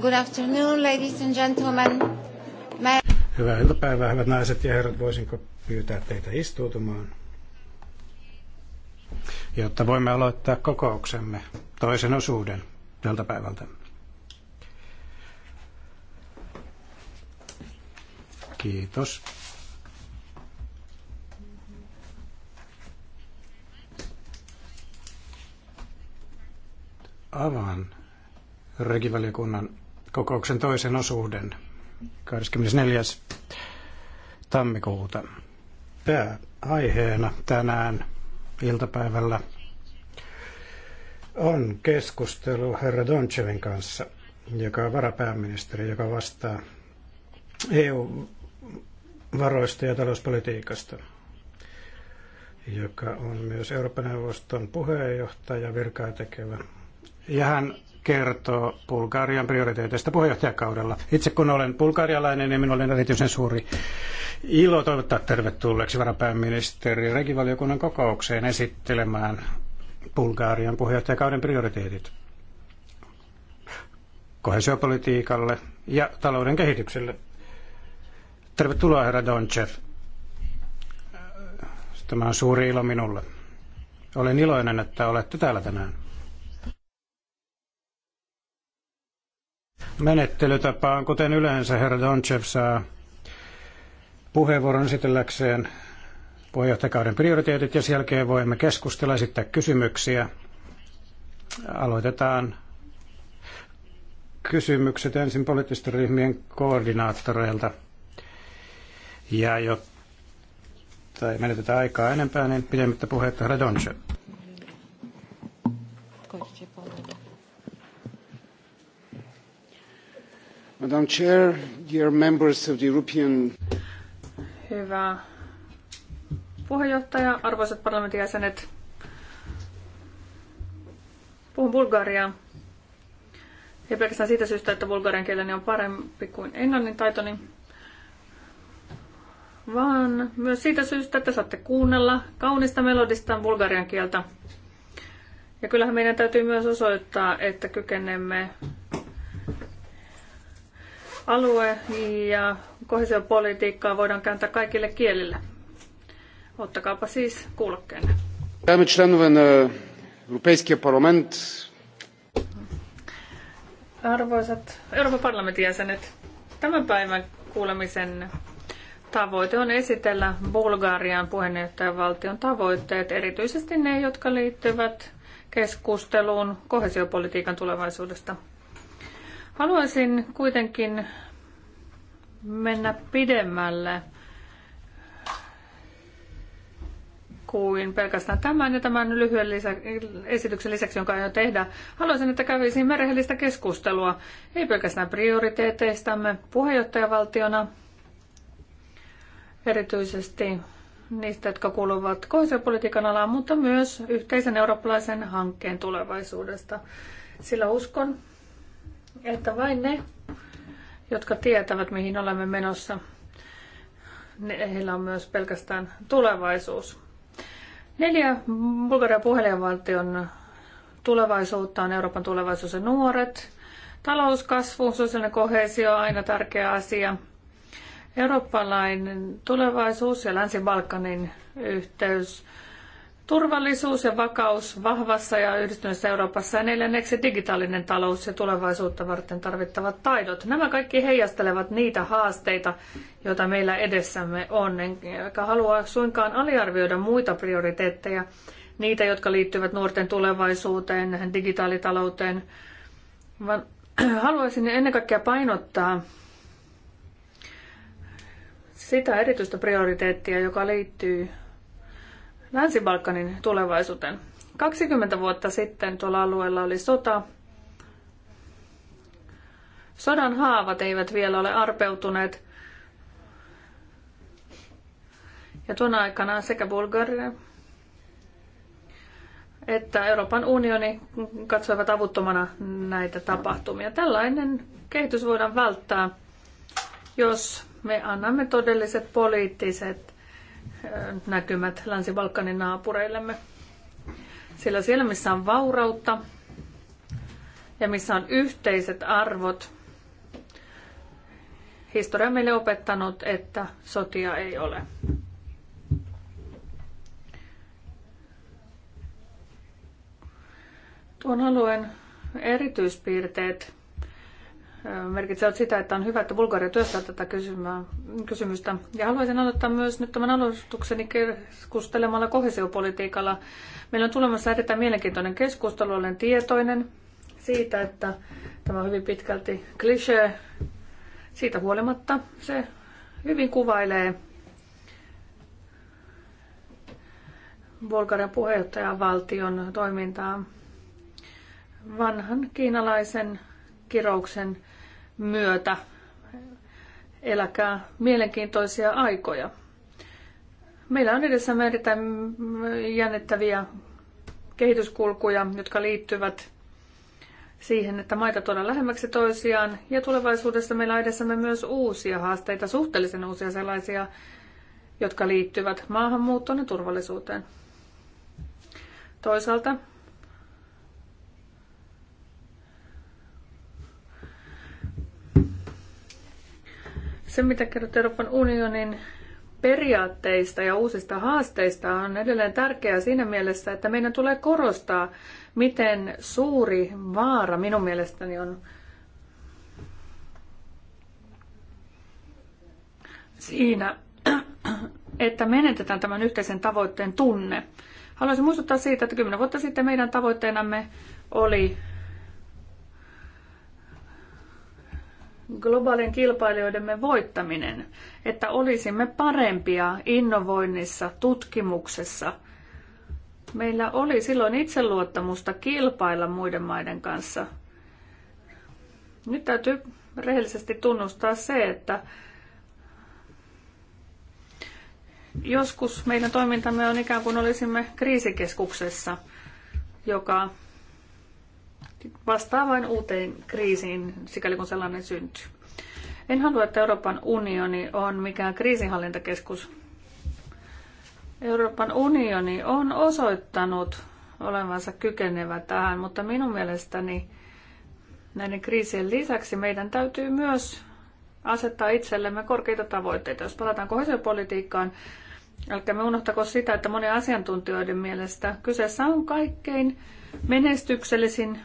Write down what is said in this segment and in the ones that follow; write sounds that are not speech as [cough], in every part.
Good afternoon, ladies and gentlemen. Hyvää iltapäivää, hyvät naiset ja herrat. Voisinko pyytää teitä istuutumaan, jotta voimme aloittaa kokouksemme toisen osuuden tältä päivältä. Kiitos. avaan regivaliokunnan kokouksen toisen osuuden 24. tammikuuta. aiheena tänään iltapäivällä on keskustelu herra Donchevin kanssa, joka on varapääministeri, joka vastaa EU-varoista ja talouspolitiikasta, joka on myös Euroopan neuvoston puheenjohtaja virkaa tekevä. Ja hän kertoo Bulgarian prioriteeteista puheenjohtajakaudella. Itse kun olen bulgarialainen, niin minulla on erityisen suuri ilo toivottaa tervetulleeksi varapääministeri regivaliokunnan kokoukseen esittelemään Bulgarian puheenjohtajakauden prioriteetit kohesiopolitiikalle ja talouden kehitykselle. Tervetuloa, herra Donchev. Tämä on suuri ilo minulle. Olen iloinen, että olette täällä tänään. menettelytapaan, kuten yleensä herra Donchev saa puheenvuoron esitelläkseen puheenjohtajakauden prioriteetit ja sen jälkeen voimme keskustella esittää kysymyksiä. Aloitetaan kysymykset ensin poliittisten ryhmien koordinaattoreilta. Ja jotta ei menetetä aikaa enempää, niin pidemmittä puhetta herra Donchev. Madam Chair, dear members of the European... Hyvä puheenjohtaja, arvoisat parlamentin jäsenet. Puhun bulgariaa. Ei pelkästään siitä syystä, että bulgarian kieleni on parempi kuin englannin taitoni, vaan myös siitä syystä, että saatte kuunnella kaunista melodista bulgarian kieltä. Ja kyllähän meidän täytyy myös osoittaa, että kykenemme Alue- ja kohesiopolitiikkaa voidaan kääntää kaikille kielille. Ottakaapa siis kuulokkeenne. Dame členove na Europejski Arvoisat Euroopan parlamentin jäsenet, tämän päivän kuulemisen tavoite on esitellä Bulgarian puheenjohtajavaltion tavoitteet, erityisesti ne, jotka liittyvät keskusteluun kohesiopolitiikan tulevaisuudesta – Haluaisin kuitenkin mennä pidemmälle kuin pelkästään tämän ja tämän lyhyen lisä, esityksen lisäksi, jonka aion tehdä. Haluaisin, että kävisin merehellistä keskustelua, ei pelkästään prioriteeteistamme puheenjohtajavaltiona, erityisesti niistä, jotka kuuluvat kohdallisuuspolitiikan alaan, mutta myös yhteisen eurooppalaisen hankkeen tulevaisuudesta. Sillä uskon, että vain ne, jotka tietävät, mihin olemme menossa, ne, heillä on myös pelkästään tulevaisuus. Neljä Bulgaria puhelinvaltion tulevaisuutta on Euroopan tulevaisuus ja nuoret. Talouskasvu, sosiaalinen kohesio on aina tärkeä asia. Eurooppalainen tulevaisuus ja Länsi-Balkanin yhteys Turvallisuus ja vakaus vahvassa ja yhdistyneessä Euroopassa ja neljänneksi digitaalinen talous ja tulevaisuutta varten tarvittavat taidot. Nämä kaikki heijastelevat niitä haasteita, joita meillä edessämme on, enkä halua suinkaan aliarvioida muita prioriteetteja, niitä, jotka liittyvät nuorten tulevaisuuteen, digitaalitalouteen, vaan [clears throat] haluaisin ennen kaikkea painottaa sitä erityistä prioriteettia, joka liittyy Länsi-Balkanin tulevaisuuteen. 20 vuotta sitten tuolla alueella oli sota. Sodan haavat eivät vielä ole arpeutuneet. Ja tuona aikana sekä Bulgaria että Euroopan unioni katsoivat avuttomana näitä tapahtumia. Tällainen kehitys voidaan välttää, jos me annamme todelliset poliittiset näkymät Länsi-Balkanin naapureillemme. Sillä siellä, missä on vaurautta ja missä on yhteiset arvot, historia on meille opettanut, että sotia ei ole. Tuon alueen erityispiirteet merkitsevät sitä, että on hyvä, että Bulgaria työstää tätä kysymystä. Ja haluaisin aloittaa myös nyt tämän alustukseni keskustelemalla kohesiopolitiikalla. Meillä on tulemassa erittäin mielenkiintoinen keskustelu. Olen tietoinen siitä, että tämä on hyvin pitkälti klisee. Siitä huolimatta se hyvin kuvailee Bulgarian puheenjohtajavaltion toimintaa vanhan kiinalaisen kirouksen myötä. Eläkää mielenkiintoisia aikoja. Meillä on edessämme erittäin jännittäviä kehityskulkuja, jotka liittyvät siihen, että maita tuodaan lähemmäksi toisiaan. Ja tulevaisuudessa meillä on edessämme myös uusia haasteita, suhteellisen uusia sellaisia, jotka liittyvät maahanmuuttoon ja turvallisuuteen. Toisaalta Se, mitä kerrot Euroopan unionin periaatteista ja uusista haasteista on edelleen tärkeää siinä mielessä, että meidän tulee korostaa, miten suuri vaara minun mielestäni on siinä, että menetetään tämän yhteisen tavoitteen tunne. Haluaisin muistuttaa siitä, että kymmenen vuotta sitten meidän tavoitteenamme oli globaalien kilpailijoidemme voittaminen, että olisimme parempia innovoinnissa, tutkimuksessa. Meillä oli silloin itseluottamusta kilpailla muiden maiden kanssa. Nyt täytyy rehellisesti tunnustaa se, että joskus meidän toimintamme on ikään kuin olisimme kriisikeskuksessa, joka vastaa vain uuteen kriisiin, sikäli kun sellainen syntyy. En halua, että Euroopan unioni on mikään kriisinhallintakeskus. Euroopan unioni on osoittanut olevansa kykenevä tähän, mutta minun mielestäni näiden kriisien lisäksi meidän täytyy myös asettaa itsellemme korkeita tavoitteita. Jos palataan kohesiopolitiikkaan, me unohtako sitä, että monen asiantuntijoiden mielestä kyseessä on kaikkein menestyksellisin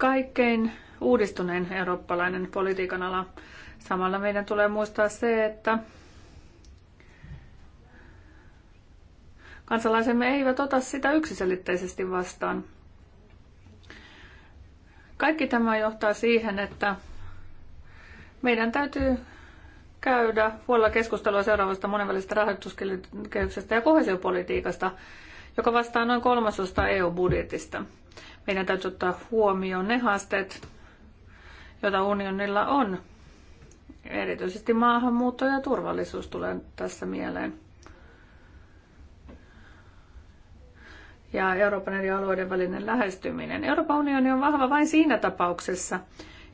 kaikkein uudistunein eurooppalainen politiikan ala. Samalla meidän tulee muistaa se, että kansalaisemme eivät ota sitä yksiselitteisesti vastaan. Kaikki tämä johtaa siihen, että meidän täytyy käydä huolella keskustelua seuraavasta monenvälisestä rahoituskehyksestä ja kohesiopolitiikasta, joka vastaa noin kolmasosta EU-budjetista. Meidän täytyy ottaa huomioon ne haasteet, joita unionilla on. Erityisesti maahanmuutto ja turvallisuus tulee tässä mieleen. ja Euroopan eri alueiden välinen lähestyminen. Euroopan unioni on vahva vain siinä tapauksessa,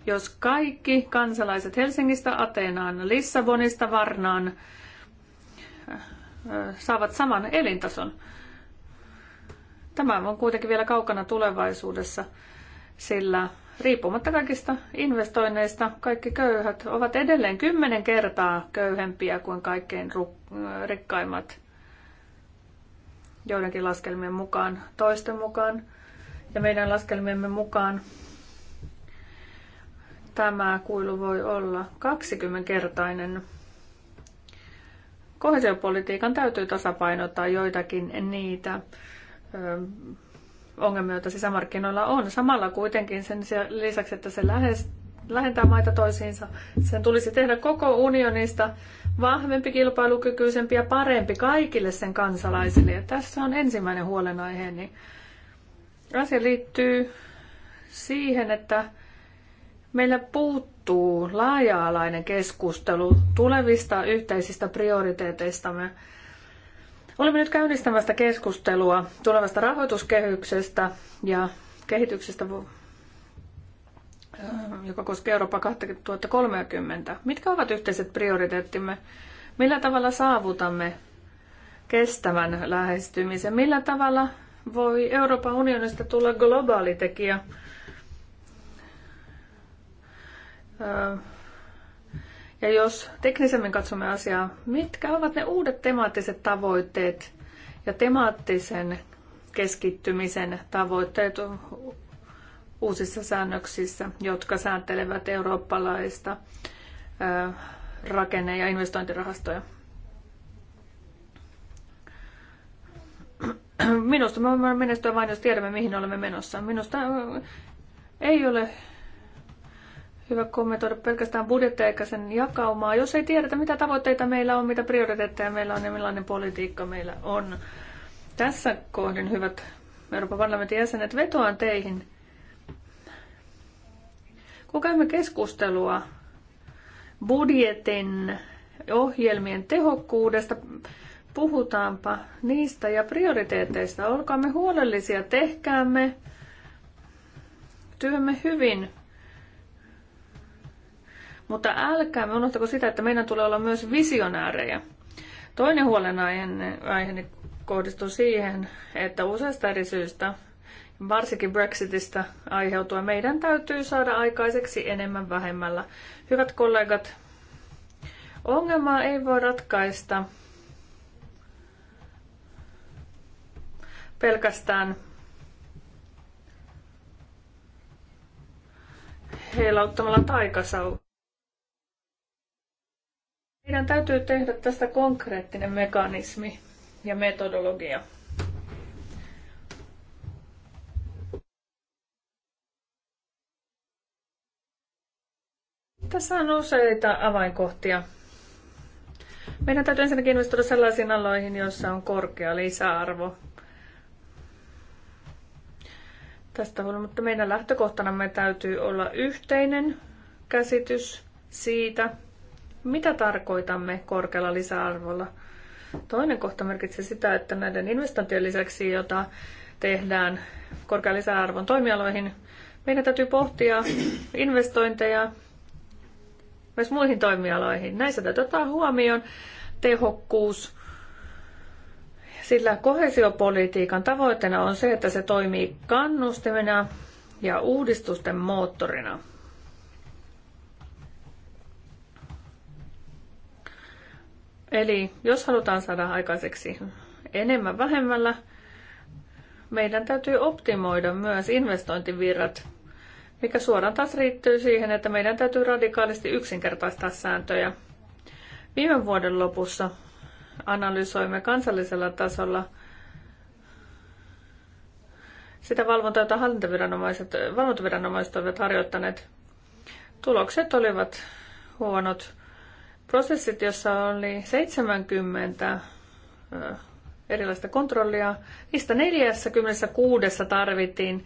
jos kaikki kansalaiset Helsingistä Ateenaan, Lissabonista Varnaan saavat saman elintason. Tämä on kuitenkin vielä kaukana tulevaisuudessa, sillä riippumatta kaikista investoinneista, kaikki köyhät ovat edelleen kymmenen kertaa köyhempiä kuin kaikkein rikkaimmat joidenkin laskelmien mukaan, toisten mukaan ja meidän laskelmiemme mukaan. Tämä kuilu voi olla 20-kertainen. Kohesiopolitiikan täytyy tasapainottaa joitakin niitä ongelmia, joita sisämarkkinoilla on. Samalla kuitenkin sen lisäksi, että se lähes, lähentää maita toisiinsa, sen tulisi tehdä koko unionista vahvempi, kilpailukykyisempi ja parempi kaikille sen kansalaisille. Ja tässä on ensimmäinen huolenaihe. Niin asia liittyy siihen, että meillä puuttuu laaja-alainen keskustelu tulevista yhteisistä prioriteeteistamme Olemme nyt käynnistämästä keskustelua tulevasta rahoituskehyksestä ja kehityksestä, äh, joka koskee Eurooppa 2030. Mitkä ovat yhteiset prioriteettimme? Millä tavalla saavutamme kestävän lähestymisen? Millä tavalla voi Euroopan unionista tulla globaali tekijä? Äh, ja jos teknisemmin katsomme asiaa, mitkä ovat ne uudet temaattiset tavoitteet ja temaattisen keskittymisen tavoitteet uusissa säännöksissä, jotka sääntelevät eurooppalaista rakenne- ja investointirahastoja. Minusta me voimme menestyä vain, jos tiedämme, mihin olemme menossa. Minusta ei ole hyvä kommentoida pelkästään budjettia eikä sen jakaumaa. Jos ei tiedetä, mitä tavoitteita meillä on, mitä prioriteetteja meillä on ja millainen politiikka meillä on. Tässä kohdin, hyvät Euroopan parlamentin jäsenet, vetoan teihin. Kun käymme keskustelua budjetin ohjelmien tehokkuudesta, puhutaanpa niistä ja prioriteeteista. Olkaamme huolellisia, tehkäämme työmme hyvin mutta älkäämme unohtako sitä, että meidän tulee olla myös visionäärejä. Toinen huolenaiheeni kohdistuu siihen, että useista eri syistä, varsinkin Brexitistä aiheutua, meidän täytyy saada aikaiseksi enemmän vähemmällä. Hyvät kollegat, ongelmaa ei voi ratkaista pelkästään heilauttamalla taikasau. Meidän täytyy tehdä tästä konkreettinen mekanismi ja metodologia. Tässä on useita avainkohtia. Meidän täytyy ensinnäkin investoida sellaisiin aloihin, joissa on korkea lisäarvo. Tästä huolimatta meidän lähtökohtanamme täytyy olla yhteinen käsitys siitä, mitä tarkoitamme korkealla lisäarvolla. Toinen kohta merkitsee sitä, että näiden investointien lisäksi, joita tehdään korkean lisäarvon toimialoihin, meidän täytyy pohtia investointeja myös muihin toimialoihin. Näissä täytyy ottaa huomioon tehokkuus, sillä kohesiopolitiikan tavoitteena on se, että se toimii kannustimena ja uudistusten moottorina. Eli jos halutaan saada aikaiseksi enemmän vähemmällä, meidän täytyy optimoida myös investointivirrat, mikä suoraan taas riittyy siihen, että meidän täytyy radikaalisti yksinkertaistaa sääntöjä. Viime vuoden lopussa analysoimme kansallisella tasolla sitä valvontaa, jota hallintaviranomaiset, valvontaviranomaiset ovat harjoittaneet. Tulokset olivat huonot prosessit, joissa oli 70 erilaista kontrollia, niistä 46 tarvittiin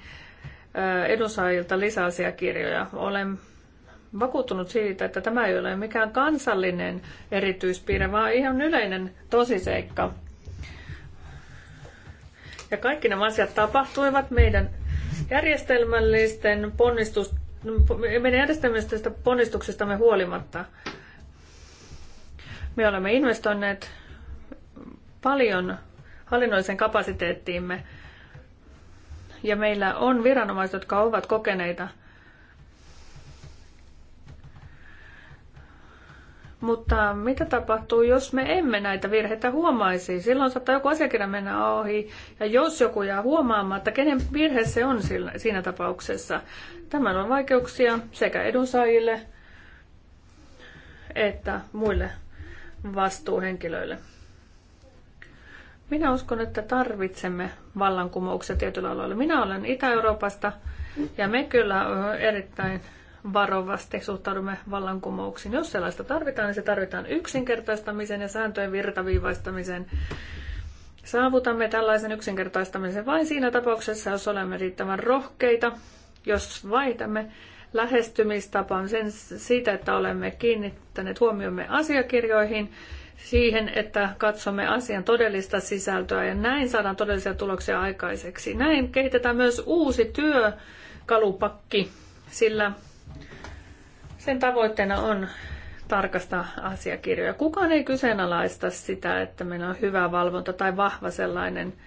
edunsaajilta lisäasiakirjoja. Olen vakuuttunut siitä, että tämä ei ole mikään kansallinen erityispiirre, vaan ihan yleinen tosiseikka. Ja kaikki nämä asiat tapahtuivat meidän järjestelmällisten ponnistus, meidän järjestelmällisestä ponnistuksistamme huolimatta. Me olemme investoineet paljon hallinnollisen kapasiteettiimme ja meillä on viranomaiset, jotka ovat kokeneita. Mutta mitä tapahtuu, jos me emme näitä virheitä huomaisi? Silloin saattaa joku asiakirja mennä ohi, ja jos joku jää huomaamatta, kenen virhe se on siinä tapauksessa? Tämän on vaikeuksia sekä edunsaajille että muille vastuuhenkilöille. Minä uskon, että tarvitsemme vallankumouksia tietyllä alueella. Minä olen Itä-Euroopasta ja me kyllä erittäin varovasti suhtaudumme vallankumouksiin. Jos sellaista tarvitaan, niin se tarvitaan yksinkertaistamisen ja sääntöjen virtaviivaistamisen. Saavutamme tällaisen yksinkertaistamisen vain siinä tapauksessa, jos olemme riittävän rohkeita, jos vaihdamme lähestymistapa on sen, siitä, että olemme kiinnittäneet huomiomme asiakirjoihin, siihen, että katsomme asian todellista sisältöä ja näin saadaan todellisia tuloksia aikaiseksi. Näin kehitetään myös uusi työkalupakki, sillä sen tavoitteena on tarkasta asiakirjoja. Kukaan ei kyseenalaista sitä, että meillä on hyvä valvonta tai vahva sellainen –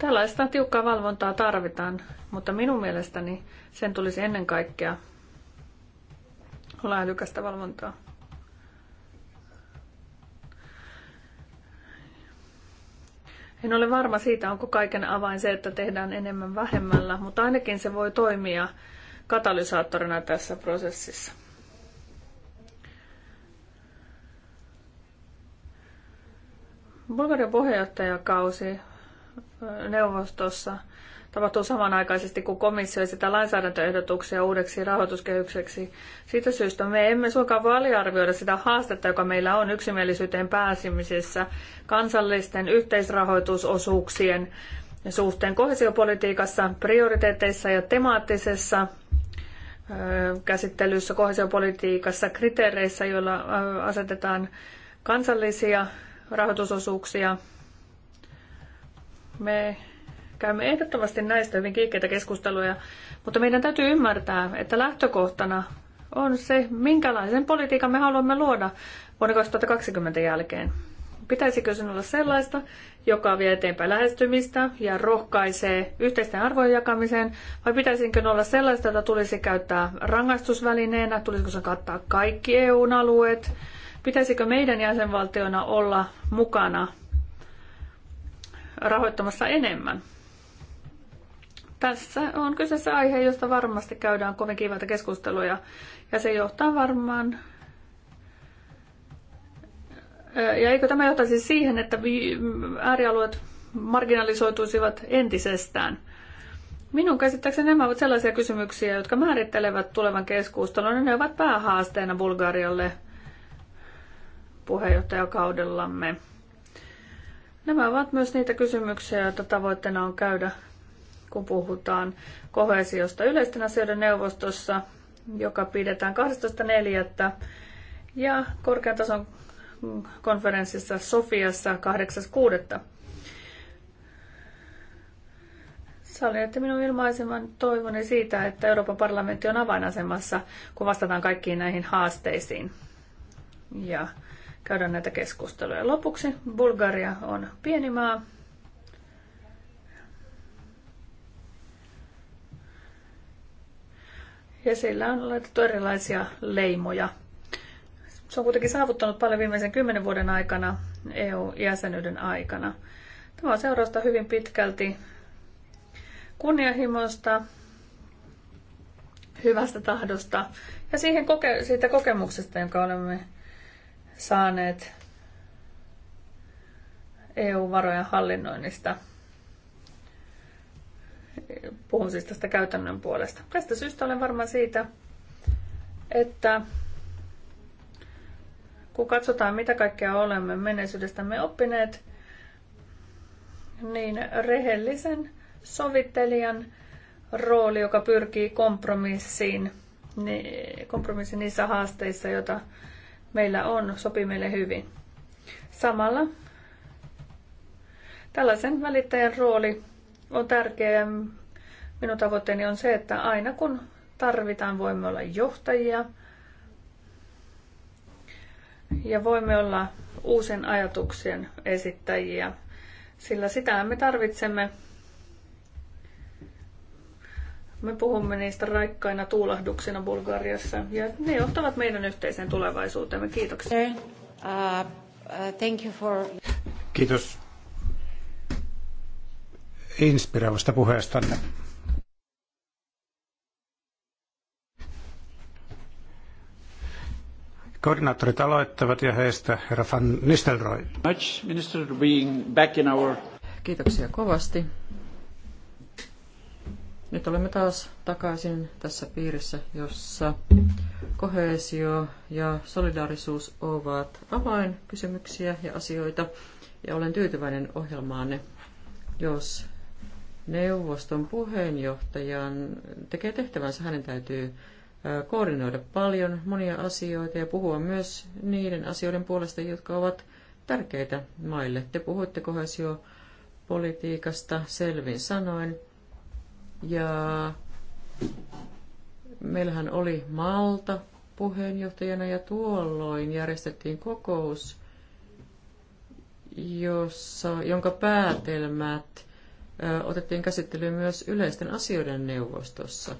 Tällaista tiukkaa valvontaa tarvitaan, mutta minun mielestäni sen tulisi ennen kaikkea olla älykästä valvontaa. En ole varma siitä, onko kaiken avain se, että tehdään enemmän vähemmällä, mutta ainakin se voi toimia katalysaattorina tässä prosessissa. Bulgarian puheenjohtajakausi neuvostossa tapahtuu samanaikaisesti, kun komissio esittää lainsäädäntöehdotuksia uudeksi rahoituskehykseksi. Siitä syystä me emme suinkaan voi aliarvioida sitä haastetta, joka meillä on yksimielisyyteen pääsemisessä kansallisten yhteisrahoitusosuuksien suhteen kohesiopolitiikassa, prioriteeteissa ja temaattisessa käsittelyssä kohesiopolitiikassa, kriteereissä, joilla asetetaan kansallisia rahoitusosuuksia me käymme ehdottomasti näistä hyvin kiikkeitä keskusteluja, mutta meidän täytyy ymmärtää, että lähtökohtana on se, minkälaisen politiikan me haluamme luoda vuonna 2020 jälkeen. Pitäisikö sen olla sellaista, joka vie eteenpäin lähestymistä ja rohkaisee yhteisten arvojen jakamiseen, vai pitäisikö olla sellaista, jota tulisi käyttää rangaistusvälineenä, tulisiko se kattaa kaikki EUn alueet, pitäisikö meidän jäsenvaltiona olla mukana rahoittamassa enemmän. Tässä on kyseessä aihe, josta varmasti käydään kovin kivaita keskusteluja ja se johtaa varmaan ja eikö tämä johtaisi siihen, että äärialueet marginalisoituisivat entisestään? Minun käsittääkseni nämä ovat sellaisia kysymyksiä, jotka määrittelevät tulevan keskustelun, ja ne ovat päähaasteena Bulgarialle puheenjohtajakaudellamme. Nämä ovat myös niitä kysymyksiä, joita tavoitteena on käydä, kun puhutaan kohesiosta yleisten asioiden neuvostossa, joka pidetään 12.4. ja korkean tason konferenssissa Sofiassa 8.6. Sallin, että minun ilmaiseman toivoni siitä, että Euroopan parlamentti on avainasemassa, kun vastataan kaikkiin näihin haasteisiin. Ja käydä näitä keskusteluja. Lopuksi Bulgaria on pieni maa. Ja sillä on laitettu erilaisia leimoja. Se on kuitenkin saavuttanut paljon viimeisen kymmenen vuoden aikana EU-jäsenyyden aikana. Tämä on seurausta hyvin pitkälti kunnianhimosta, hyvästä tahdosta ja siihen koke- siitä kokemuksesta, jonka olemme saaneet EU-varojen hallinnoinnista. Puhun siis tästä käytännön puolesta. Tästä syystä olen varma siitä, että kun katsotaan, mitä kaikkea olemme menneisyydestämme oppineet, niin rehellisen sovittelijan rooli, joka pyrkii kompromissiin, niin kompromissi niissä haasteissa, joita meillä on, sopii meille hyvin. Samalla tällaisen välittäjän rooli on tärkeä ja minun tavoitteeni on se, että aina kun tarvitaan, voimme olla johtajia ja voimme olla uusien ajatuksien esittäjiä, sillä sitä me tarvitsemme me puhumme niistä raikkaina tuulahduksina Bulgariassa ja ne johtavat meidän yhteiseen tulevaisuuteemme. Kiitoksia. Uh, uh, thank you for... Kiitos inspiroivasta puheestanne. Koordinaattorit aloittavat ja heistä herra Van Nistelrooy. Kiitoksia kovasti. Nyt olemme taas takaisin tässä piirissä, jossa kohesio ja solidaarisuus ovat avainkysymyksiä ja asioita, ja olen tyytyväinen ohjelmaanne, jos neuvoston puheenjohtajan tekee tehtävänsä, hänen täytyy koordinoida paljon monia asioita ja puhua myös niiden asioiden puolesta, jotka ovat tärkeitä maille. Te puhuitte kohesiopolitiikasta selvin sanoin. Ja meillähän oli Malta puheenjohtajana ja tuolloin järjestettiin kokous, jossa, jonka päätelmät otettiin käsittelyyn myös yleisten asioiden neuvostossa.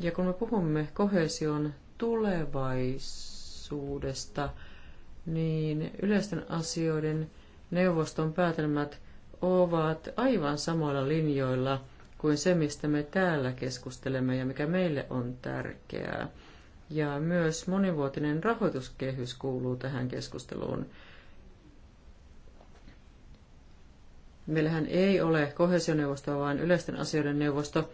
Ja kun me puhumme kohesion tulevaisuudesta, niin yleisten asioiden neuvoston päätelmät ovat aivan samoilla linjoilla – kuin se, mistä me täällä keskustelemme ja mikä meille on tärkeää. Ja myös monivuotinen rahoituskehys kuuluu tähän keskusteluun. Meillähän ei ole kohesioneuvostoa, vaan yleisten asioiden neuvosto.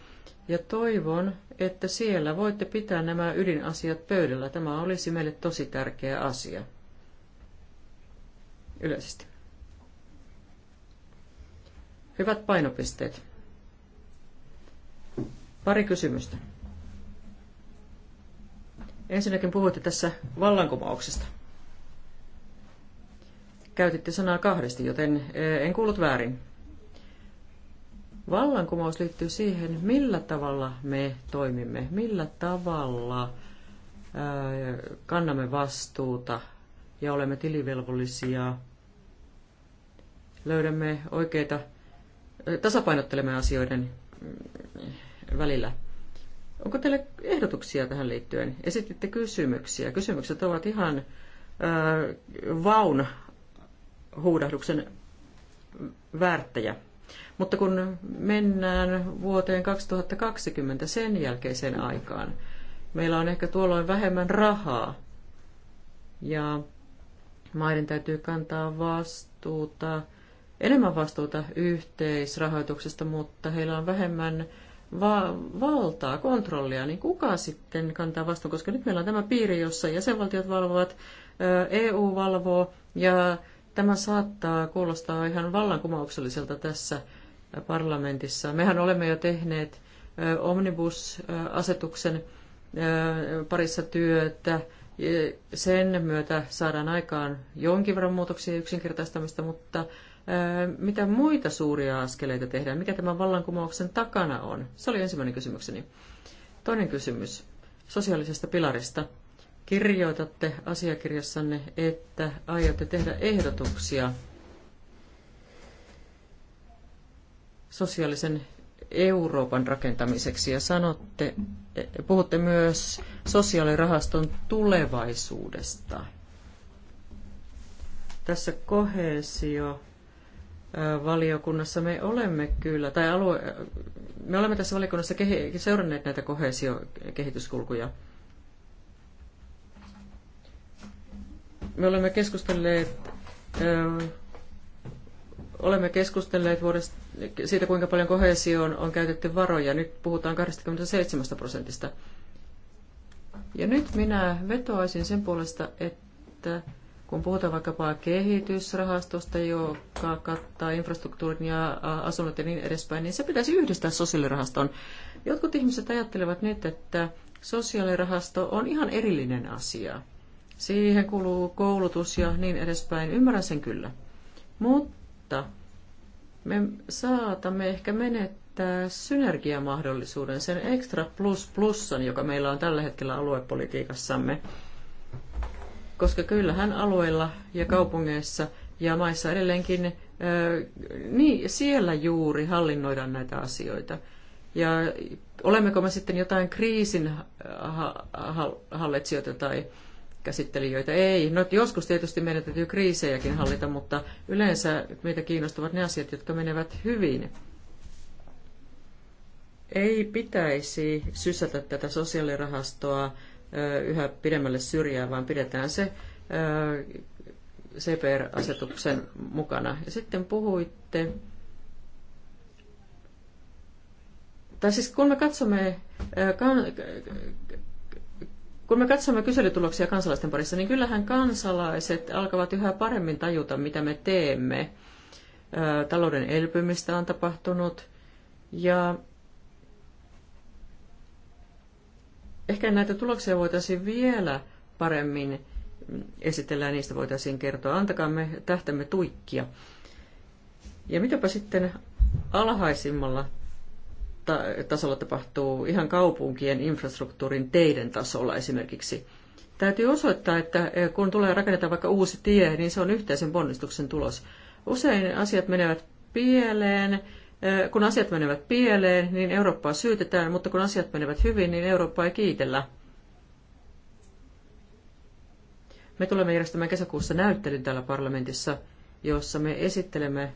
Ja toivon, että siellä voitte pitää nämä ydinasiat pöydällä. Tämä olisi meille tosi tärkeä asia. Yleisesti. Hyvät painopisteet. Pari kysymystä. Ensinnäkin puhuitte tässä vallankumouksesta. Käytitte sanaa kahdesti, joten eh, en kuullut väärin. Vallankumous liittyy siihen, millä tavalla me toimimme, millä tavalla eh, kannamme vastuuta ja olemme tilivelvollisia, löydämme oikeita, eh, tasapainottelemme asioiden mm, välillä. Onko teille ehdotuksia tähän liittyen? Esititte kysymyksiä. Kysymykset ovat ihan äh, vaun huudahduksen väärttäjä. Mutta kun mennään vuoteen 2020 sen jälkeiseen aikaan, meillä on ehkä tuolloin vähemmän rahaa ja maiden täytyy kantaa vastuuta, enemmän vastuuta yhteisrahoituksesta, mutta heillä on vähemmän va- valtaa, kontrollia, niin kuka sitten kantaa vastuun? Koska nyt meillä on tämä piiri, jossa jäsenvaltiot valvovat, EU valvoo, ja tämä saattaa kuulostaa ihan vallankumoukselliselta tässä parlamentissa. Mehän olemme jo tehneet omnibus-asetuksen parissa työtä. Sen myötä saadaan aikaan jonkin verran muutoksia ja yksinkertaistamista, mutta mitä muita suuria askeleita tehdään? Mikä tämän vallankumouksen takana on? Se oli ensimmäinen kysymykseni. Toinen kysymys sosiaalisesta pilarista. Kirjoitatte asiakirjassanne, että aiotte tehdä ehdotuksia sosiaalisen Euroopan rakentamiseksi ja sanotte, puhutte myös sosiaalirahaston tulevaisuudesta. Tässä kohesio valiokunnassa me olemme kyllä, tai alue, me olemme tässä valiokunnassa kehi, seuranneet näitä kohesiokehityskulkuja. Me olemme keskustelleet, ö, olemme keskustelleet vuodesta, siitä, kuinka paljon kohesioon on käytetty varoja. Nyt puhutaan 27 prosentista. Ja nyt minä vetoaisin sen puolesta, että kun puhutaan vaikkapa kehitysrahastosta, joka kattaa infrastruktuurin ja asunnot ja niin edespäin, niin se pitäisi yhdistää sosiaalirahastoon. Jotkut ihmiset ajattelevat nyt, että sosiaalirahasto on ihan erillinen asia. Siihen kuluu koulutus ja niin edespäin. Ymmärrän sen kyllä. Mutta me saatamme ehkä menettää synergiamahdollisuuden, sen extra plus plussan, joka meillä on tällä hetkellä aluepolitiikassamme koska kyllähän alueilla ja kaupungeissa ja maissa edelleenkin, niin siellä juuri hallinnoidaan näitä asioita. Ja olemmeko me sitten jotain kriisin hallitsijoita tai käsittelijöitä? Ei. No, joskus tietysti meidän täytyy kriisejäkin hallita, mutta yleensä meitä kiinnostavat ne asiat, jotka menevät hyvin. Ei pitäisi sysätä tätä sosiaalirahastoa yhä pidemmälle syrjään, vaan pidetään se CPR-asetuksen mukana. Ja sitten puhuitte, tai siis kun me katsomme, kun me katsomme kyselytuloksia kansalaisten parissa, niin kyllähän kansalaiset alkavat yhä paremmin tajuta, mitä me teemme. Talouden elpymistä on tapahtunut ja ehkä näitä tuloksia voitaisiin vielä paremmin esitellä ja niistä voitaisiin kertoa. Antakaa me tähtämme tuikkia. Ja mitäpä sitten alhaisimmalla ta- tasolla tapahtuu ihan kaupunkien infrastruktuurin teiden tasolla esimerkiksi. Täytyy osoittaa, että e, kun tulee rakennetaan vaikka uusi tie, niin se on yhteisen ponnistuksen tulos. Usein asiat menevät pieleen, kun asiat menevät pieleen, niin Eurooppaa syytetään, mutta kun asiat menevät hyvin, niin Eurooppaa ei kiitellä. Me tulemme järjestämään kesäkuussa näyttelyn täällä parlamentissa, jossa me esittelemme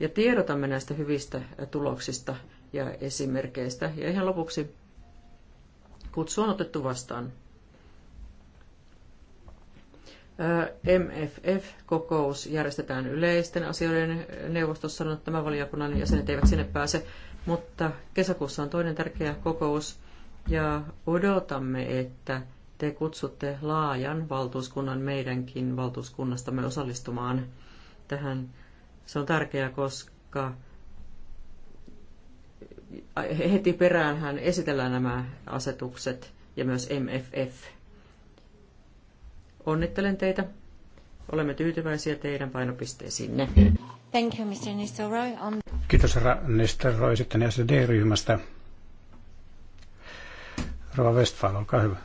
ja tiedotamme näistä hyvistä tuloksista ja esimerkkeistä. Ja ihan lopuksi kutsu on otettu vastaan. MFF-kokous järjestetään yleisten asioiden neuvostossa, sanon, tämä tämän valiokunnan jäsenet eivät sinne pääse, mutta kesäkuussa on toinen tärkeä kokous ja odotamme, että te kutsutte laajan valtuuskunnan meidänkin valtuuskunnastamme osallistumaan tähän. Se on tärkeää, koska heti perään esitellään nämä asetukset ja myös MFF. Onnittelen teitä. Olemme tyytyväisiä teidän painopisteisiinne. Thank you, Mr. Nistelrooy. On... Kiitos, herra Nistelrooy, sitten SD-ryhmästä. Rova Westfall, olkaa hyvä.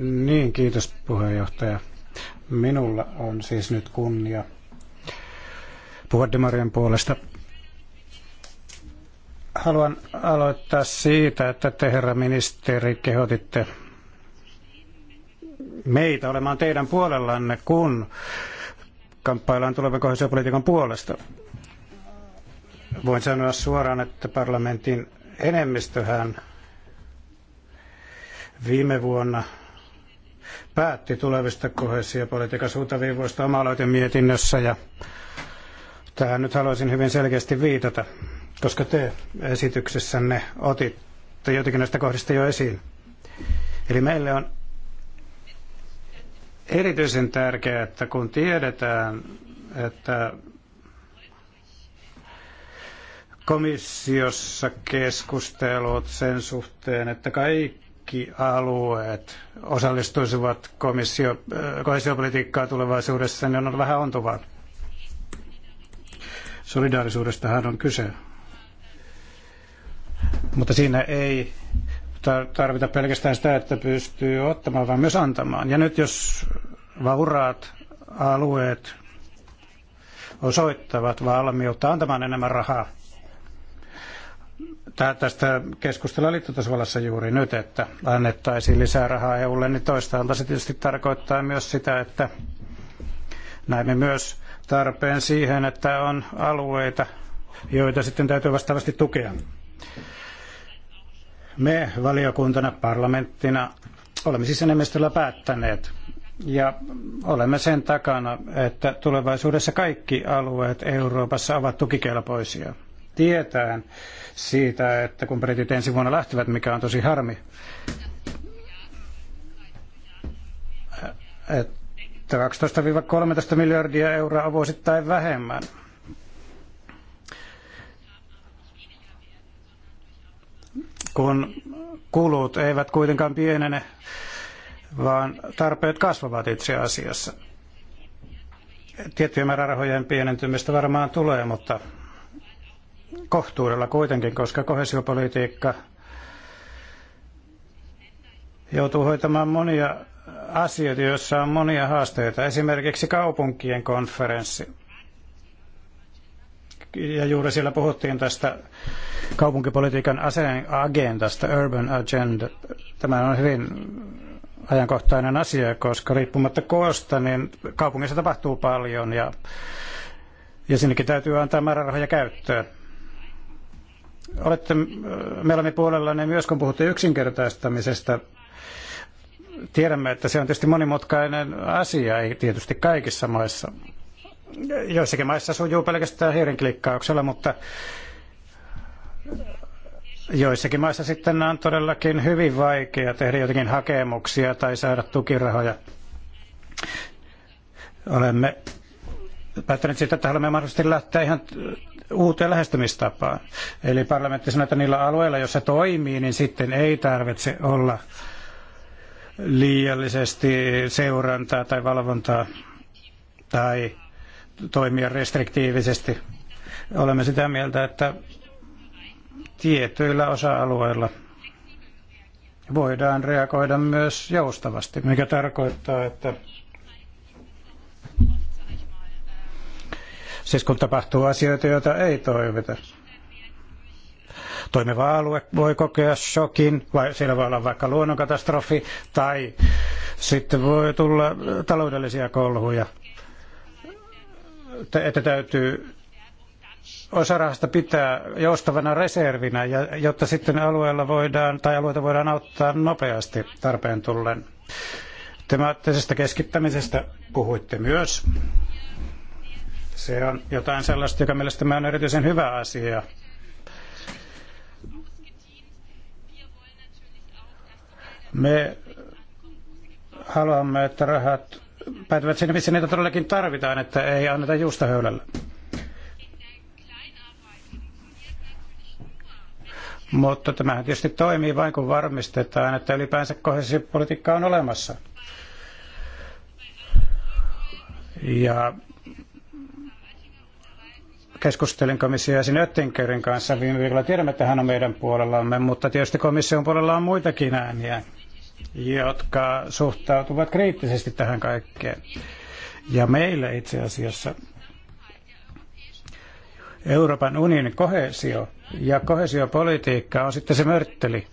Niin, kiitos puheenjohtaja. Minulla on siis nyt kunnia puhua Demarien puolesta. Haluan aloittaa siitä, että te herra ministeri kehotitte meitä olemaan teidän puolellanne, kun kamppaillaan tulevan kohesiopolitiikan puolesta. Voin sanoa suoraan, että parlamentin enemmistöhän viime vuonna päätti tulevista kohesiopolitiikan suuntaviivoista oma mietinnössä ja tähän nyt haluaisin hyvin selkeästi viitata, koska te esityksessänne otitte jotakin näistä kohdista jo esiin. Eli meille on erityisen tärkeää, että kun tiedetään, että komissiossa keskustelut sen suhteen, että kaikki alueet osallistuisivat komissio, äh, komissiopolitiikkaa tulevaisuudessa, niin on vähän ontuvaa. Solidaarisuudestahan on kyse. Mutta siinä ei tarvita pelkästään sitä, että pystyy ottamaan, vaan myös antamaan. Ja nyt jos vauraat alueet osoittavat valmiutta antamaan enemmän rahaa, tästä keskustellaan liittotasvallassa juuri nyt, että annettaisiin lisää rahaa EUlle, niin toistaalta se tietysti tarkoittaa myös sitä, että näemme myös tarpeen siihen, että on alueita, joita sitten täytyy vastaavasti tukea. Me valiokuntana, parlamenttina olemme siis enemmistöllä päättäneet ja olemme sen takana, että tulevaisuudessa kaikki alueet Euroopassa ovat tukikelpoisia. Tietään siitä, että kun britit ensi vuonna lähtevät, mikä on tosi harmi, että 12-13 miljardia euroa vuosittain vähemmän kun kulut eivät kuitenkaan pienene, vaan tarpeet kasvavat itse asiassa. Tiettyjen määrärahojen pienentymistä varmaan tulee, mutta kohtuudella kuitenkin, koska kohesiopolitiikka joutuu hoitamaan monia asioita, joissa on monia haasteita. Esimerkiksi kaupunkien konferenssi ja juuri siellä puhuttiin tästä kaupunkipolitiikan agendasta, urban agenda. Tämä on hyvin ajankohtainen asia, koska riippumatta koosta, niin kaupungissa tapahtuu paljon ja, ja sinnekin täytyy antaa määrärahoja käyttöön. Olette äh, mielämme puolella, niin myös kun puhutte yksinkertaistamisesta, tiedämme, että se on tietysti monimutkainen asia, ei tietysti kaikissa maissa, Joissakin maissa sujuu pelkästään klikkauksella, mutta joissakin maissa sitten on todellakin hyvin vaikea tehdä jotenkin hakemuksia tai saada tukirahoja. Olemme päättäneet siitä, että haluamme mahdollisesti lähteä ihan uuteen lähestymistapaan. Eli parlamentti sanoo, että niillä alueilla, joissa toimii, niin sitten ei tarvitse olla liiallisesti seurantaa tai valvontaa tai toimia restriktiivisesti. Olemme sitä mieltä, että tietyillä osa-alueilla voidaan reagoida myös joustavasti, mikä tarkoittaa, että siis kun tapahtuu asioita, joita ei toivota. Toimiva alue voi kokea shokin, vai siellä voi olla vaikka luonnonkatastrofi, tai sitten voi tulla taloudellisia kolhuja että täytyy osarahasta pitää joustavana reservinä, jotta sitten alueella voidaan, tai alueita voidaan auttaa nopeasti tarpeen tullen. Temaattisesta keskittämisestä puhuitte myös. Se on jotain sellaista, joka mielestäni on erityisen hyvä asia. Me haluamme, että rahat päätyvät sinne, missä niitä todellakin tarvitaan, että ei anneta juusta höylällä. Mutta tämähän tietysti toimii vain kun varmistetaan, että ylipäänsä kohesiopolitiikka on olemassa. Ja keskustelin komissiojäsen Öttingerin kanssa viime viikolla. Tiedämme, että hän on meidän puolellamme, mutta tietysti komission puolella on muitakin ääniä jotka suhtautuvat kriittisesti tähän kaikkeen. Ja meillä itse asiassa Euroopan unionin kohesio ja kohesiopolitiikka on sitten se mörtteli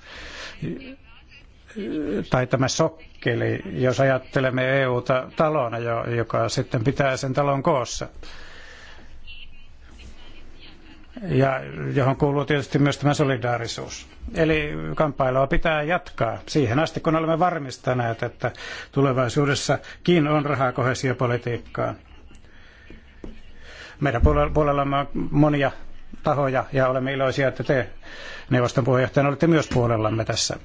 tai tämä sokkeli, jos ajattelemme EUta talona, joka sitten pitää sen talon koossa ja johon kuuluu tietysti myös tämä solidaarisuus. Eli kamppailua pitää jatkaa siihen asti, kun olemme varmistaneet, että tulevaisuudessakin on rahaa kohesiopolitiikkaan. Meidän puolellamme on monia tahoja ja olemme iloisia, että te neuvoston puheenjohtajana olette myös puolellamme tässä.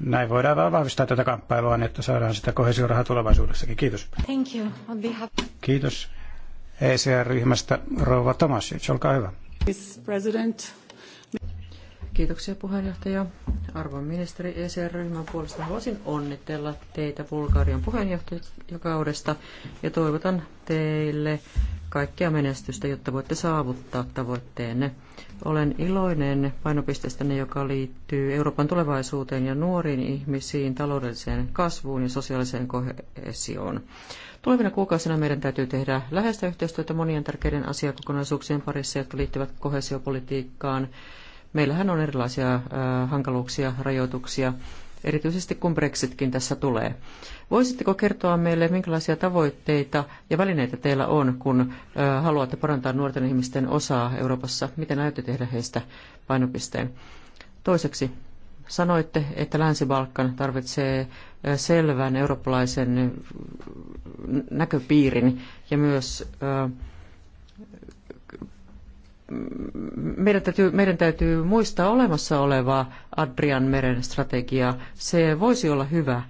Näin voidaan vahvistaa tätä kamppailua, niin että saadaan sitä kohesiorahaa tulevaisuudessakin. Kiitos. Thank you. Kiitos. ECR-ryhmästä rouva Tomasic, olkaa hyvä. Kiitoksia puheenjohtaja. Arvon ministeri ECR-ryhmän puolesta haluaisin onnitella teitä Bulgarian puheenjohtajakaudesta ja toivotan teille kaikkea menestystä, jotta voitte saavuttaa tavoitteenne. Olen iloinen painopisteestänne, joka liittyy Euroopan tulevaisuuteen ja nuoriin ihmisiin, taloudelliseen kasvuun ja sosiaaliseen kohesioon. Tulevina kuukausina meidän täytyy tehdä läheistä yhteistyötä monien tärkeiden asiakokonaisuuksien parissa, jotka liittyvät kohesiopolitiikkaan. Meillähän on erilaisia äh, hankaluuksia, rajoituksia, erityisesti kun Brexitkin tässä tulee. Voisitteko kertoa meille, minkälaisia tavoitteita ja välineitä teillä on, kun äh, haluatte parantaa nuorten ihmisten osaa Euroopassa? Miten aiotte tehdä heistä painopisteen? Toiseksi, Sanoitte, että Länsi-Balkan tarvitsee selvän eurooppalaisen näköpiirin ja myös meidän täytyy, meidän täytyy muistaa olemassa olevaa Adrian meren strategiaa. Se voisi olla hyvä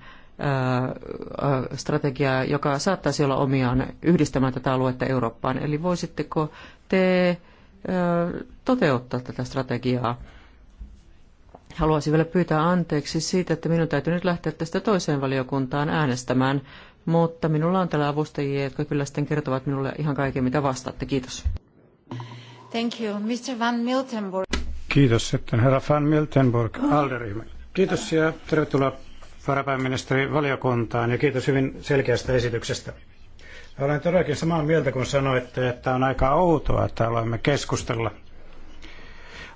strategia, joka saattaisi olla omiaan yhdistämään tätä aluetta Eurooppaan. Eli voisitteko te toteuttaa tätä strategiaa? Haluaisin vielä pyytää anteeksi siitä, että minun täytyy nyt lähteä tästä toiseen valiokuntaan äänestämään, mutta minulla on täällä avustajia, jotka kyllä sitten kertovat minulle ihan kaiken, mitä vastaatte. Kiitos. Thank you. Mr. Van Miltenburg. Kiitos sitten herra Van Miltenburg, Alderyhmä. Kiitos ja tervetuloa varapääministeri valiokuntaan ja kiitos hyvin selkeästä esityksestä. Olen todellakin samaa mieltä, kun sanoitte, että on aika outoa, että aloimme keskustella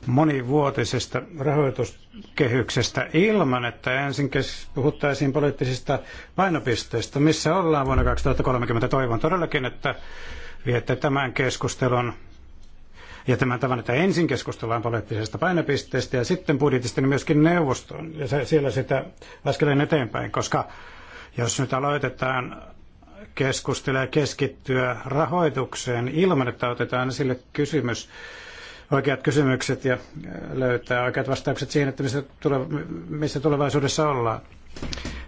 monivuotisesta rahoituskehyksestä ilman, että ensin puhuttaisiin poliittisista painopisteistä, missä ollaan vuonna 2030. Toivon todellakin, että viette tämän keskustelun ja tämän tavan, että ensin keskustellaan poliittisesta painopisteestä ja sitten budjetista, niin myöskin neuvostoon ja siellä sitä askeleen eteenpäin, koska jos nyt aloitetaan keskustella ja keskittyä rahoitukseen ilman, että otetaan esille kysymys oikeat kysymykset ja äh, löytää oikeat vastaukset siihen, että missä, tule, missä tulevaisuudessa ollaan,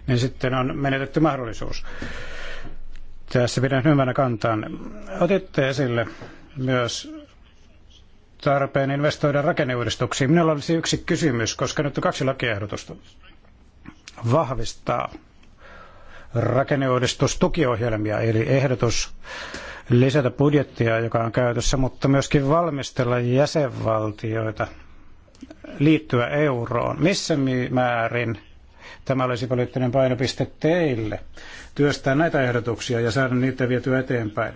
niin sitten on menetetty mahdollisuus. Tässä pidän hyvänä kantaan. Otitte esille myös tarpeen investoida rakenneuudistuksiin. Minulla olisi yksi kysymys, koska nyt on kaksi lakiehdotusta. Vahvistaa rakenneuudistustukiohjelmia, eli ehdotus lisätä budjettia, joka on käytössä, mutta myöskin valmistella jäsenvaltioita liittyä euroon. Missä määrin tämä olisi poliittinen painopiste teille työstää näitä ehdotuksia ja saada niitä vietyä eteenpäin?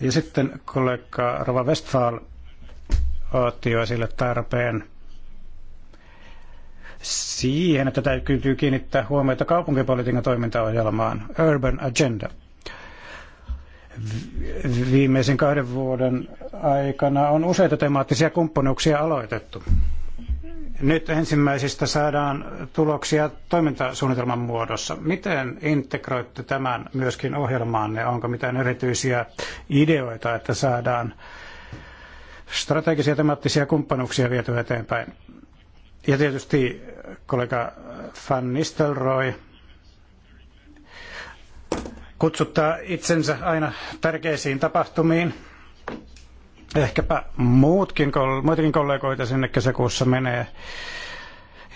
Ja sitten kollega Rova Westphal otti jo esille tarpeen siihen, että täytyy kiinnittää huomiota kaupunkipolitiikan toimintaohjelmaan Urban Agenda – viimeisen kahden vuoden aikana on useita temaattisia kumppanuuksia aloitettu. Nyt ensimmäisistä saadaan tuloksia toimintasuunnitelman muodossa. Miten integroitte tämän myöskin ohjelmaanne? Onko mitään erityisiä ideoita, että saadaan strategisia temaattisia kumppanuuksia vietyä eteenpäin? Ja tietysti kollega Van Nistelrooy, kutsuttaa itsensä aina tärkeisiin tapahtumiin. Ehkäpä muutkin, muitakin kollegoita sinne kesäkuussa menee.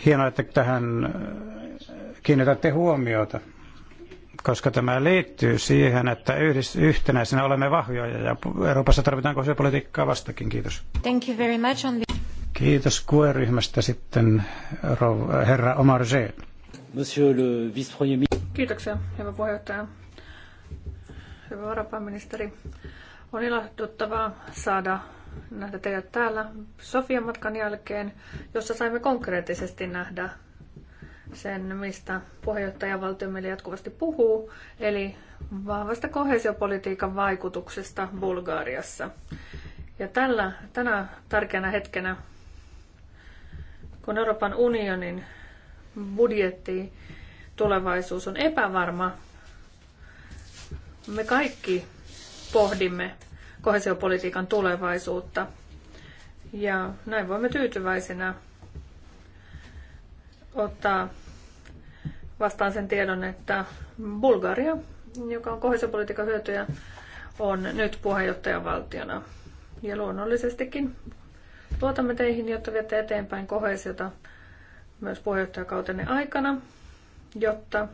Hienoa, että tähän äh, kiinnitätte huomiota, koska tämä liittyy siihen, että yhdist- yhtenäisenä olemme vahvoja ja Euroopassa tarvitaan kohdallisuuspolitiikkaa vastakin. Kiitos. Thank you very much on... Kiitos QE-ryhmästä sitten herra Omar Monsieur le vice-premier Kiitoksia, hyvä puheenjohtaja hyvä varapääministeri. On ilahduttavaa saada nähdä teidät täällä Sofian matkan jälkeen, jossa saimme konkreettisesti nähdä sen, mistä puheenjohtajavaltio meille jatkuvasti puhuu, eli vahvasta kohesiopolitiikan vaikutuksesta Bulgariassa. Ja tällä, tänä tärkeänä hetkenä, kun Euroopan unionin budjetti tulevaisuus on epävarma, me kaikki pohdimme kohesiopolitiikan tulevaisuutta. Ja näin voimme tyytyväisenä ottaa vastaan sen tiedon, että Bulgaria, joka on kohesiopolitiikan hyötyjä, on nyt puheenjohtajavaltiona. Ja luonnollisestikin luotamme teihin, jotta viette eteenpäin kohesiota myös puheenjohtajakautenne aikana, jotta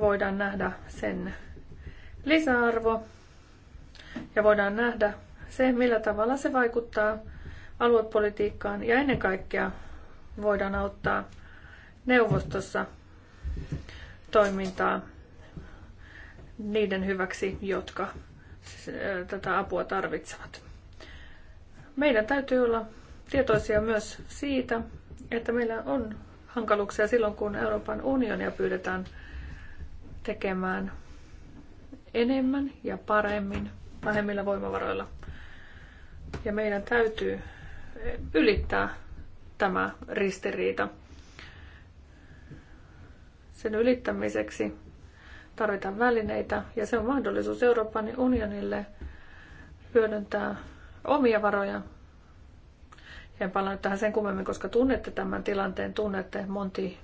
voidaan nähdä sen lisäarvo ja voidaan nähdä se, millä tavalla se vaikuttaa aluepolitiikkaan ja ennen kaikkea voidaan auttaa neuvostossa toimintaa niiden hyväksi, jotka äh, tätä apua tarvitsevat. Meidän täytyy olla tietoisia myös siitä, että meillä on hankaluuksia silloin, kun Euroopan unionia pyydetään tekemään enemmän ja paremmin vähemmillä voimavaroilla. Ja meidän täytyy eh, ylittää tämä ristiriita. Sen ylittämiseksi tarvitaan välineitä ja se on mahdollisuus Euroopan unionille hyödyntää omia varoja. Ja en palannut tähän sen kummemmin, koska tunnette tämän tilanteen, tunnette Monti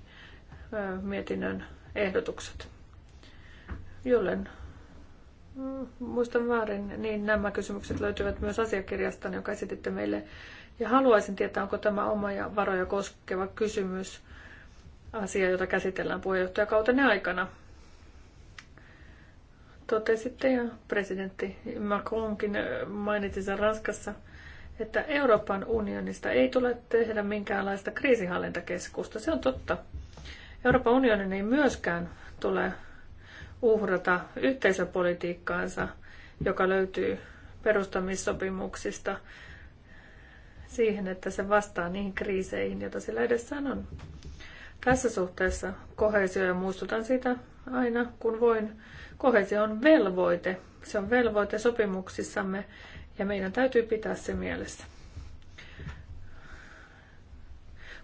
eh, mietinnön ehdotukset. Jollen Mm, muistan väärin, niin nämä kysymykset löytyvät myös asiakirjasta, jonka esititte meille. Ja haluaisin tietää, onko tämä oma ja varoja koskeva kysymys asia, jota käsitellään puheenjohtajakautenne aikana. Totesitte ja presidentti Macronkin mainitsi sen Ranskassa, että Euroopan unionista ei tule tehdä minkäänlaista kriisihallintakeskusta. Se on totta. Euroopan unionin ei myöskään tule uhrata yhteisöpolitiikkaansa, joka löytyy perustamissopimuksista siihen, että se vastaa niihin kriiseihin, joita sillä edessään on. Tässä suhteessa kohesio, ja muistutan siitä aina kun voin, kohesio on velvoite. Se on velvoite sopimuksissamme ja meidän täytyy pitää se mielessä.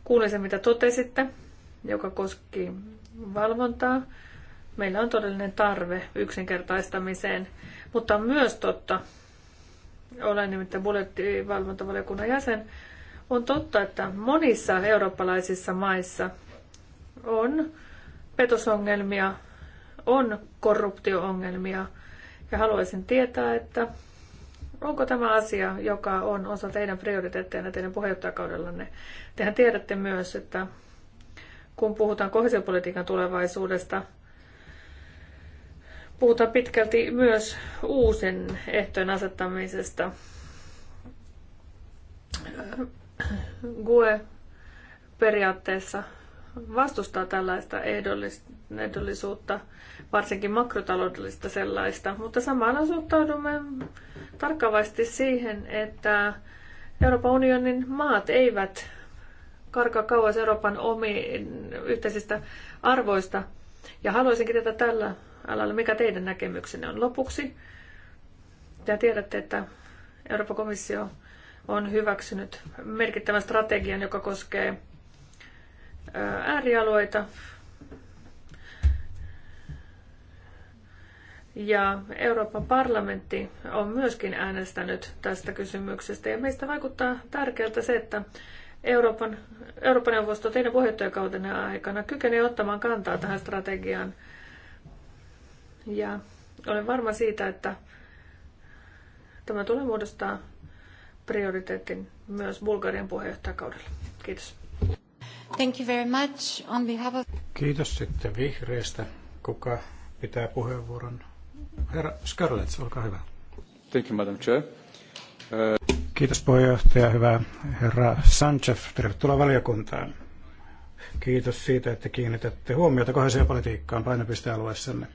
Kuulin se, mitä totesitte, joka koski valvontaa. Meillä on todellinen tarve yksinkertaistamiseen, mutta on myös totta, olen nimittäin budjettivalvontavaliokunnan jäsen, on totta, että monissa eurooppalaisissa maissa on petosongelmia, on korruptioongelmia ja haluaisin tietää, että onko tämä asia, joka on osa teidän prioriteetteina teidän puheenjohtajakaudellanne. Tehän tiedätte myös, että kun puhutaan kohesiopolitiikan tulevaisuudesta, Puhutaan pitkälti myös uusien ehtojen asettamisesta. GUE periaatteessa vastustaa tällaista ehdollisuutta, varsinkin makrotaloudellista sellaista, mutta samalla suhtaudumme tarkkaavasti siihen, että Euroopan unionin maat eivät karkaa kauas Euroopan omiin yhteisistä arvoista. Ja haluaisinkin tätä tällä alalla. Mikä teidän näkemyksenne on lopuksi? Ja tiedätte, että Euroopan komissio on hyväksynyt merkittävän strategian, joka koskee äärialueita. Ja Euroopan parlamentti on myöskin äänestänyt tästä kysymyksestä. Ja meistä vaikuttaa tärkeältä se, että Euroopan, Euroopan neuvosto teidän puheenjohtajakautenne aikana kykenee ottamaan kantaa tähän strategiaan – ja olen varma siitä, että tämä tulee muodostaa prioriteetin myös Bulgarian puheenjohtajakaudella. Kiitos. Thank you very much on behalf of... Kiitos sitten vihreistä. Kuka pitää puheenvuoron? Herra Skarlets, olkaa hyvä. Thank you, Madam Chair. Uh... Kiitos puheenjohtaja, hyvä herra Sanchez. Tervetuloa valiokuntaan. Kiitos siitä, että kiinnitätte huomiota politiikkaan painopistealueessanne.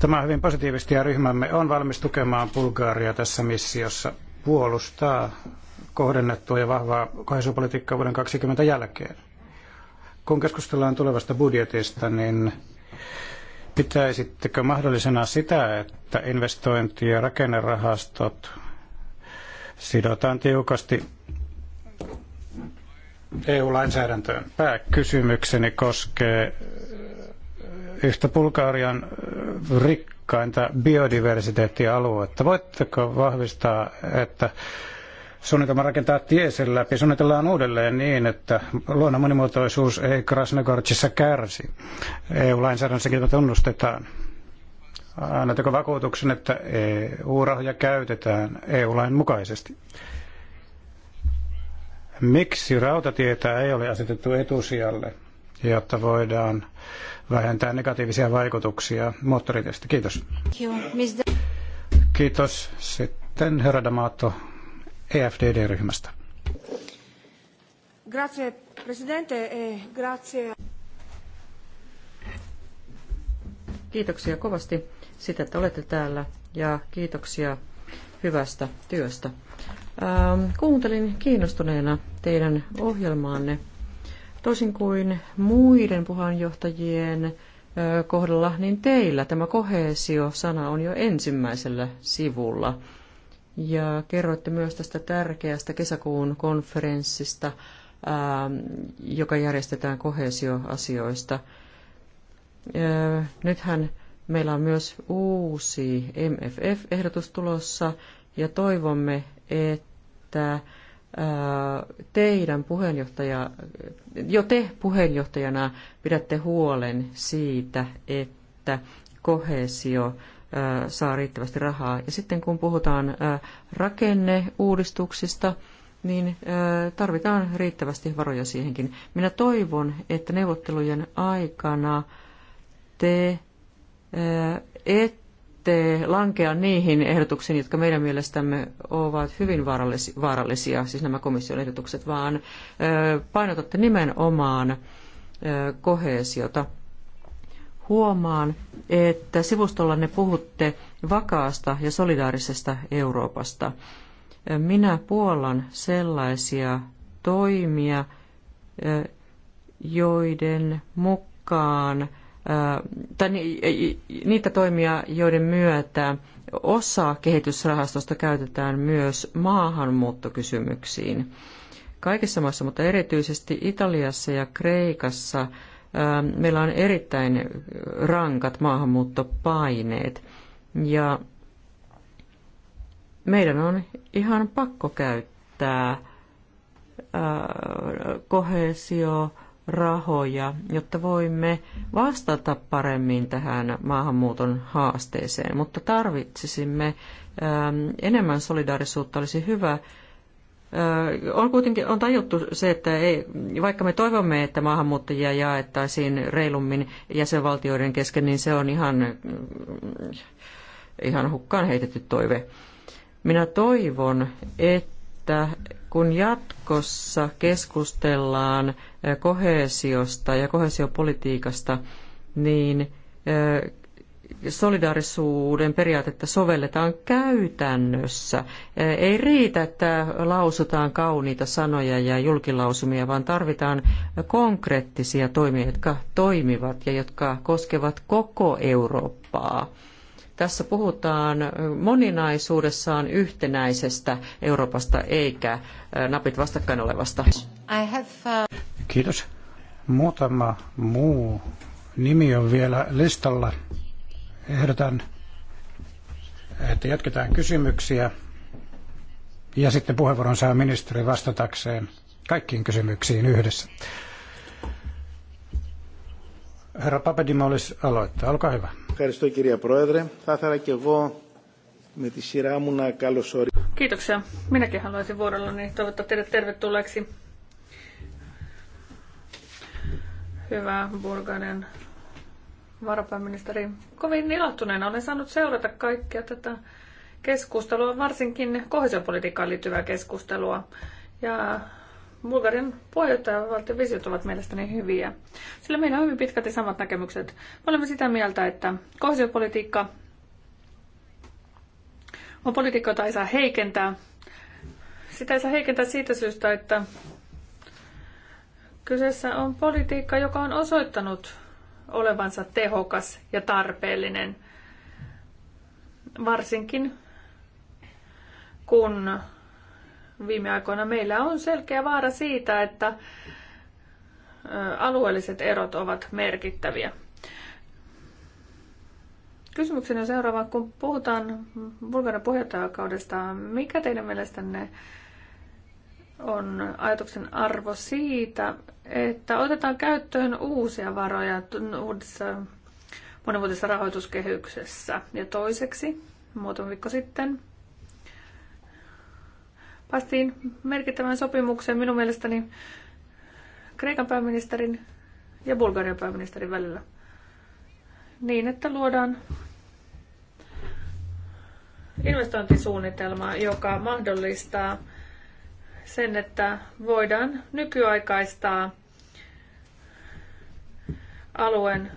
Tämä on hyvin positiivista ja ryhmämme on valmis tukemaan Bulgaaria tässä missiossa puolustaa kohdennettua ja vahvaa kohesiopolitiikkaa vuoden 2020 jälkeen. Kun keskustellaan tulevasta budjetista, niin pitäisittekö mahdollisena sitä, että investointi- ja rakennerahastot sidotaan tiukasti EU-lainsäädäntöön? Pääkysymykseni koskee yhtä Bulgarian äh, rikkainta biodiversiteettialuetta. Voitteko vahvistaa, että suunnitelma rakentaa tie sen läpi suunnitellaan uudelleen niin, että luonnon monimuotoisuus ei Krasnogorchissa kärsi. EU-lainsäädännössäkin tunnustetaan. Annatteko vakuutuksen, että EU-rahoja käytetään EU-lain mukaisesti? Miksi rautatietä ei ole asetettu etusijalle? jotta voidaan vähentää negatiivisia vaikutuksia moottoriteistä. Kiitos. Kiitos. Sitten herra Damato EFDD-ryhmästä. Grazie, presidente, e grazie. Kiitoksia kovasti sitä, että olette täällä ja kiitoksia hyvästä työstä. Ähm, kuuntelin kiinnostuneena teidän ohjelmaanne Toisin kuin muiden puheenjohtajien kohdalla, niin teillä tämä kohesio-sana on jo ensimmäisellä sivulla. Ja kerroitte myös tästä tärkeästä kesäkuun konferenssista, joka järjestetään kohesioasioista. Nythän meillä on myös uusi MFF-ehdotus tulossa ja toivomme, että teidän puheenjohtaja, jo te puheenjohtajana pidätte huolen siitä, että kohesio saa riittävästi rahaa. Ja sitten kun puhutaan rakenneuudistuksista, niin tarvitaan riittävästi varoja siihenkin. Minä toivon, että neuvottelujen aikana te et ette lankea niihin ehdotuksiin, jotka meidän mielestämme ovat hyvin vaarallisia, siis nämä komission ehdotukset, vaan painotatte nimenomaan kohesiota. Huomaan, että sivustolla ne puhutte vakaasta ja solidaarisesta Euroopasta. Minä puolan sellaisia toimia, joiden mukaan tai niitä toimia, joiden myötä osa kehitysrahastosta käytetään myös maahanmuuttokysymyksiin. Kaikissa maissa, mutta erityisesti Italiassa ja Kreikassa meillä on erittäin rankat maahanmuuttopaineet. Ja meidän on ihan pakko käyttää kohesio rahoja, jotta voimme vastata paremmin tähän maahanmuuton haasteeseen. Mutta tarvitsisimme ähm, enemmän solidaarisuutta, olisi hyvä. Äh, on kuitenkin on tajuttu se, että ei, vaikka me toivomme, että maahanmuuttajia jaettaisiin reilummin jäsenvaltioiden kesken, niin se on ihan, äh, ihan hukkaan heitetty toive. Minä toivon, että kun jatkossa keskustellaan eh, kohesiosta ja kohesiopolitiikasta, niin eh, solidaarisuuden periaatetta sovelletaan käytännössä. Eh, ei riitä, että lausutaan kauniita sanoja ja julkilausumia, vaan tarvitaan konkreettisia toimia, jotka toimivat ja jotka koskevat koko Eurooppaa. Tässä puhutaan moninaisuudessaan yhtenäisestä Euroopasta eikä napit vastakkain olevasta. Uh, Kiitos. Muutama muu nimi on vielä listalla. Ehdotan, että jatketaan kysymyksiä ja sitten puheenvuoron saa ministeri vastatakseen kaikkiin kysymyksiin yhdessä. Herra Papadimolis aloittaa, olkaa hyvä. Ευχαριστώ κυρία Πρόεδρε. Θα ήθελα και εγώ με τη σειρά μου να καλωσορίσω. Kiitoksia. Minäkin haluaisin vuorollani toivottaa teidät tervetulleeksi. Hyvä Bulgarian varapääministeri. Kovin ilahtuneena olen saanut seurata kaikkea tätä keskustelua, varsinkin kohesiopolitiikkaan liittyvää keskustelua. Ja Bulgarian puheenjohtajavaltion visiot ovat mielestäni hyviä, sillä meillä on hyvin pitkälti samat näkemykset. Me olemme sitä mieltä, että kohdiopolitiikka on politiikka, jota ei saa heikentää. Sitä ei saa heikentää siitä syystä, että kyseessä on politiikka, joka on osoittanut olevansa tehokas ja tarpeellinen, varsinkin kun viime aikoina, meillä on selkeä vaara siitä, että alueelliset erot ovat merkittäviä. Kysymyksenä seuraava, kun puhutaan Bulgarian puheenjohtajakaudesta, mikä teidän mielestänne on ajatuksen arvo siitä, että otetaan käyttöön uusia varoja uudessa monivuotisessa rahoituskehyksessä? Ja toiseksi, muutama viikko sitten, Päästiin merkittävän sopimukseen minun mielestäni Kreikan pääministerin ja Bulgarian pääministerin välillä niin, että luodaan investointisuunnitelma, joka mahdollistaa sen, että voidaan nykyaikaistaa alueen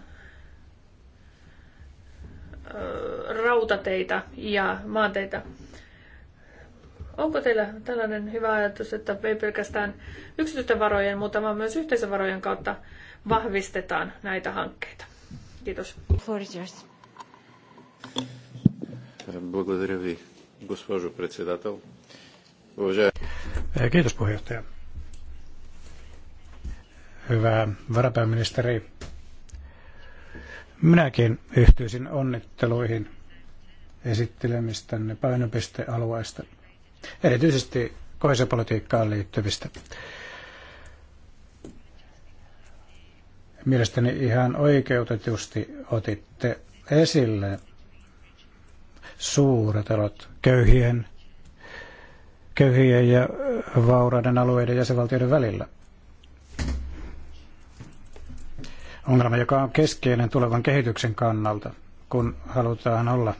rautateitä ja maanteitä Onko teillä tällainen hyvä ajatus, että ei pelkästään yksityisten varojen, mutta vaan myös yhteisövarojen kautta vahvistetaan näitä hankkeita? Kiitos. Kiitos puheenjohtaja. Hyvä varapääministeri. Minäkin yhtyisin onnitteluihin esittelemistänne painopistealueista erityisesti kohesiopolitiikkaan liittyvistä. Mielestäni ihan oikeutetusti otitte esille suuret erot köyhien, köyhien ja vauraiden alueiden jäsenvaltioiden välillä. Ongelma, joka on keskeinen tulevan kehityksen kannalta, kun halutaan olla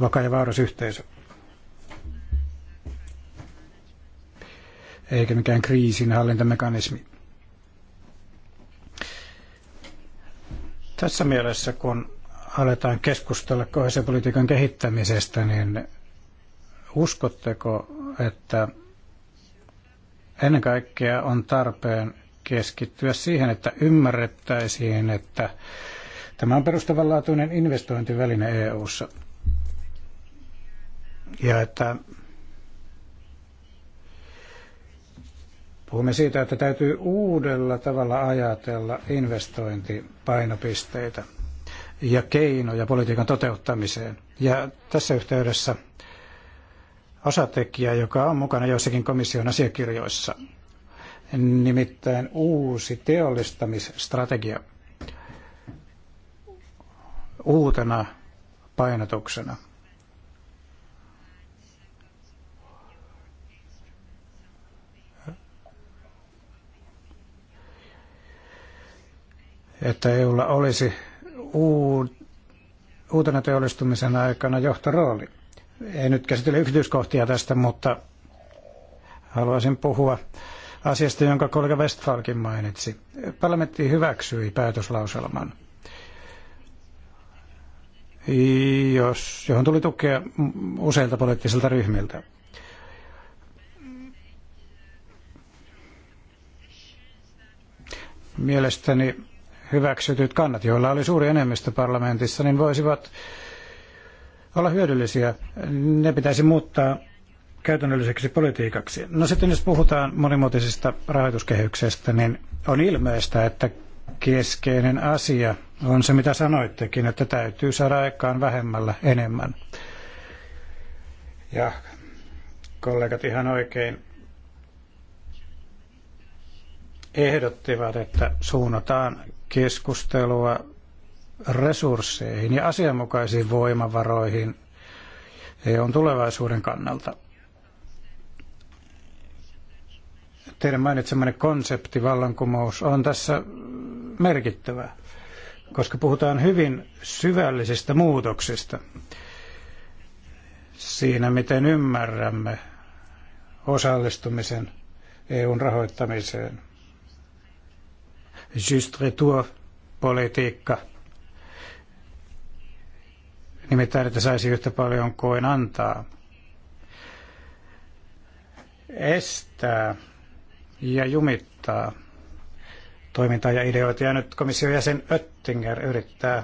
vakaa ja vauras yhteisö. eikä mikään kriisinhallintamekanismi. Tässä mielessä, kun aletaan keskustella kohesiopolitiikan kehittämisestä, niin uskotteko, että ennen kaikkea on tarpeen keskittyä siihen, että ymmärrettäisiin, että tämä on perustavanlaatuinen investointiväline EU:ssa ja että Puhumme siitä, että täytyy uudella tavalla ajatella investointipainopisteitä ja keinoja politiikan toteuttamiseen. Ja tässä yhteydessä osatekijä, joka on mukana joissakin komission asiakirjoissa, nimittäin uusi teollistamisstrategia uutena painotuksena. että EUlla olisi uutena teollistumisen aikana johtorooli. En nyt käsitellä yksityiskohtia tästä, mutta haluaisin puhua asiasta, jonka kollega Westfalkin mainitsi. Parlamentti hyväksyi päätöslauselman, jos, johon tuli tukea useilta poliittisilta ryhmiltä. Mielestäni hyväksytyt kannat, joilla oli suuri enemmistö parlamentissa, niin voisivat olla hyödyllisiä. Ne pitäisi muuttaa käytännölliseksi politiikaksi. No sitten jos puhutaan monimuotoisesta rahoituskehyksestä, niin on ilmeistä, että keskeinen asia on se, mitä sanoittekin, että täytyy saada aikaan vähemmällä enemmän. Ja kollegat ihan oikein ehdottivat, että suunnataan keskustelua resursseihin ja asianmukaisiin voimavaroihin on e tulevaisuuden kannalta. Teidän mainitsemanne konsepti vallankumous on tässä merkittävä, koska puhutaan hyvin syvällisistä muutoksista siinä, miten ymmärrämme osallistumisen EUn rahoittamiseen juste retour politiikka Nimittäin, että saisi yhtä paljon kuin antaa. Estää ja jumittaa toimintaa ja ideoita. Ja nyt komission jäsen Öttinger yrittää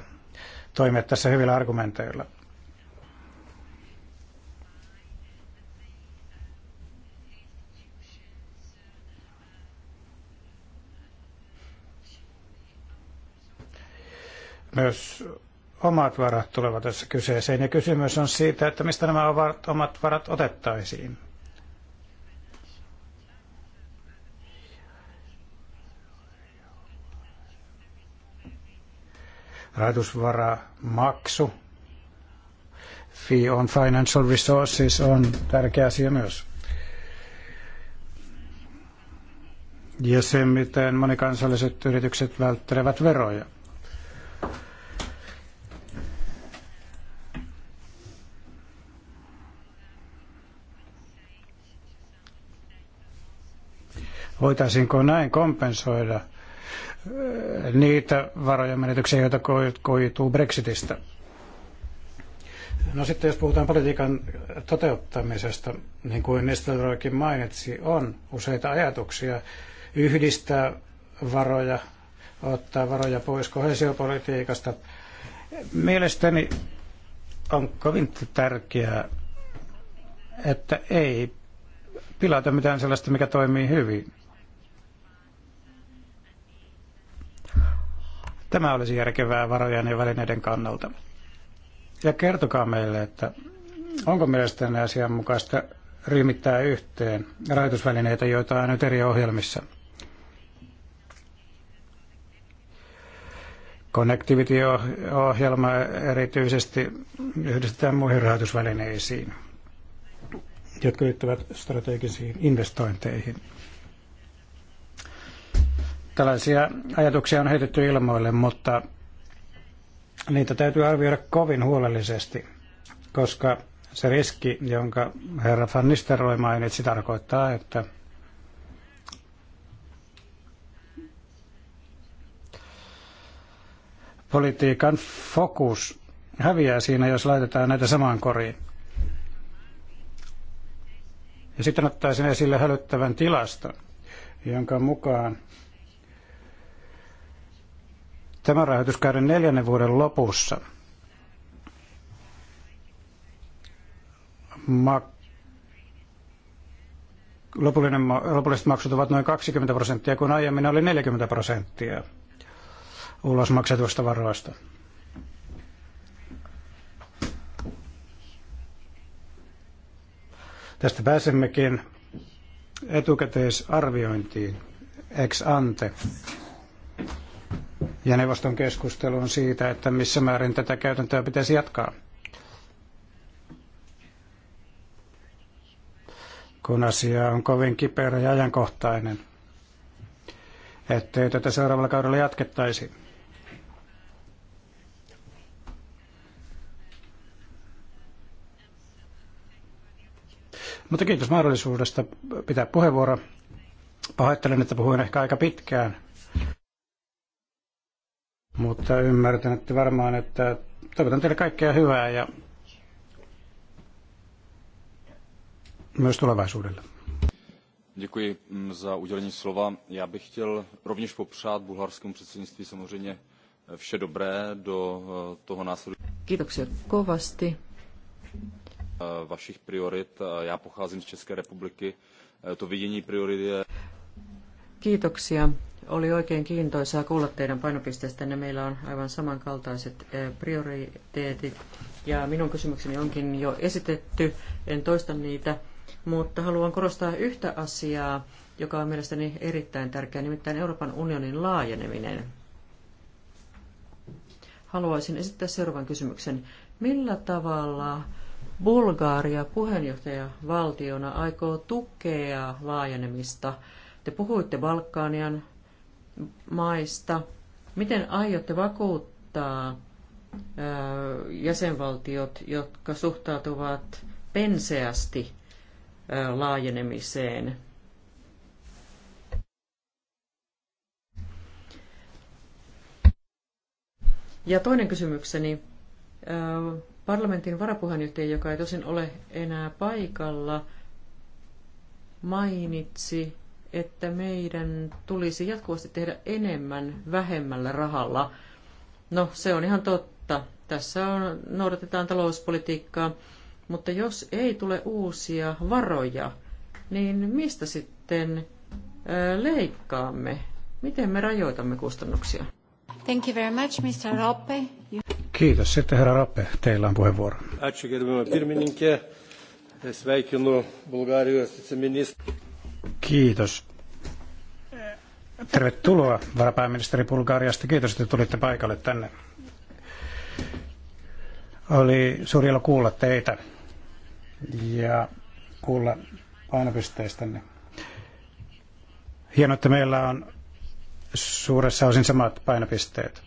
toimia tässä hyvillä argumenteilla. myös omat varat tulevat tässä kyseeseen. Ja kysymys on siitä, että mistä nämä omat varat otettaisiin. maksu, Fee on financial resources on tärkeä asia myös. Ja se, miten monikansalliset yritykset välttelevät veroja. Voitaisiinko näin kompensoida äh, niitä varojen menetyksiä, joita koituu Brexitistä? No sitten jos puhutaan politiikan toteuttamisesta, niin kuin Nestelroikin mainitsi, on useita ajatuksia yhdistää varoja, ottaa varoja pois kohesiopolitiikasta. Mielestäni on kovin tärkeää, että ei pilata mitään sellaista, mikä toimii hyvin. Tämä olisi järkevää varojen ja välineiden kannalta. Ja kertokaa meille, että onko mielestäni asianmukaista ryhmittää yhteen rahoitusvälineitä, joita on nyt eri ohjelmissa. Connectivity-ohjelma erityisesti yhdistetään muihin rahoitusvälineisiin, jotka liittyvät strategisiin investointeihin. Tällaisia ajatuksia on heitetty ilmoille, mutta niitä täytyy arvioida kovin huolellisesti, koska se riski, jonka herra Van Nistelrooy mainitsi, tarkoittaa, että politiikan fokus häviää siinä, jos laitetaan näitä samaan koriin. Ja sitten ottaisin esille hälyttävän tilaston, jonka mukaan tämän rahoituskauden neljännen vuoden lopussa mak- lopullinen, lopulliset maksut ovat noin 20 prosenttia, kun aiemmin oli 40 prosenttia ulos maksetuista varoista. Tästä pääsemmekin etukäteisarviointiin ex ante ja neuvoston keskusteluun siitä, että missä määrin tätä käytäntöä pitäisi jatkaa. Kun asia on kovin kiperä ja ajankohtainen, ettei tätä seuraavalla kaudella jatkettaisi. Mutta kiitos mahdollisuudesta pitää puheenvuoro. Pahoittelen, että puhuin ehkä aika pitkään. Mutta ymmärtän, että varmaan, että toivotan teille kaikkea hyvää ja myös tulevaisuudelle. Děkuji mm, za udělení slova. Já bych chtěl rovněž popřát bulharskému předsednictví samozřejmě eh, vše dobré do eh, toho následujícího. Kiitoksia kovasti. Eh, vašich priorit. Já pocházím z České republiky. To vidění priorit je... Kiitoksia. Oli oikein kiintoisaa kuulla teidän painopisteestänne. Meillä on aivan samankaltaiset eh, prioriteetit. Ja minun kysymykseni onkin jo esitetty, en toista niitä, mutta haluan korostaa yhtä asiaa, joka on mielestäni erittäin tärkeä, nimittäin Euroopan unionin laajeneminen. Haluaisin esittää seuraavan kysymyksen. Millä tavalla Bulgaaria puheenjohtajavaltiona aikoo tukea laajenemista? Te puhuitte Balkanian maista. Miten aiotte vakuuttaa jäsenvaltiot, jotka suhtautuvat penseästi laajenemiseen? Ja toinen kysymykseni. Parlamentin varapuheenjohtaja, joka ei tosin ole enää paikalla, mainitsi että meidän tulisi jatkuvasti tehdä enemmän vähemmällä rahalla. No, se on ihan totta. Tässä on, noudatetaan talouspolitiikkaa, mutta jos ei tule uusia varoja, niin mistä sitten leikkaamme? Miten me rajoitamme kustannuksia? Thank you very much, Mr. Roppe. Kiitos. Sitten herra Rappe, teillä on puheenvuoro. Kiitos. Tervetuloa varapääministeri Bulgariasta. Kiitos, että tulitte paikalle tänne. Oli suuri ilo kuulla teitä ja kuulla painopisteistänne. Hienoa, että meillä on suuressa osin samat painopisteet.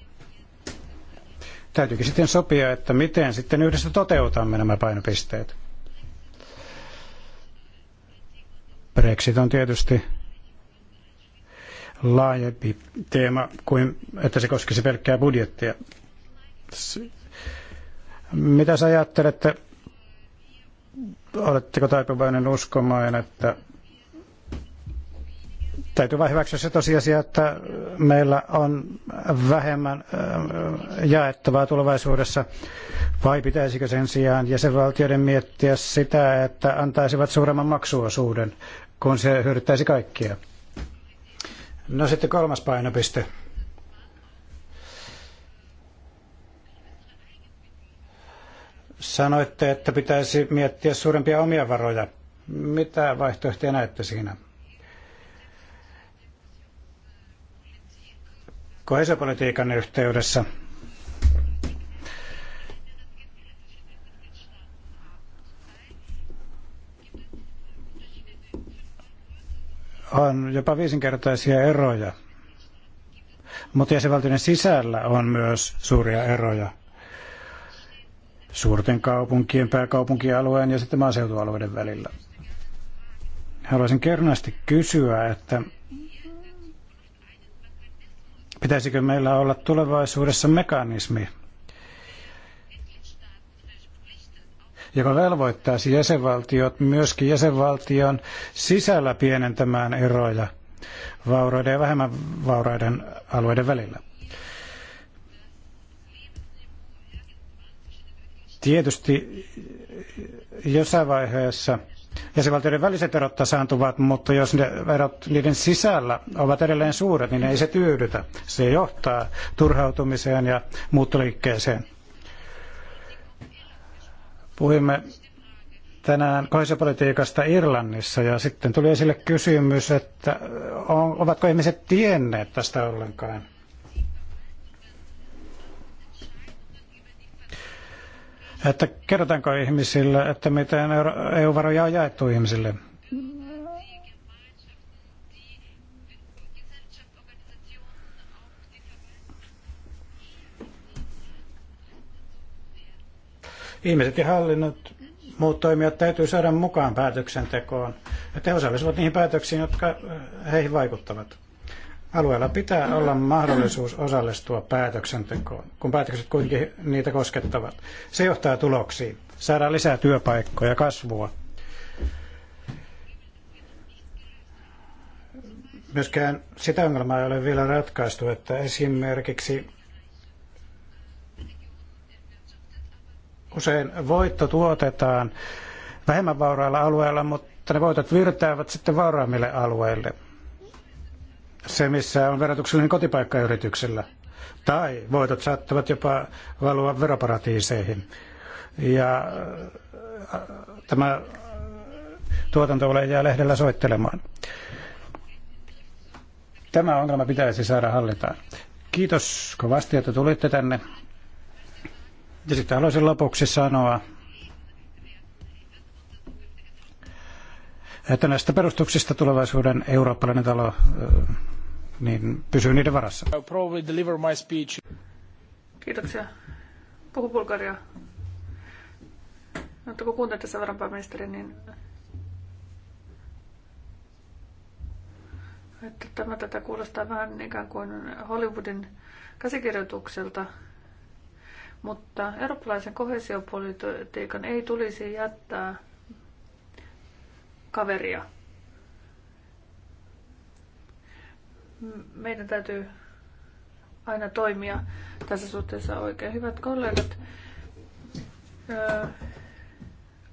Täytyykin sitten sopia, että miten sitten yhdessä toteutamme nämä painopisteet. Brexit on tietysti laajempi teema kuin että se koskisi pelkkää budjettia. Mitä sä ajattelette, oletteko taipuvainen uskomaan, että täytyy vain hyväksyä se tosiasia, että meillä on vähemmän äh, jaettavaa tulevaisuudessa, vai pitäisikö sen sijaan jäsenvaltioiden miettiä sitä, että antaisivat suuremman maksuosuuden kun se hyödyttäisi kaikkia. No sitten kolmas painopiste. Sanoitte, että pitäisi miettiä suurempia omia varoja. Mitä vaihtoehtoja näette siinä? Kohesiopolitiikan yhteydessä on jopa viisinkertaisia eroja. Mutta jäsenvaltioiden sisällä on myös suuria eroja suurten kaupunkien, pääkaupunkialueen ja sitten maaseutualueiden välillä. Haluaisin kernaasti kysyä, että pitäisikö meillä olla tulevaisuudessa mekanismi, joka velvoittaisi jäsenvaltiot myöskin jäsenvaltion sisällä pienentämään eroja vauraiden ja vähemmän vauraiden alueiden välillä. Tietysti jossain vaiheessa jäsenvaltioiden väliset erot tasaantuvat, mutta jos ne erot niiden sisällä ovat edelleen suuret, niin ei se tyydytä. Se johtaa turhautumiseen ja muuttoliikkeeseen. Puhuimme tänään kohesiopolitiikasta Irlannissa ja sitten tuli esille kysymys, että ovatko ihmiset tienneet tästä ollenkaan? Että kerrotaanko ihmisille, että miten EU-varoja on jaettu ihmisille? Ihmiset ja hallinnot, muut toimijat täytyy saada mukaan päätöksentekoon, että he osallistuvat niihin päätöksiin, jotka äh, heihin vaikuttavat. Alueella pitää olla mahdollisuus osallistua päätöksentekoon, kun päätökset kuitenkin niitä koskettavat. Se johtaa tuloksiin. Saadaan lisää työpaikkoja, kasvua. Myöskään sitä ongelmaa ei ole vielä ratkaistu, että esimerkiksi Usein voitto tuotetaan vähemmän vauraalla alueilla, mutta ne voitot virtaavat sitten vauraammille alueille. Se, missä on verotuksellinen kotipaikka yrityksellä. Tai voitot saattavat jopa valua veroparatiiseihin. Ja äh, tämä tuotanto ole jää lehdellä soittelemaan. Tämä ongelma pitäisi saada hallitaan. Kiitos kovasti, että tulitte tänne. Ja sitten haluaisin lopuksi sanoa, että näistä perustuksista tulevaisuuden eurooppalainen talo niin pysyy niiden varassa. Kiitoksia. Puhu Bulgaria. Mutta no, kun kuuntelette sen verran pääministeri, niin että tämä tätä kuulostaa vähän ikään kuin Hollywoodin käsikirjoitukselta – mutta eurooppalaisen kohesiopolitiikan ei tulisi jättää kaveria. Meidän täytyy aina toimia tässä suhteessa oikein. Hyvät kollegat,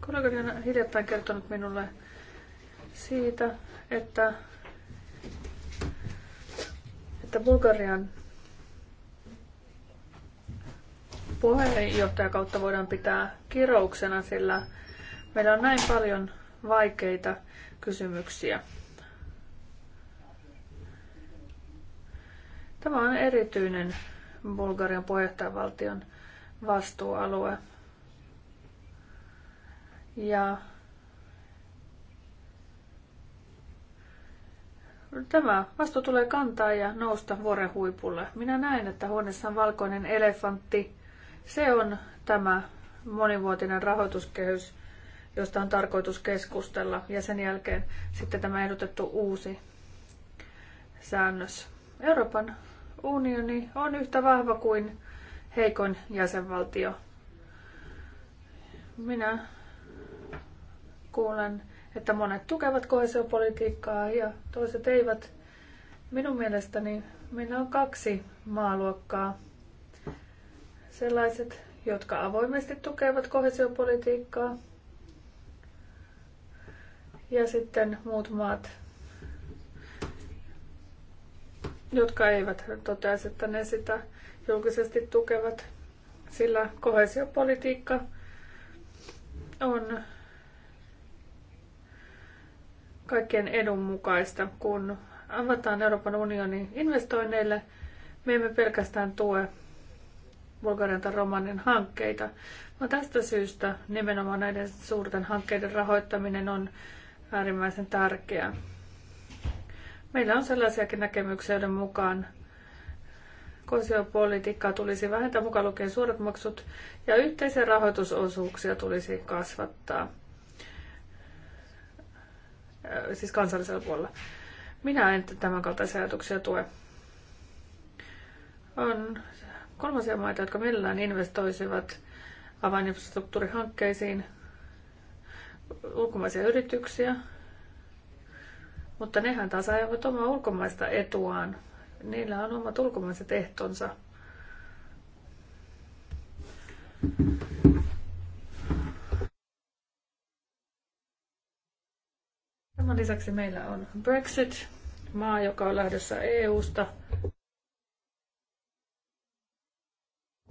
kollegani on hiljattain kertonut minulle siitä, että, että Bulgarian kautta voidaan pitää kirouksena, sillä meillä on näin paljon vaikeita kysymyksiä. Tämä on erityinen Bulgarian puheenjohtajavaltion vastuualue. Ja Tämä vastu tulee kantaa ja nousta vuoren huipulle. Minä näen, että huoneessa on valkoinen elefantti, se on tämä monivuotinen rahoituskehys, josta on tarkoitus keskustella ja sen jälkeen sitten tämä ehdotettu uusi säännös. Euroopan unioni on yhtä vahva kuin heikoin jäsenvaltio. Minä kuulen, että monet tukevat koesiopolitiikkaa ja toiset eivät. Minun mielestäni minä on kaksi maaluokkaa sellaiset, jotka avoimesti tukevat kohesiopolitiikkaa. Ja sitten muut maat, jotka eivät toteaisi, että ne sitä julkisesti tukevat, sillä kohesiopolitiikka on kaikkien edun mukaista, kun avataan Euroopan unionin investoinneille, me emme pelkästään tue Bulgarian tai Romanin hankkeita. No tästä syystä nimenomaan näiden suurten hankkeiden rahoittaminen on äärimmäisen tärkeää. Meillä on sellaisiakin näkemyksiä, joiden mukaan kosiopolitiikkaa tulisi vähentää mukaan lukien suorat maksut ja yhteisiä rahoitusosuuksia tulisi kasvattaa, siis kansallisella puolella. Minä en tämän kaltaisia ajatuksia tue. On kolmansia maita, jotka millään investoisivat avaininfrastruktuurihankkeisiin ulkomaisia yrityksiä, mutta nehän taas ajavat omaa ulkomaista etuaan. Niillä on omat ulkomaiset ehtonsa. Tämän lisäksi meillä on Brexit, maa, joka on lähdössä EU-sta –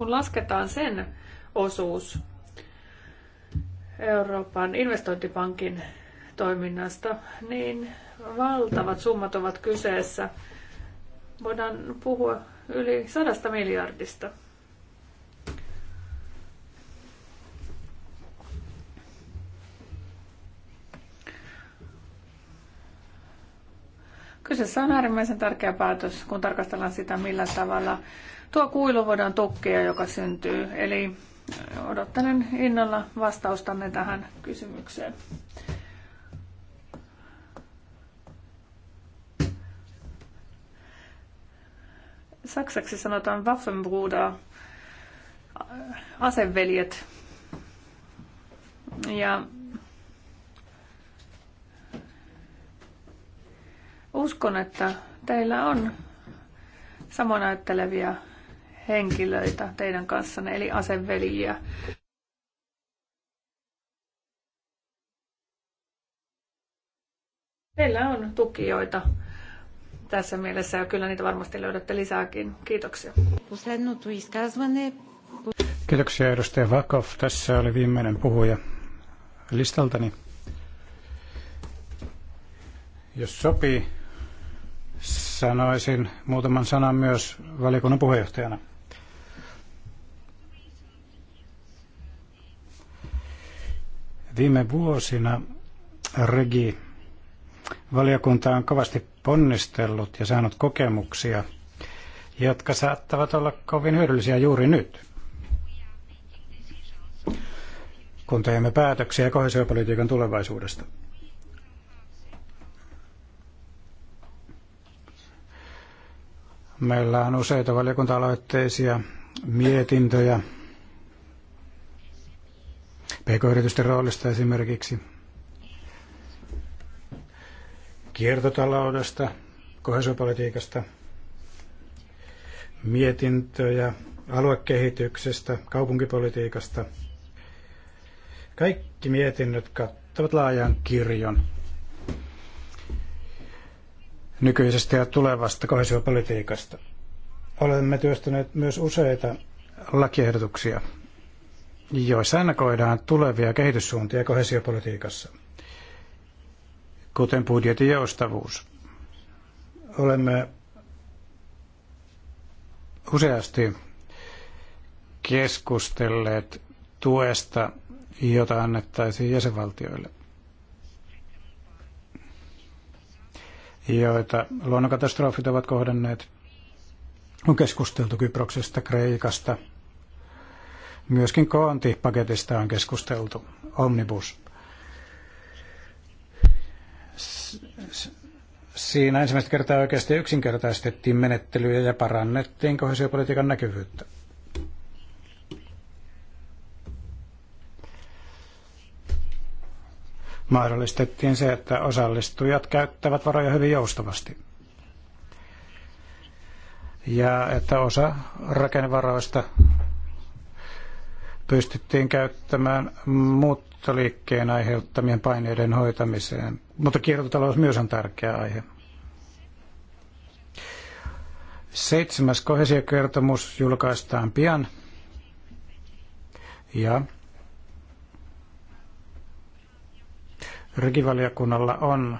kun lasketaan sen osuus Euroopan investointipankin toiminnasta, niin valtavat summat ovat kyseessä. Voidaan puhua yli sadasta miljardista. Kyseessä on äärimmäisen tärkeä päätös, kun tarkastellaan sitä, millä tavalla tuo kuilu voidaan tukkia, joka syntyy. Eli odottelen innolla vastaustanne tähän kysymykseen. Saksaksi sanotaan Waffenbruder, aseveljet. Ja uskon, että teillä on samoin ajattelevia henkilöitä teidän kanssanne, eli aseveljiä. Meillä on tukijoita tässä mielessä ja kyllä niitä varmasti löydätte lisääkin. Kiitoksia. Kiitoksia edustaja Vakov. Tässä oli viimeinen puhuja listaltani. Jos sopii, sanoisin muutaman sanan myös valiokunnan puheenjohtajana. Viime vuosina Regi valiokunta on kovasti ponnistellut ja saanut kokemuksia, jotka saattavat olla kovin hyödyllisiä juuri nyt. kun teemme päätöksiä kohesiopolitiikan tulevaisuudesta. Meillä on useita valiokunta-aloitteisia mietintöjä pk-yritysten roolista esimerkiksi, kiertotaloudesta, kohesopolitiikasta, mietintöjä, aluekehityksestä, kaupunkipolitiikasta. Kaikki mietinnöt kattavat laajan kirjon nykyisestä ja tulevasta kohesiopolitiikasta. Olemme työstäneet myös useita lakiehdotuksia joissa ennakoidaan tulevia kehityssuuntia kohesiopolitiikassa, kuten budjetin joustavuus. Olemme useasti keskustelleet tuesta, jota annettaisiin jäsenvaltioille, joita luonnonkatastrofit ovat kohdanneet. On keskusteltu Kyproksesta, Kreikasta – Myöskin koontipaketista on keskusteltu, omnibus. Siinä ensimmäistä kertaa oikeasti yksinkertaistettiin menettelyjä ja parannettiin kohesiopolitiikan näkyvyyttä. mahdollistettiin se, että osallistujat käyttävät varoja hyvin joustavasti. Ja että osa rakennevaroista pystyttiin käyttämään muuttoliikkeen aiheuttamien paineiden hoitamiseen. Mutta kiertotalous myös on tärkeä aihe. Seitsemäs kohesiokertomus julkaistaan pian. Ja rikivaliokunnalla on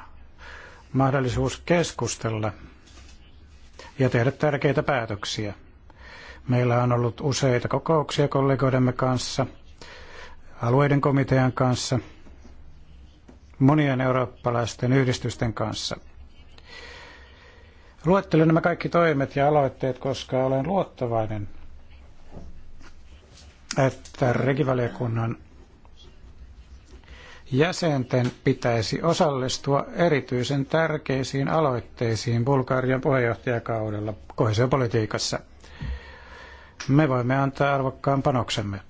mahdollisuus keskustella ja tehdä tärkeitä päätöksiä. Meillä on ollut useita kokouksia kollegoidemme kanssa, alueiden komitean kanssa, monien eurooppalaisten yhdistysten kanssa. Luettelen nämä kaikki toimet ja aloitteet, koska olen luottavainen, että regivaliokunnan jäsenten pitäisi osallistua erityisen tärkeisiin aloitteisiin Bulgarian puheenjohtajakaudella kohesiopolitiikassa me voimme antaa arvokkaan panoksemme.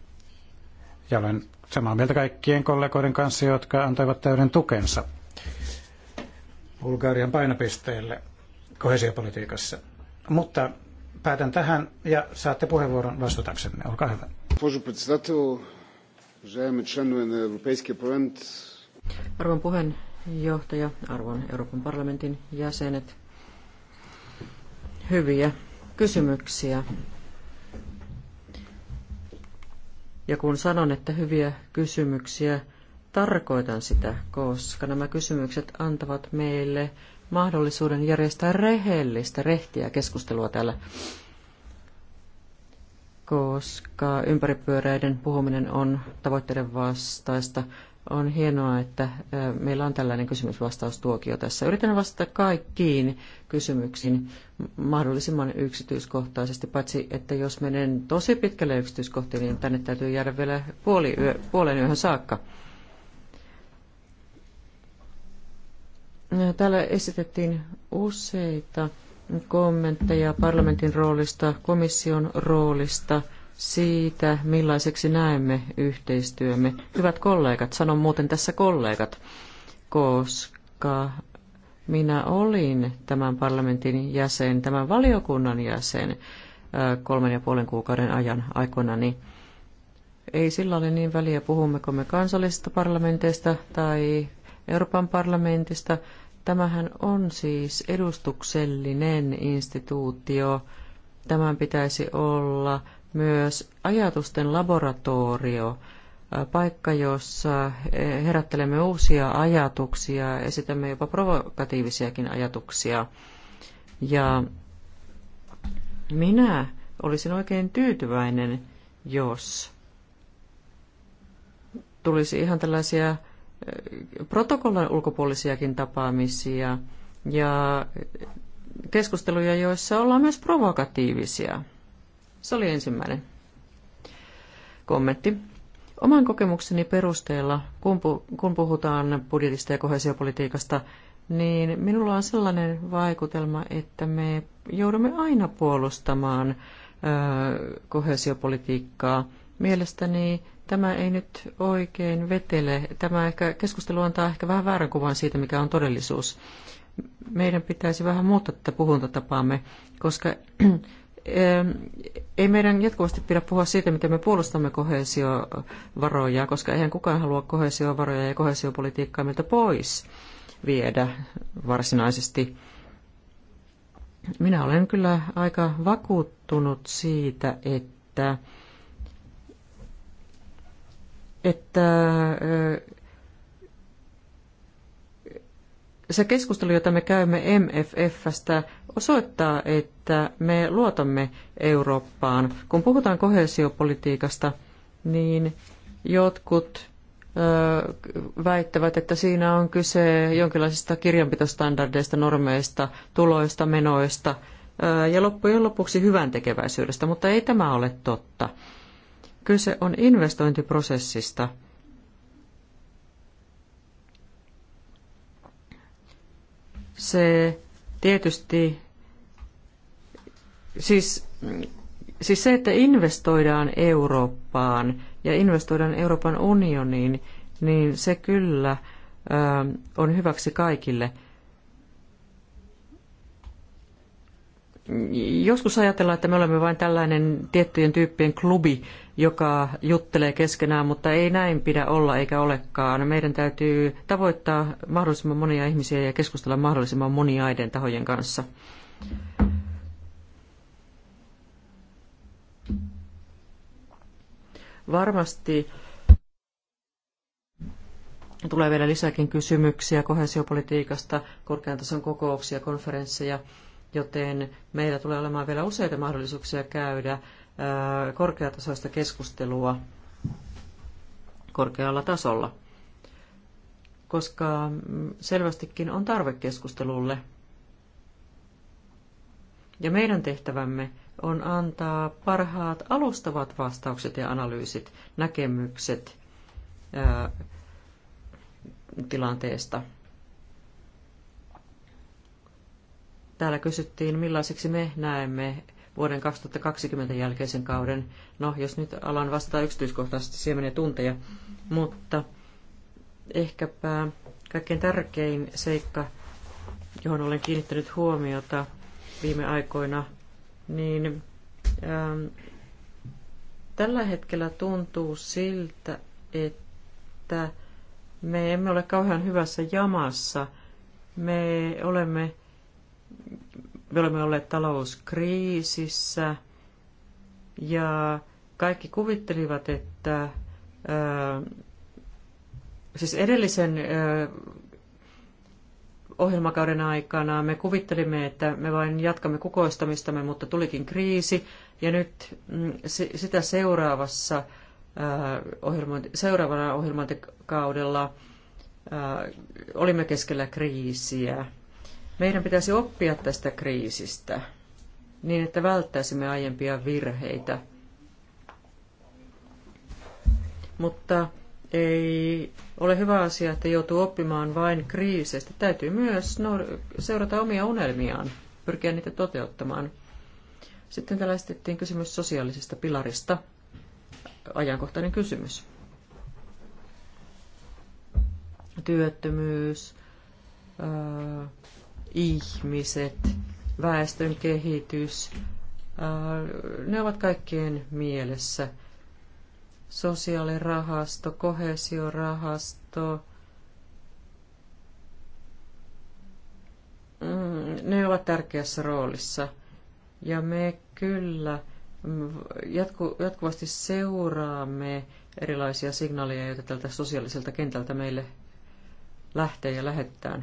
Ja olen samaa mieltä kaikkien kollegoiden kanssa, jotka antoivat täyden tukensa Bulgarian painopisteelle kohesiopolitiikassa. Mutta päätän tähän ja saatte puheenvuoron vastataksenne. Olkaa hyvä. Arvon puheenjohtaja, arvon Euroopan parlamentin jäsenet, hyviä kysymyksiä Ja kun sanon, että hyviä kysymyksiä, tarkoitan sitä, koska nämä kysymykset antavat meille mahdollisuuden järjestää rehellistä, rehtiä keskustelua täällä. Koska ympäripyöräiden puhuminen on tavoitteiden vastaista, on hienoa, että meillä on tällainen kysymysvastaustuokio tässä. Yritän vastata kaikkiin kysymyksiin mahdollisimman yksityiskohtaisesti, paitsi että jos menen tosi pitkälle yksityiskohtiin, niin tänne täytyy jäädä vielä puoli yö, puolen yöhön saakka. No, täällä esitettiin useita kommentteja parlamentin roolista, komission roolista siitä, millaiseksi näemme yhteistyömme. Hyvät kollegat, sanon muuten tässä kollegat, koska minä olin tämän parlamentin jäsen, tämän valiokunnan jäsen kolmen ja puolen kuukauden ajan aikana niin Ei sillä ole niin väliä, puhummeko me kansallisesta parlamenteista tai Euroopan parlamentista. Tämähän on siis edustuksellinen instituutio. Tämän pitäisi olla myös ajatusten laboratorio, paikka, jossa herättelemme uusia ajatuksia, esitämme jopa provokatiivisiakin ajatuksia. Ja minä olisin oikein tyytyväinen, jos tulisi ihan tällaisia protokollan ulkopuolisiakin tapaamisia ja keskusteluja, joissa ollaan myös provokatiivisia. Se oli ensimmäinen kommentti. Oman kokemukseni perusteella, kun, kun puhutaan budjetista ja kohesiopolitiikasta, niin minulla on sellainen vaikutelma, että me joudumme aina puolustamaan ö, kohesiopolitiikkaa. Mielestäni tämä ei nyt oikein vetele. Tämä ehkä, keskustelu antaa ehkä vähän väärän kuvan siitä, mikä on todellisuus. Meidän pitäisi vähän muuttaa tätä puhuntatapaamme, koska ei meidän jatkuvasti pidä puhua siitä, miten me puolustamme kohesiovaroja, koska eihän kukaan halua kohesiovaroja ja kohesiopolitiikkaa meiltä pois viedä varsinaisesti. Minä olen kyllä aika vakuuttunut siitä, että, että se keskustelu, jota me käymme MFFstä, osoittaa, että me luotamme Eurooppaan. Kun puhutaan kohesiopolitiikasta, niin jotkut ö, väittävät, että siinä on kyse jonkinlaisista kirjanpitostandardeista, normeista, tuloista, menoista ö, ja loppujen lopuksi hyvän tekeväisyydestä, mutta ei tämä ole totta. Kyse on investointiprosessista. Se Tietysti siis, siis se, että investoidaan Eurooppaan ja investoidaan Euroopan unioniin, niin se kyllä ö, ähm, on hyväksi kaikille. Joskus ajatellaan, että me olemme vain tällainen tiettyjen tyyppien klubi, joka juttelee keskenään, mutta ei näin pidä olla eikä olekaan. Meidän täytyy tavoittaa mahdollisimman monia ihmisiä ja keskustella mahdollisimman moniaiden tahojen kanssa. Varmasti tulee vielä lisääkin kysymyksiä kohesiopolitiikasta, korkean tason kokouksia, konferensseja, joten meillä tulee olemaan vielä useita mahdollisuuksia käydä korkeatasoista keskustelua korkealla tasolla, koska mm, selvästikin on tarve keskustelulle. Ja meidän tehtävämme on antaa parhaat alustavat vastaukset ja analyysit, näkemykset ää, tilanteesta. Täällä kysyttiin, millaiseksi me näemme vuoden 2020 jälkeisen kauden. No, jos nyt alan vastata yksityiskohtaisesti, siihen menee tunteja, mutta ehkäpä kaikkein tärkein seikka, johon olen kiinnittänyt huomiota viime aikoina, niin ähm, tällä hetkellä tuntuu siltä, että me emme ole kauhean hyvässä jamassa. Me olemme me olemme olleet talouskriisissä ja kaikki kuvittelivat, että ää, siis edellisen ää, ohjelmakauden aikana me kuvittelimme, että me vain jatkamme kukoistamistamme, mutta tulikin kriisi. Ja nyt mm, sitä seuraavassa ohjelmointi, seuraavana ohjelmointikaudella olimme keskellä kriisiä. Meidän pitäisi oppia tästä kriisistä niin, että välttäisimme aiempia virheitä. Mutta ei ole hyvä asia, että joutuu oppimaan vain kriisistä. Täytyy myös seurata omia unelmiaan, pyrkiä niitä toteuttamaan. Sitten täällä esitettiin kysymys sosiaalisesta pilarista. Ajankohtainen kysymys. Työttömyys, ihmiset, väestön kehitys, ne ovat kaikkien mielessä. Sosiaalirahasto, kohesiorahasto, mm, ne ovat tärkeässä roolissa. Ja me kyllä jatku, jatkuvasti seuraamme erilaisia signaaleja, joita tältä sosiaaliselta kentältä meille lähtee ja lähettää.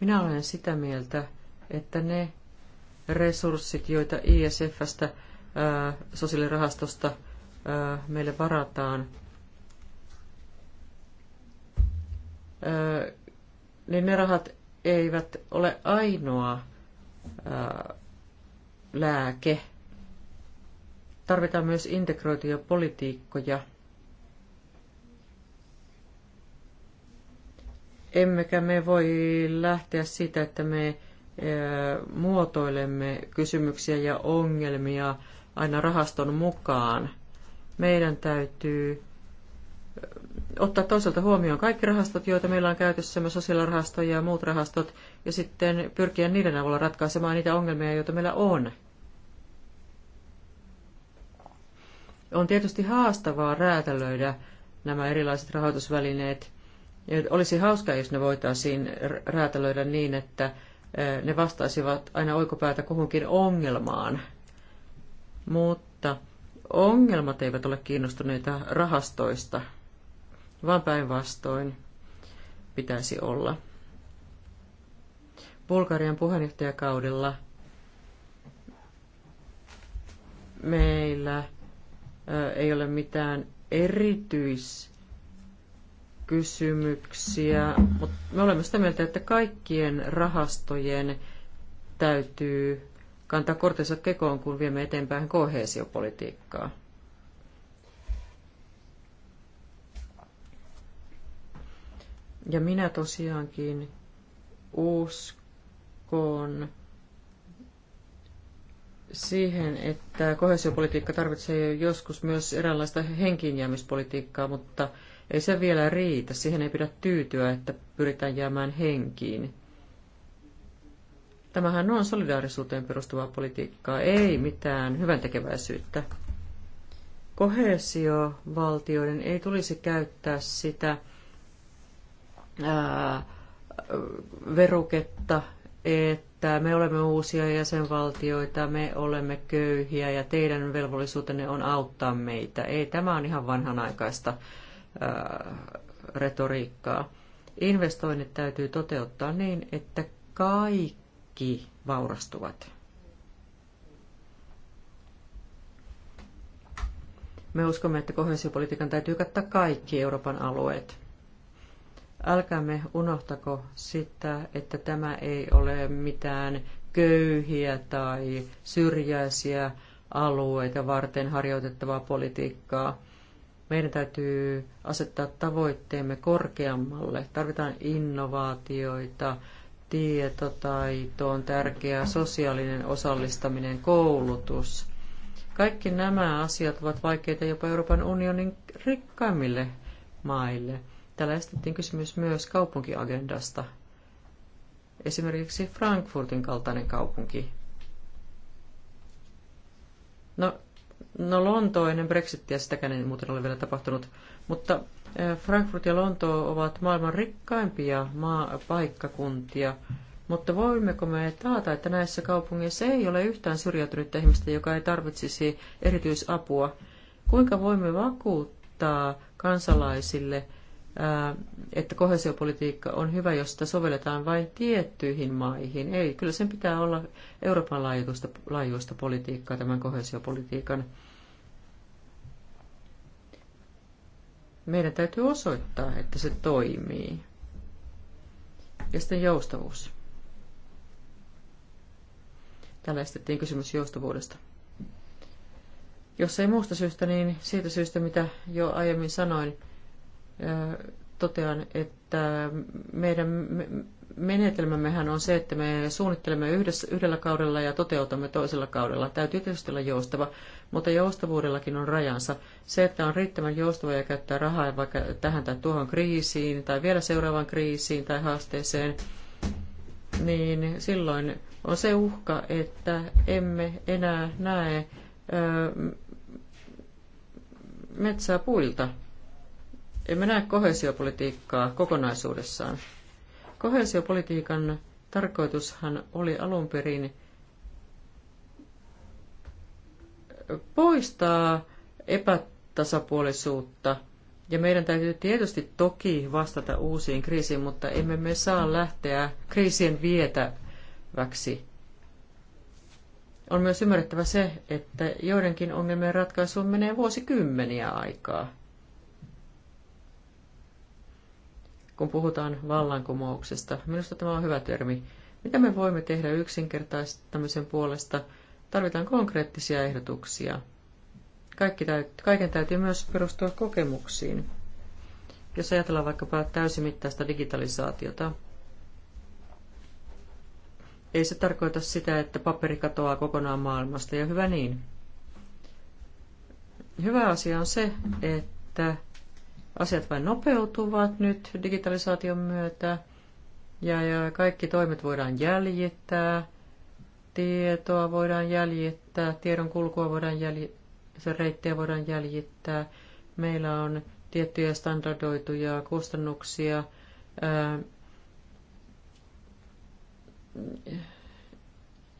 Minä olen sitä mieltä, että ne resurssit, joita ISFstä, ää, sosiaalirahastosta ää, meille varataan, ää, niin ne rahat eivät ole ainoa ää, lääke. Tarvitaan myös integroituja politiikkoja Emmekä me voi lähteä siitä, että me muotoilemme kysymyksiä ja ongelmia aina rahaston mukaan. Meidän täytyy ottaa toisaalta huomioon kaikki rahastot, joita meillä on käytössämme, sosiaalirahastoja ja muut rahastot, ja sitten pyrkiä niiden avulla ratkaisemaan niitä ongelmia, joita meillä on. On tietysti haastavaa räätälöidä nämä erilaiset rahoitusvälineet olisi hauskaa, jos ne voitaisiin räätälöidä niin, että ne vastaisivat aina oikopäätä kuhunkin ongelmaan. Mutta ongelmat eivät ole kiinnostuneita rahastoista, vaan päinvastoin pitäisi olla. Bulgarian puheenjohtajakaudella meillä ei ole mitään erityis kysymyksiä, mutta me olemme sitä mieltä, että kaikkien rahastojen täytyy kantaa kortensa kekoon, kun viemme eteenpäin kohesiopolitiikkaa. Ja minä tosiaankin uskon siihen, että kohesiopolitiikka tarvitsee joskus myös eräänlaista henkiinjäämispolitiikkaa, mutta – ei se vielä riitä, siihen ei pidä tyytyä, että pyritään jäämään henkiin. Tämähän on solidaarisuuteen perustuvaa politiikkaa, ei mitään hyvän tekeväisyyttä. Kohesiovaltioiden ei tulisi käyttää sitä ää, veruketta, että me olemme uusia jäsenvaltioita, me olemme köyhiä ja teidän velvollisuutenne on auttaa meitä. Ei, tämä on ihan vanhanaikaista retoriikkaa. Investoinnit täytyy toteuttaa niin, että kaikki vaurastuvat. Me uskomme, että kohesiopolitiikan täytyy kattaa kaikki Euroopan alueet. Älkäämme unohtako sitä, että tämä ei ole mitään köyhiä tai syrjäisiä alueita varten harjoitettavaa politiikkaa. Meidän täytyy asettaa tavoitteemme korkeammalle. Tarvitaan innovaatioita, tietotaito on tärkeää, sosiaalinen osallistaminen, koulutus. Kaikki nämä asiat ovat vaikeita jopa Euroopan unionin rikkaimmille maille. Täällä estettiin kysymys myös kaupunkiagendasta. Esimerkiksi Frankfurtin kaltainen kaupunki. No, No Lonto ennen Brexitia, sitäkään ei muuten ole vielä tapahtunut, mutta eh, Frankfurt ja Lonto ovat maailman rikkaimpia maa- paikkakuntia, mutta voimmeko me taata, että näissä kaupungeissa ei ole yhtään syrjäytynyttä ihmistä, joka ei tarvitsisi erityisapua? Kuinka voimme vakuuttaa kansalaisille, että kohesiopolitiikka on hyvä, jos sitä sovelletaan vain tiettyihin maihin. Ei, kyllä sen pitää olla Euroopan laajuista, laajuista politiikkaa tämän kohesiopolitiikan. Meidän täytyy osoittaa, että se toimii. Ja sitten joustavuus. Täällä estettiin kysymys joustavuudesta. Jos ei muusta syystä, niin siitä syystä, mitä jo aiemmin sanoin, totean, että meidän menetelmämmehän on se, että me suunnittelemme yhdessä, yhdellä kaudella ja toteutamme toisella kaudella. Täytyy tietysti olla joustava, mutta joustavuudellakin on rajansa. Se, että on riittävän joustava ja käyttää rahaa vaikka tähän tai tuohon kriisiin tai vielä seuraavaan kriisiin tai haasteeseen, niin silloin on se uhka, että emme enää näe öö, metsää puilta emme näe kohesiopolitiikkaa kokonaisuudessaan. Kohesiopolitiikan tarkoitushan oli alun perin poistaa epätasapuolisuutta. Ja meidän täytyy tietysti toki vastata uusiin kriisiin, mutta emme me saa lähteä kriisien vietäväksi. On myös ymmärrettävä se, että joidenkin ongelmien ratkaisuun menee vuosikymmeniä aikaa. kun puhutaan vallankumouksesta. Minusta tämä on hyvä termi. Mitä me voimme tehdä yksinkertaistamisen puolesta? Tarvitaan konkreettisia ehdotuksia. Kaikki täyt, kaiken täytyy myös perustua kokemuksiin. Jos ajatellaan vaikkapa täysimittaista digitalisaatiota, ei se tarkoita sitä, että paperi katoaa kokonaan maailmasta, ja hyvä niin. Hyvä asia on se, että Asiat vain nopeutuvat nyt digitalisaation myötä ja, ja kaikki toimet voidaan jäljittää, tietoa voidaan jäljittää, tiedon kulkua voidaan jäljittää, sen reittejä voidaan jäljittää. Meillä on tiettyjä standardoituja kustannuksia.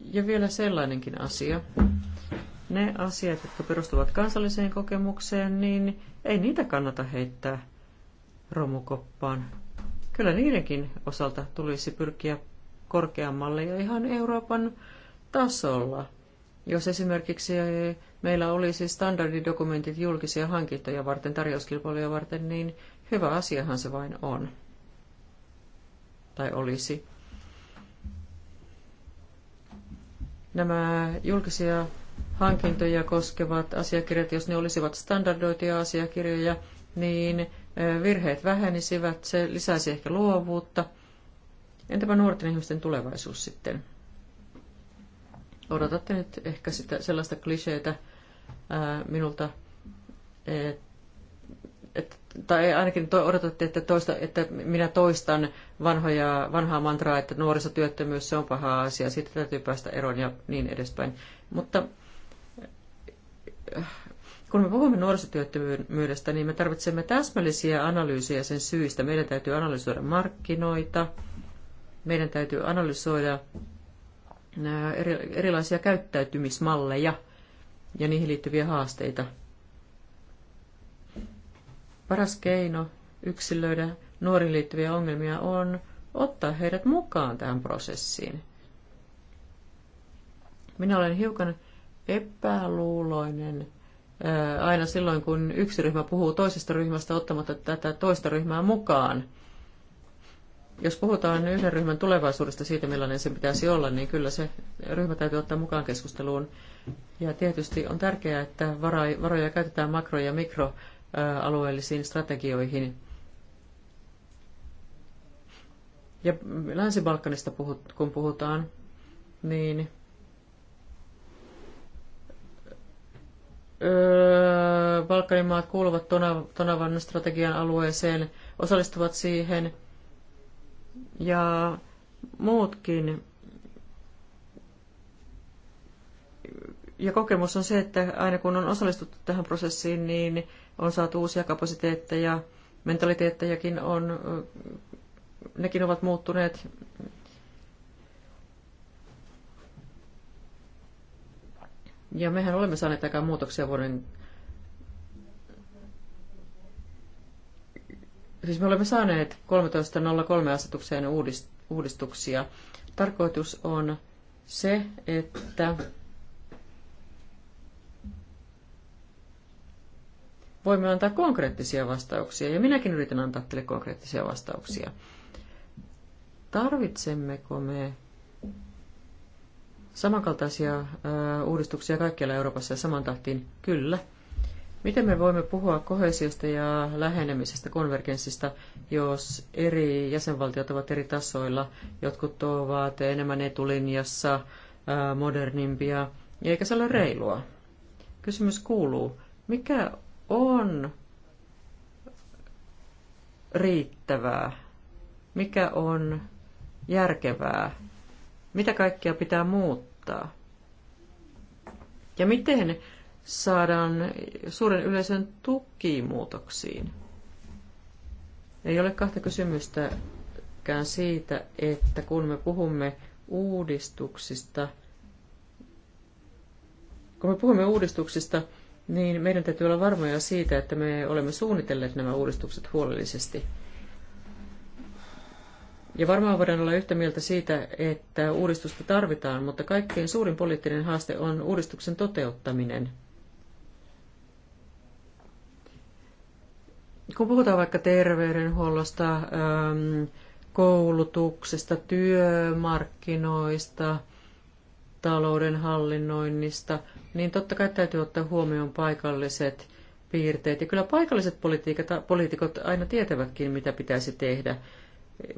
Ja vielä sellainenkin asia, ne asiat, jotka perustuvat kansalliseen kokemukseen, niin ei niitä kannata heittää romukoppaan. Kyllä niidenkin osalta tulisi pyrkiä korkeammalle ja ihan Euroopan tasolla. Jos esimerkiksi meillä olisi standardidokumentit julkisia hankintoja varten, tarjouskilpailuja varten, niin hyvä asiahan se vain on. Tai olisi. Nämä julkisia hankintoja koskevat asiakirjat, jos ne olisivat standardoituja asiakirjoja, niin virheet vähenisivät, se lisäisi ehkä luovuutta. Entäpä nuorten ihmisten tulevaisuus sitten? Odotatte nyt ehkä sitä, sellaista kliseitä minulta, että et, tai ainakin to, odotatte, että, toista, että minä toistan vanhoja, vanhaa mantraa, että nuorisotyöttömyys se on paha asia, siitä täytyy päästä eroon ja niin edespäin. Mutta kun me puhumme nuorisotyöttömyydestä, niin me tarvitsemme täsmällisiä analyysejä sen syistä. Meidän täytyy analysoida markkinoita, meidän täytyy analysoida erilaisia käyttäytymismalleja ja niihin liittyviä haasteita. Paras keino yksilöidä nuoriin liittyviä ongelmia on ottaa heidät mukaan tähän prosessiin. Minä olen hiukan epäluuloinen aina silloin, kun yksi ryhmä puhuu toisesta ryhmästä ottamatta tätä toista ryhmää mukaan. Jos puhutaan yhden ryhmän tulevaisuudesta siitä, millainen sen pitäisi olla, niin kyllä se ryhmä täytyy ottaa mukaan keskusteluun. Ja tietysti on tärkeää, että varoja käytetään makro- ja mikroalueellisiin strategioihin. Ja Länsi-Balkanista kun puhutaan, niin Balkanin maat kuuluvat Tonavan strategian alueeseen, osallistuvat siihen ja muutkin. Ja kokemus on se, että aina kun on osallistuttu tähän prosessiin, niin on saatu uusia kapasiteetteja, mentaliteettejakin on, nekin ovat muuttuneet Ja mehän olemme saaneet aikaan muutoksia vuoden... Siis me olemme saaneet 13.03-asetukseen uudistuksia. Tarkoitus on se, että voimme antaa konkreettisia vastauksia, ja minäkin yritän antaa teille konkreettisia vastauksia. Tarvitsemmeko me samankaltaisia uudistuksia kaikkialla Euroopassa ja saman tahtiin? Kyllä. Miten me voimme puhua kohesiosta ja lähenemisestä, konvergenssista, jos eri jäsenvaltiot ovat eri tasoilla? Jotkut ovat enemmän etulinjassa, modernimpia, eikä se ole reilua. Kysymys kuuluu, mikä on riittävää? Mikä on järkevää mitä kaikkea pitää muuttaa? Ja miten saadaan suuren yleisön tuki muutoksiin? Ei ole kahta kysymystäkään siitä, että kun me puhumme uudistuksista, kun me puhumme uudistuksista, niin meidän täytyy olla varmoja siitä, että me olemme suunnitelleet nämä uudistukset huolellisesti – ja varmaan voidaan olla yhtä mieltä siitä, että uudistusta tarvitaan, mutta kaikkein suurin poliittinen haaste on uudistuksen toteuttaminen. Kun puhutaan vaikka terveydenhuollosta, ähm, koulutuksesta, työmarkkinoista, talouden hallinnoinnista, niin totta kai täytyy ottaa huomioon paikalliset piirteet. Ja kyllä paikalliset poliitikot aina tietävätkin, mitä pitäisi tehdä –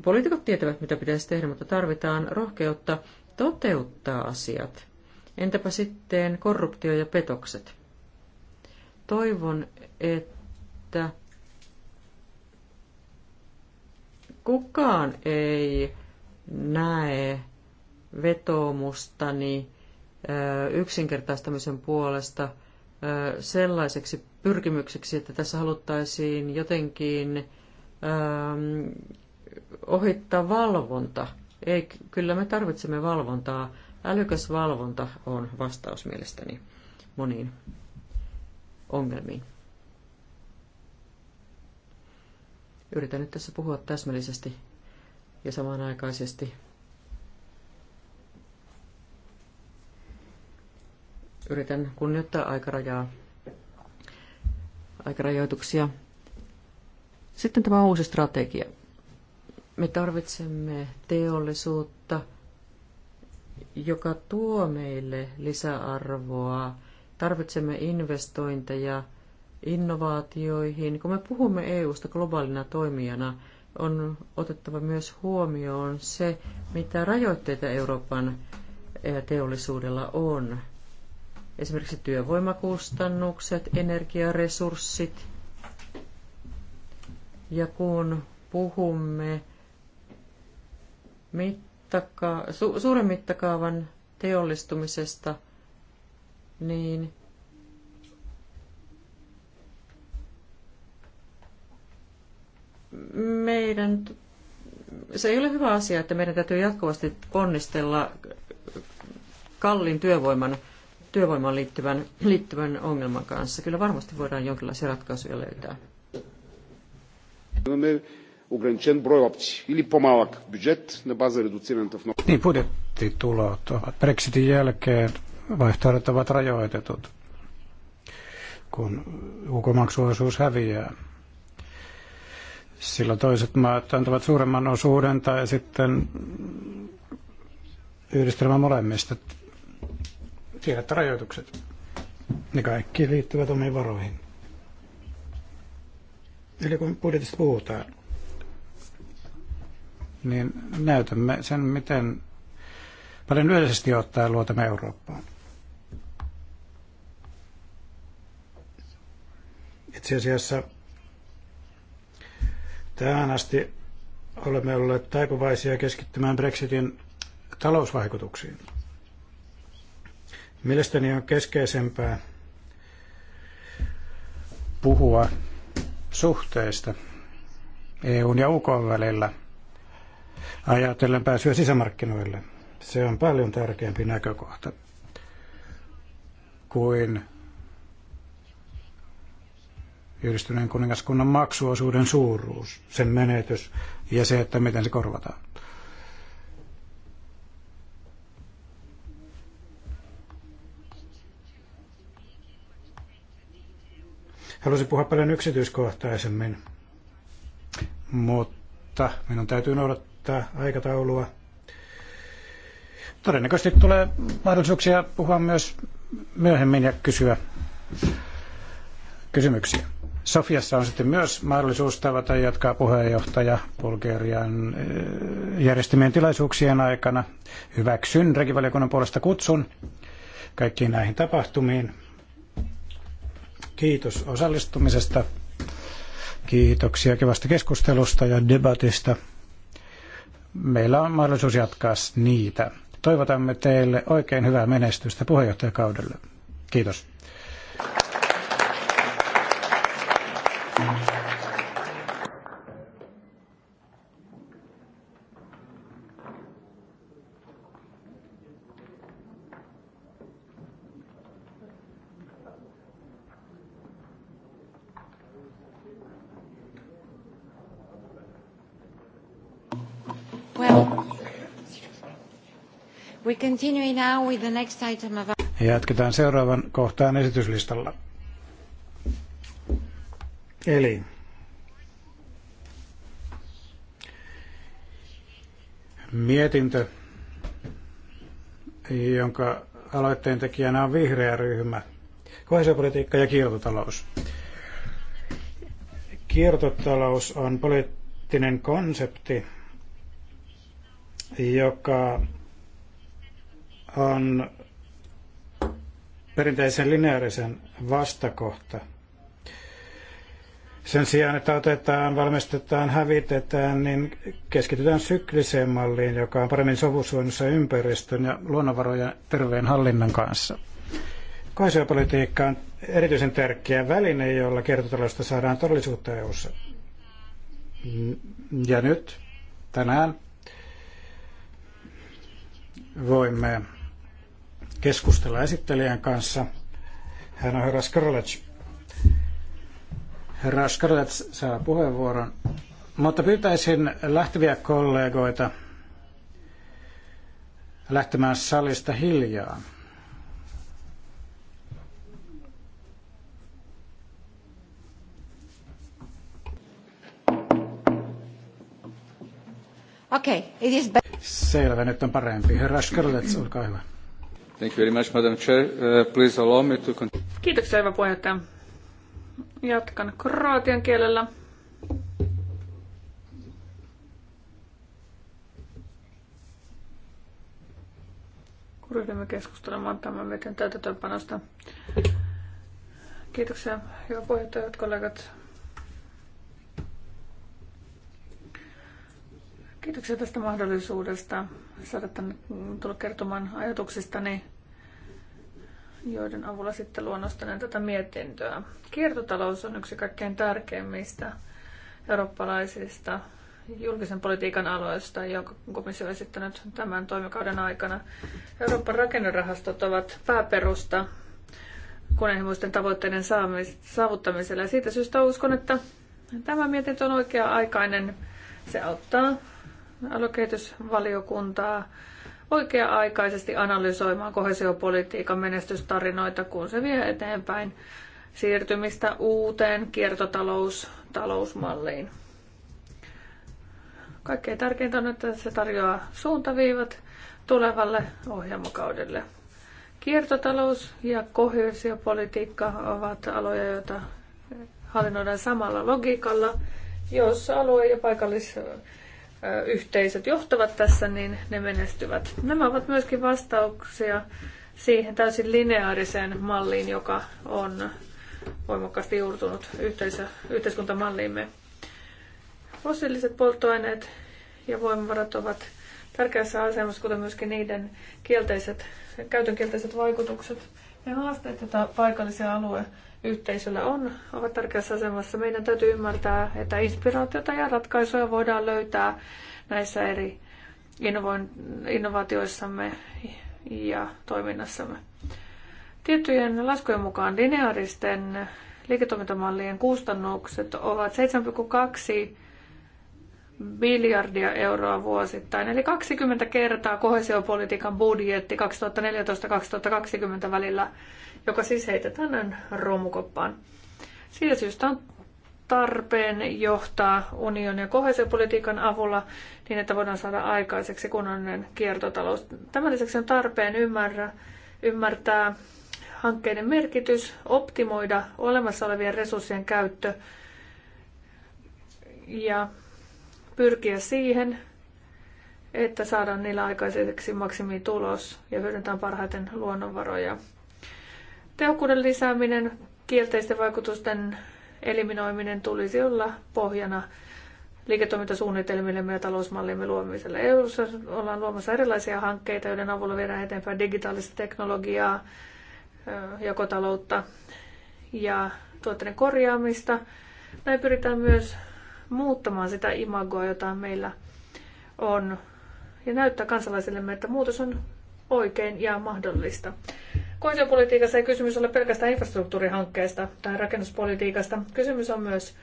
Poliitikot tietävät, mitä pitäisi tehdä, mutta tarvitaan rohkeutta toteuttaa asiat. Entäpä sitten korruptio ja petokset? Toivon, että kukaan ei näe vetoomustani yksinkertaistamisen puolesta sellaiseksi pyrkimykseksi, että tässä haluttaisiin jotenkin ohittaa valvonta. Ei, kyllä me tarvitsemme valvontaa. Älykäs valvonta on vastaus mielestäni moniin ongelmiin. Yritän nyt tässä puhua täsmällisesti ja samanaikaisesti yritän kunnioittaa aikarajaa, aikarajoituksia. Sitten tämä uusi strategia. Me tarvitsemme teollisuutta, joka tuo meille lisäarvoa. Tarvitsemme investointeja innovaatioihin. Kun me puhumme EUsta globaalina toimijana, on otettava myös huomioon se, mitä rajoitteita Euroopan teollisuudella on. Esimerkiksi työvoimakustannukset, energiaresurssit. Ja kun puhumme mittaka- su- suuren mittakaavan teollistumisesta, niin meidän, se ei ole hyvä asia, että meidän täytyy jatkuvasti ponnistella kallin työvoiman, työvoimaan liittyvän, liittyvän ongelman kanssa. Kyllä varmasti voidaan jonkinlaisia ratkaisuja löytää. No me ограничен брой опции или по-малък бюджет на база редуцирането в Niin budjettitulot ovat Brexitin jälkeen, vaihtoehdot ovat rajoitetut, kun ulkomaksuosuus häviää. Silloin toiset maat antavat suuremman osuuden tai sitten yhdistelmä molemmista. Tiedät rajoitukset. Ne kaikki liittyvät omiin varoihin. Eli kun budjetista puhutaan, niin näytämme sen, miten paljon yleisesti ottaen luotamme Eurooppaan. Itse asiassa tähän asti olemme olleet taipuvaisia keskittymään Brexitin talousvaikutuksiin. Mielestäni on keskeisempää puhua suhteista EUn ja UK välillä – ajatellen pääsyä sisämarkkinoille. Se on paljon tärkeämpi näkökohta kuin yhdistyneen kuningaskunnan maksuosuuden suuruus, sen menetys ja se, että miten se korvataan. Haluaisin puhua paljon yksityiskohtaisemmin, mutta minun täytyy noudattaa noudattaa aikataulua. Todennäköisesti tulee mahdollisuuksia puhua myös myöhemmin ja kysyä kysymyksiä. Sofiassa on sitten myös mahdollisuus tavata jatkaa puheenjohtaja Bulgarian eh, järjestämien tilaisuuksien aikana. Hyväksyn regivaliokunnan puolesta kutsun kaikkiin näihin tapahtumiin. Kiitos osallistumisesta. Kiitoksia kivasta keskustelusta ja debatista meillä on mahdollisuus jatkaa niitä. Toivotamme teille oikein hyvää menestystä puheenjohtajakaudelle. Kiitos. We continue now with the next item of... Jatketaan seuraavan kohtaan esityslistalla. Eli mietintö, jonka aloitteen tekijänä on vihreä ryhmä, kohesiopolitiikka ja kiertotalous. Kiertotalous on poliittinen konsepti, joka on perinteisen lineaarisen vastakohta. Sen sijaan, että otetaan, valmistetaan, hävitetään, niin keskitytään sykliseen malliin, joka on paremmin sovusuunnassa ympäristön ja luonnonvarojen terveen hallinnan kanssa. Koesiopolitiikka on erityisen tärkeä väline, jolla kiertotaloudesta saadaan todellisuutta EU:ssa. Ja nyt, tänään, voimme keskustella esittelijän kanssa. Hän on herra Skrlec. Herra Skrlec saa puheenvuoron, mutta pyytäisin lähteviä kollegoita lähtemään salista hiljaa. Okei, okay, it is Selvä, nyt on parempi. Herra Skrlec, olkaa hyvä. Thank you very much, Madam Chair. Uh, please allow me to continue. Kiitoksia, hyvä puheenjohtaja. Jatkan kroatian kielellä. Kun ryhdymme keskustelemaan tämän miten täytäntöönpanosta. Kiitoksia, hyvä puheenjohtaja, hyvät kollegat. Kiitoksia tästä mahdollisuudesta saada tänne tulla kertomaan ajatuksistani joiden avulla sitten luonnostaneen tätä mietintöä. Kiertotalous on yksi kaikkein tärkeimmistä eurooppalaisista julkisen politiikan aloista, jonka komissio on esittänyt tämän toimikauden aikana. Euroopan rakennerahastot ovat pääperusta kunnianhimoisten tavoitteiden saavuttamiselle. Ja siitä syystä uskon, että tämä mietintö on oikea-aikainen. Se auttaa alokehitysvaliokuntaa oikea-aikaisesti analysoimaan kohesiopolitiikan menestystarinoita, kun se vie eteenpäin siirtymistä uuteen kiertotaloustalousmalliin. Kaikkein tärkeintä on, että se tarjoaa suuntaviivat tulevalle ohjelmakaudelle. Kiertotalous ja kohesiopolitiikka ovat aloja, joita hallinnoidaan samalla logiikalla, jos alue- ja paikallis- yhteisöt johtavat tässä, niin ne menestyvät. Nämä ovat myöskin vastauksia siihen täysin lineaariseen malliin, joka on voimakkaasti juurtunut yhteisö, yhteiskuntamalliimme. Fossiiliset polttoaineet ja voimavarat ovat tärkeässä asemassa, kuten myöskin niiden kielteiset, käytön kielteiset vaikutukset ja haasteet, joita paikallisia alue- yhteisöllä on, ovat tärkeässä asemassa. Meidän täytyy ymmärtää, että inspiraatiota ja ratkaisuja voidaan löytää näissä eri innovaatioissamme ja toiminnassamme. Tiettyjen laskujen mukaan lineaaristen liiketoimintamallien kustannukset ovat 7,2 biljardia euroa vuosittain, eli 20 kertaa kohesiopolitiikan budjetti 2014-2020 välillä joka siis heitetään romukoppaan. Siitä syystä on tarpeen johtaa unionin ja kohesiopolitiikan avulla niin, että voidaan saada aikaiseksi kunnallinen kiertotalous. Tämän lisäksi on tarpeen ymmärrä, ymmärtää hankkeiden merkitys, optimoida olemassa olevien resurssien käyttö ja pyrkiä siihen, että saadaan niillä aikaiseksi maksimitulos ja hyödyntää parhaiten luonnonvaroja. Tehokkuuden lisääminen, kielteisten vaikutusten eliminoiminen tulisi olla pohjana liiketoimintasuunnitelmillemme ja talousmallimme luomiselle. EU:ssa ollaan luomassa erilaisia hankkeita, joiden avulla viedään eteenpäin digitaalista teknologiaa, jakotaloutta ja tuotteiden korjaamista. Näin pyritään myös muuttamaan sitä imagoa, jota meillä on, ja näyttää kansalaisillemme, että muutos on oikein ja mahdollista. Kohesiopolitiikassa ei kysymys ole pelkästään infrastruktuurihankkeesta tai rakennuspolitiikasta. Kysymys on myös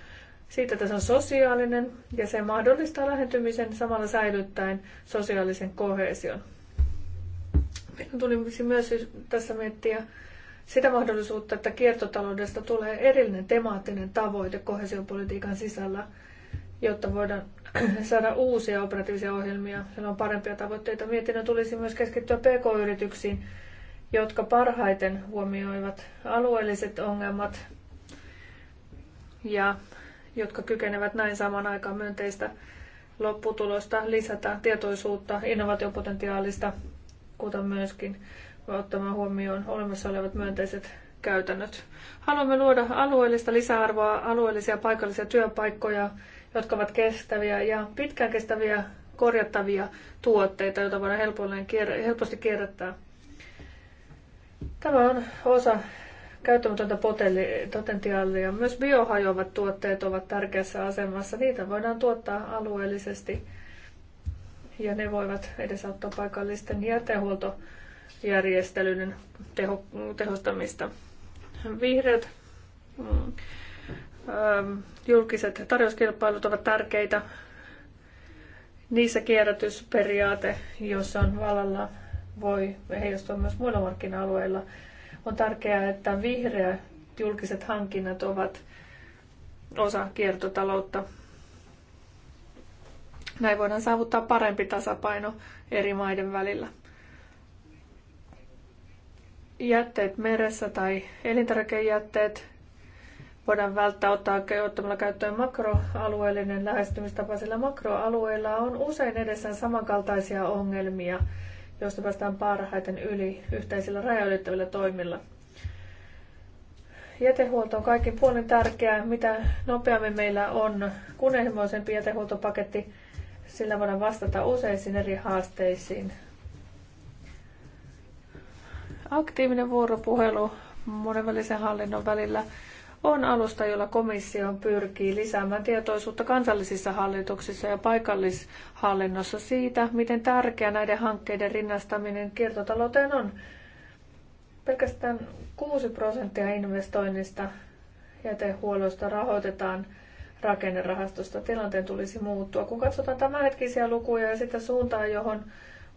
siitä, että se on sosiaalinen ja se mahdollistaa lähentymisen samalla säilyttäen sosiaalisen kohesion. Minun tulisi myös tässä miettiä sitä mahdollisuutta, että kiertotaloudesta tulee erillinen temaattinen tavoite kohesiopolitiikan sisällä, jotta voidaan [clears throat] saada uusia operatiivisia ohjelmia, joilla on parempia tavoitteita. Mietinnön tulisi myös keskittyä pk-yrityksiin, jotka parhaiten huomioivat alueelliset ongelmat ja jotka kykenevät näin saman aikaan myönteistä lopputulosta, lisätä tietoisuutta innovaatiopotentiaalista, kuten myöskin ottamaan huomioon olemassa olevat myönteiset käytännöt. Haluamme luoda alueellista lisäarvoa, alueellisia paikallisia työpaikkoja, jotka ovat kestäviä ja pitkään kestäviä korjattavia tuotteita, joita voidaan helposti kierrättää. Tämä on osa käyttämätöntä potentiaalia. Myös biohajoavat tuotteet ovat tärkeässä asemassa. Niitä voidaan tuottaa alueellisesti ja ne voivat edesauttaa paikallisten jätehuoltojärjestelyiden teho, tehostamista. Vihreät mm, Ähm, julkiset tarjouskilpailut ovat tärkeitä. Niissä kierrätysperiaate, jossa on vallalla, voi heijastua myös muilla markkina-alueilla. On tärkeää, että vihreä julkiset hankinnat ovat osa kiertotaloutta. Näin voidaan saavuttaa parempi tasapaino eri maiden välillä. Jätteet meressä tai elintarvikejätteet voidaan välttää ottaa ottamalla käyttöön makroalueellinen lähestymistapa, sillä makroalueilla on usein edessään samankaltaisia ongelmia, joista päästään parhaiten yli yhteisillä rajoittavilla toimilla. Jätehuolto on kaikin puolin tärkeää. Mitä nopeammin meillä on kunnianhimoisempi jätehuoltopaketti, sillä voidaan vastata useisiin eri haasteisiin. Aktiivinen vuoropuhelu monenvälisen hallinnon välillä – on alusta, jolla komissio pyrkii lisäämään tietoisuutta kansallisissa hallituksissa ja paikallishallinnossa siitä, miten tärkeää näiden hankkeiden rinnastaminen kiertotalouteen on. Pelkästään 6 prosenttia investoinnista jätehuollosta rahoitetaan rakennerahastosta. Tilanteen tulisi muuttua. Kun katsotaan tämänhetkisiä lukuja ja sitä suuntaa, johon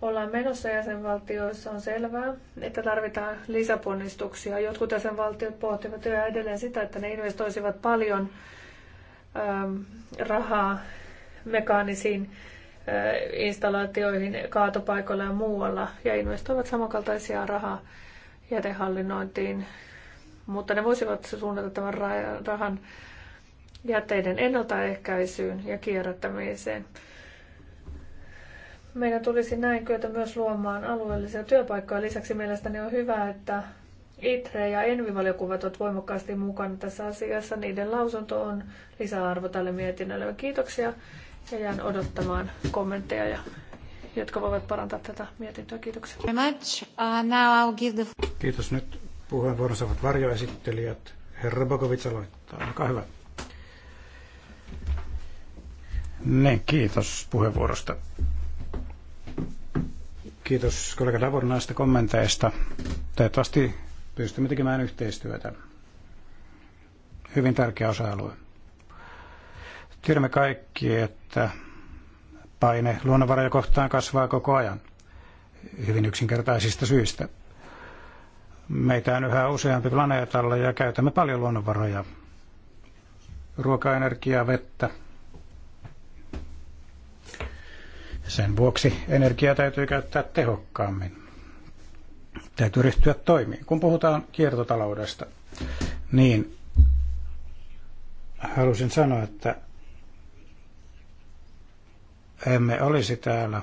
ollaan menossa jäsenvaltioissa, on selvää, että tarvitaan lisäponnistuksia. Jotkut jäsenvaltiot pohtivat yhä edelleen sitä, että ne investoisivat paljon ähm, rahaa mekaanisiin äh, installaatioihin, kaatopaikoilla ja muualla ja investoivat samankaltaisia rahaa jätehallinnointiin, mutta ne voisivat suunnata tämän rahan jäteiden ennaltaehkäisyyn ja kierrättämiseen. Meidän tulisi näin kyetä myös luomaan alueellisia työpaikkoja. Lisäksi mielestäni on hyvä, että ITRE ja ENVI-valiokuvat ovat voimakkaasti mukana tässä asiassa. Niiden lausunto on lisäarvo tälle mietinnölle. Kiitoksia ja jään odottamaan kommentteja, ja, jotka voivat parantaa tätä mietintöä. Kiitoksia. Uh, kiitos. Nyt puheenvuoron saavat varjoesittelijät. Herra Bogovic aloittaa. Olkaa hyvä. Ne, niin, kiitos puheenvuorosta. Kiitos kollega Davor näistä kommenteista. Toivottavasti pystymme tekemään yhteistyötä. Hyvin tärkeä osa-alue. Tiedämme kaikki, että paine luonnonvaroja kohtaan kasvaa koko ajan hyvin yksinkertaisista syistä. Meitä on yhä useampi planeetalla ja käytämme paljon luonnonvaroja. Ruoka, energiaa, vettä, Sen vuoksi energiaa täytyy käyttää tehokkaammin. Täytyy ryhtyä toimiin. Kun puhutaan kiertotaloudesta, niin halusin sanoa, että emme olisi täällä,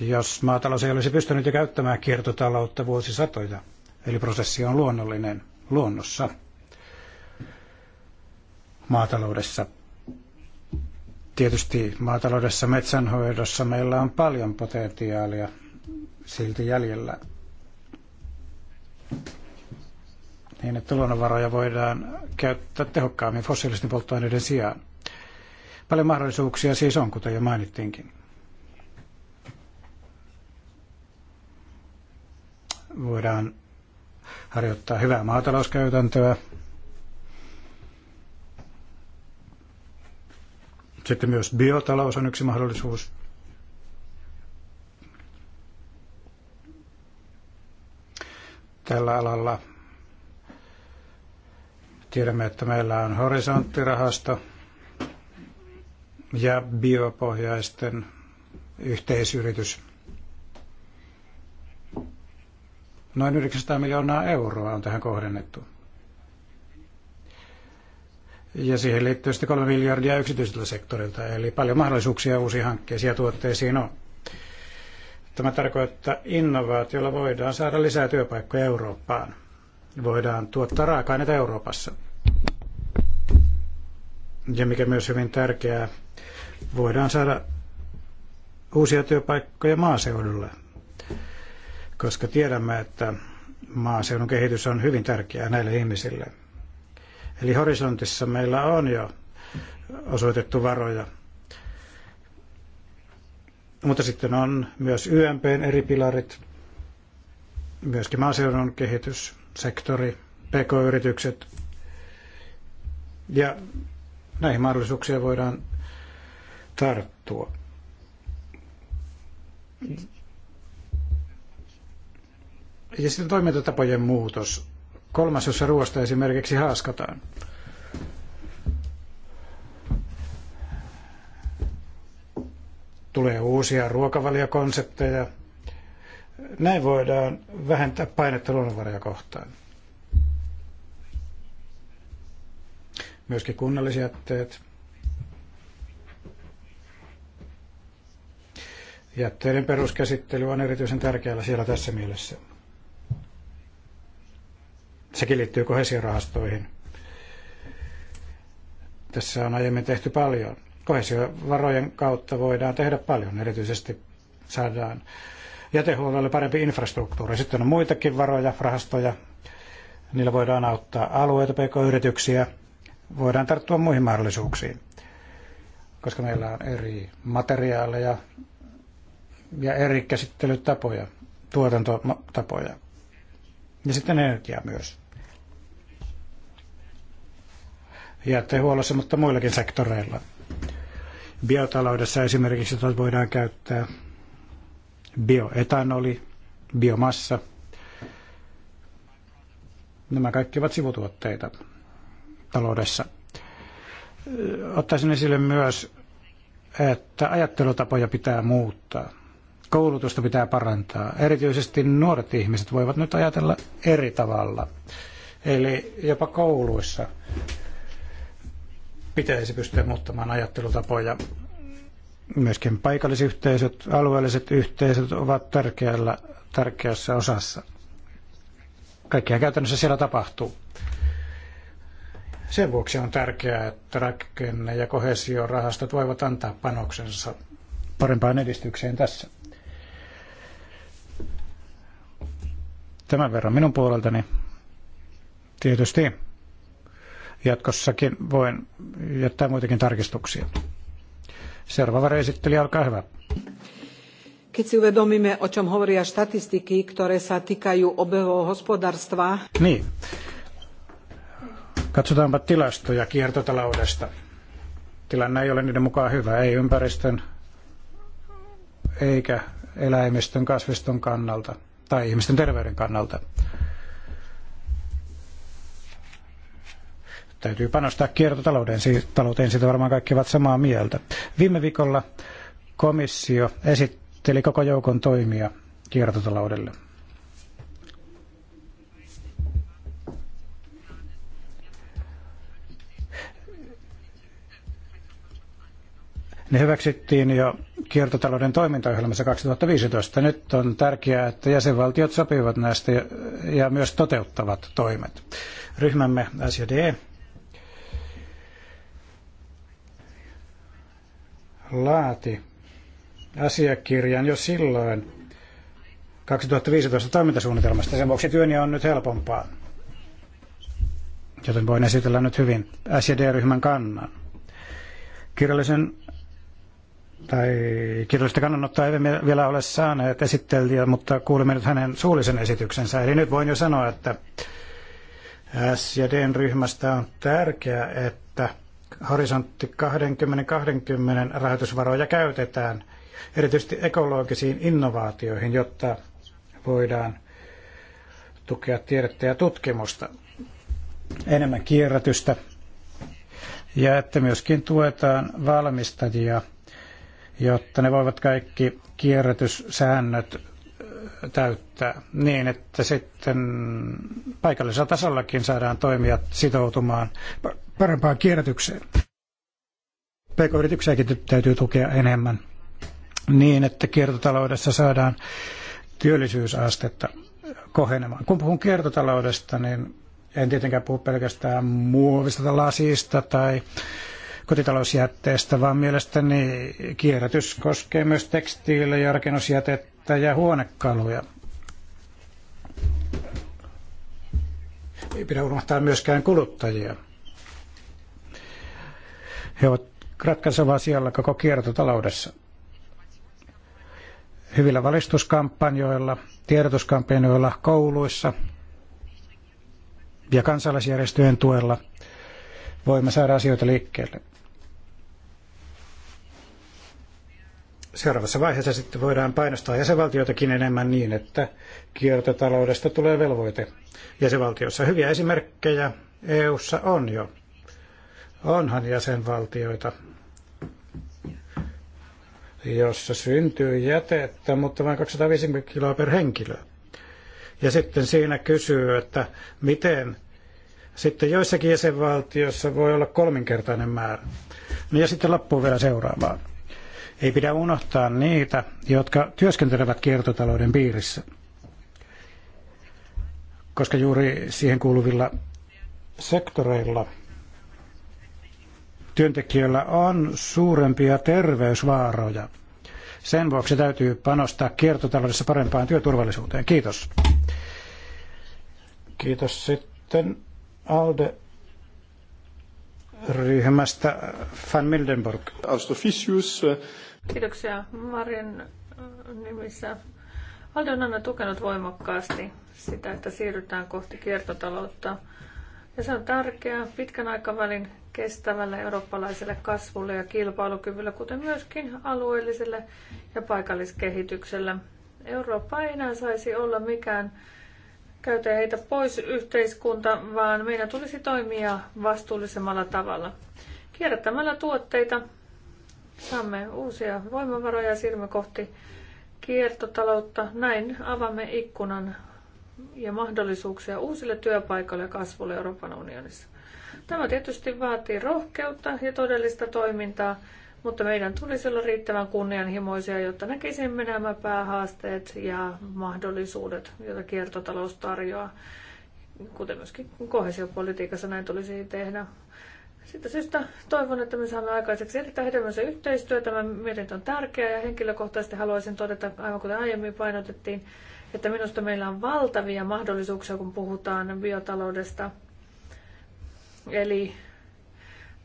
jos maatalous ei olisi pystynyt jo käyttämään kiertotaloutta vuosisatoja. Eli prosessi on luonnollinen luonnossa maataloudessa. Tietysti maataloudessa, metsänhoidossa meillä on paljon potentiaalia silti jäljellä. Niin, että luonnonvaroja voidaan käyttää tehokkaammin fossiilisten polttoaineiden sijaan. Paljon mahdollisuuksia siis on, kuten jo mainittiinkin. Voidaan harjoittaa hyvää maatalouskäytäntöä, Sitten myös biotalous on yksi mahdollisuus. Tällä alalla tiedämme, että meillä on horisonttirahasto ja biopohjaisten yhteisyritys. Noin 900 miljoonaa euroa on tähän kohdennettu ja siihen liittyy sitten kolme miljardia yksityiseltä sektorilta, eli paljon mahdollisuuksia uusiin hankkeisiin ja tuotteisiin on. Tämä tarkoittaa, että innovaatiolla voidaan saada lisää työpaikkoja Eurooppaan. Voidaan tuottaa raaka-aineita Euroopassa. Ja mikä myös hyvin tärkeää, voidaan saada uusia työpaikkoja maaseudulle, koska tiedämme, että maaseudun kehitys on hyvin tärkeää näille ihmisille – Eli horisontissa meillä on jo osoitettu varoja. Mutta sitten on myös YMPn eri pilarit, myöskin maaseudun kehitys, sektori, pk-yritykset. Ja näihin mahdollisuuksiin voidaan tarttua. Ja sitten toimintatapojen muutos kolmasosa ruoasta esimerkiksi haaskataan. Tulee uusia ruokavaliokonsepteja. Näin voidaan vähentää painetta luonnonvaroja kohtaan. Myöskin kunnallisjätteet. Jätteiden peruskäsittely on erityisen tärkeällä siellä tässä mielessä. Sekin liittyy kohesiorahastoihin. Tässä on aiemmin tehty paljon. Kohesiovarojen kautta voidaan tehdä paljon, erityisesti saadaan jätehuollolle parempi infrastruktuuri. Sitten on muitakin varoja, rahastoja. Niillä voidaan auttaa alueita, pk-yrityksiä. Voidaan tarttua muihin mahdollisuuksiin, koska meillä on eri materiaaleja ja eri käsittelytapoja, tuotantotapoja. Ja sitten energia myös. jätehuollossa, mutta muillakin sektoreilla. Biotaloudessa esimerkiksi jota voidaan käyttää bioetanoli, biomassa. Nämä kaikki ovat sivutuotteita taloudessa. Ottaisin esille myös, että ajattelutapoja pitää muuttaa. Koulutusta pitää parantaa. Erityisesti nuoret ihmiset voivat nyt ajatella eri tavalla. Eli jopa kouluissa pitäisi pystyä muuttamaan ajattelutapoja. Myöskin paikallisyhteisöt, alueelliset yhteisöt ovat tärkeällä, tärkeässä osassa. Kaikkea käytännössä siellä tapahtuu. Sen vuoksi on tärkeää, että rakenne- ja kohesiorahastot voivat antaa panoksensa parempaan edistykseen tässä. Tämän verran minun puoleltani. Tietysti jatkossakin voin jättää muitakin tarkistuksia. Seuraava varjoesitteli, alkaa hyvä. Keď si uvedomíme, o čom hovoria štatistiky, ktoré sa týkajú obehového hospodárstva. Niin. Katsotaanpa tilastoja kiertotaloudesta. Tilanne ei ole niiden mukaan hyvä, ei ympäristön eikä eläimistön kasviston kannalta tai ihmisten terveyden kannalta. Täytyy panostaa kiertotalouteen, talouteen, siitä varmaan kaikki ovat samaa mieltä. Viime viikolla komissio esitteli koko joukon toimia kiertotaloudelle. Ne hyväksyttiin jo kiertotalouden toimintaohjelmassa 2015. Nyt on tärkeää, että jäsenvaltiot sopivat näistä ja myös toteuttavat toimet. Ryhmämme SJDE laati asiakirjan jo silloin 2015 toimintasuunnitelmasta. Sen vuoksi työni on nyt helpompaa, joten voin esitellä nyt hyvin SJD-ryhmän kannan. Kirjallisen tai kirjallista kannanottoa ei vielä ole saaneet esittelijä, mutta kuulimme nyt hänen suullisen esityksensä. Eli nyt voin jo sanoa, että SJDn ryhmästä on tärkeää, että horisontti 20-20 rahoitusvaroja käytetään erityisesti ekologisiin innovaatioihin, jotta voidaan tukea tiedettä ja tutkimusta, enemmän kierrätystä ja että myöskin tuetaan valmistajia, jotta ne voivat kaikki kierrätyssäännöt täyttää niin, että sitten paikallisella tasollakin saadaan toimijat sitoutumaan parempaan kierrätykseen. PK-yrityksiäkin täytyy tukea enemmän niin, että kiertotaloudessa saadaan työllisyysastetta kohenemaan. Kun puhun kiertotaloudesta, niin en tietenkään puhu pelkästään muovista tai lasista tai kotitalousjätteestä, vaan mielestäni kierrätys koskee myös tekstiilejä, rakennusjätettä, ja huonekaluja. Ei pidä unohtaa myöskään kuluttajia. He ovat ratkaisevaa siellä koko kiertotaloudessa. Hyvillä valistuskampanjoilla, tiedotuskampanjoilla kouluissa ja kansalaisjärjestöjen tuella voimme saada asioita liikkeelle. seuraavassa vaiheessa sitten voidaan painostaa jäsenvaltioitakin enemmän niin, että kiertotaloudesta tulee velvoite jäsenvaltiossa. Hyviä esimerkkejä EU:ssa on jo. Onhan jäsenvaltioita, jossa syntyy jätettä, mutta vain 250 kiloa per henkilö. Ja sitten siinä kysyy, että miten sitten joissakin jäsenvaltioissa voi olla kolminkertainen määrä. No ja sitten loppuun vielä seuraavaan. Ei pidä unohtaa niitä, jotka työskentelevät kiertotalouden piirissä, koska juuri siihen kuuluvilla sektoreilla työntekijöillä on suurempia terveysvaaroja. Sen vuoksi täytyy panostaa kiertotaloudessa parempaan työturvallisuuteen. Kiitos. Kiitos sitten Alde ryhmästä Van Mildenburg. Aus Kiitoksia Marin äh, nimissä. Valtio on aina tukenut voimakkaasti sitä, että siirrytään kohti kiertotaloutta. Ja se on tärkeää pitkän aikavälin kestävälle eurooppalaiselle kasvulle ja kilpailukyvylle, kuten myöskin alueelliselle ja paikalliskehitykselle. Eurooppa ei enää saisi olla mikään käytä heitä pois yhteiskunta, vaan meidän tulisi toimia vastuullisemmalla tavalla. Kierrättämällä tuotteita Saamme uusia voimavaroja ja siirrymme kohti kiertotaloutta. Näin avamme ikkunan ja mahdollisuuksia uusille työpaikoille ja kasvulle Euroopan unionissa. Tämä tietysti vaatii rohkeutta ja todellista toimintaa, mutta meidän tulisi olla riittävän kunnianhimoisia, jotta näkisimme nämä päähaasteet ja mahdollisuudet, joita kiertotalous tarjoaa. Kuten myöskin kohesiopolitiikassa näin tulisi tehdä. Siitä syystä toivon, että me saamme aikaiseksi erittäin hedelmällisen yhteistyö. Tämä mietintö on tärkeä ja henkilökohtaisesti haluaisin todeta, aivan kuten aiemmin painotettiin, että minusta meillä on valtavia mahdollisuuksia, kun puhutaan biotaloudesta. Eli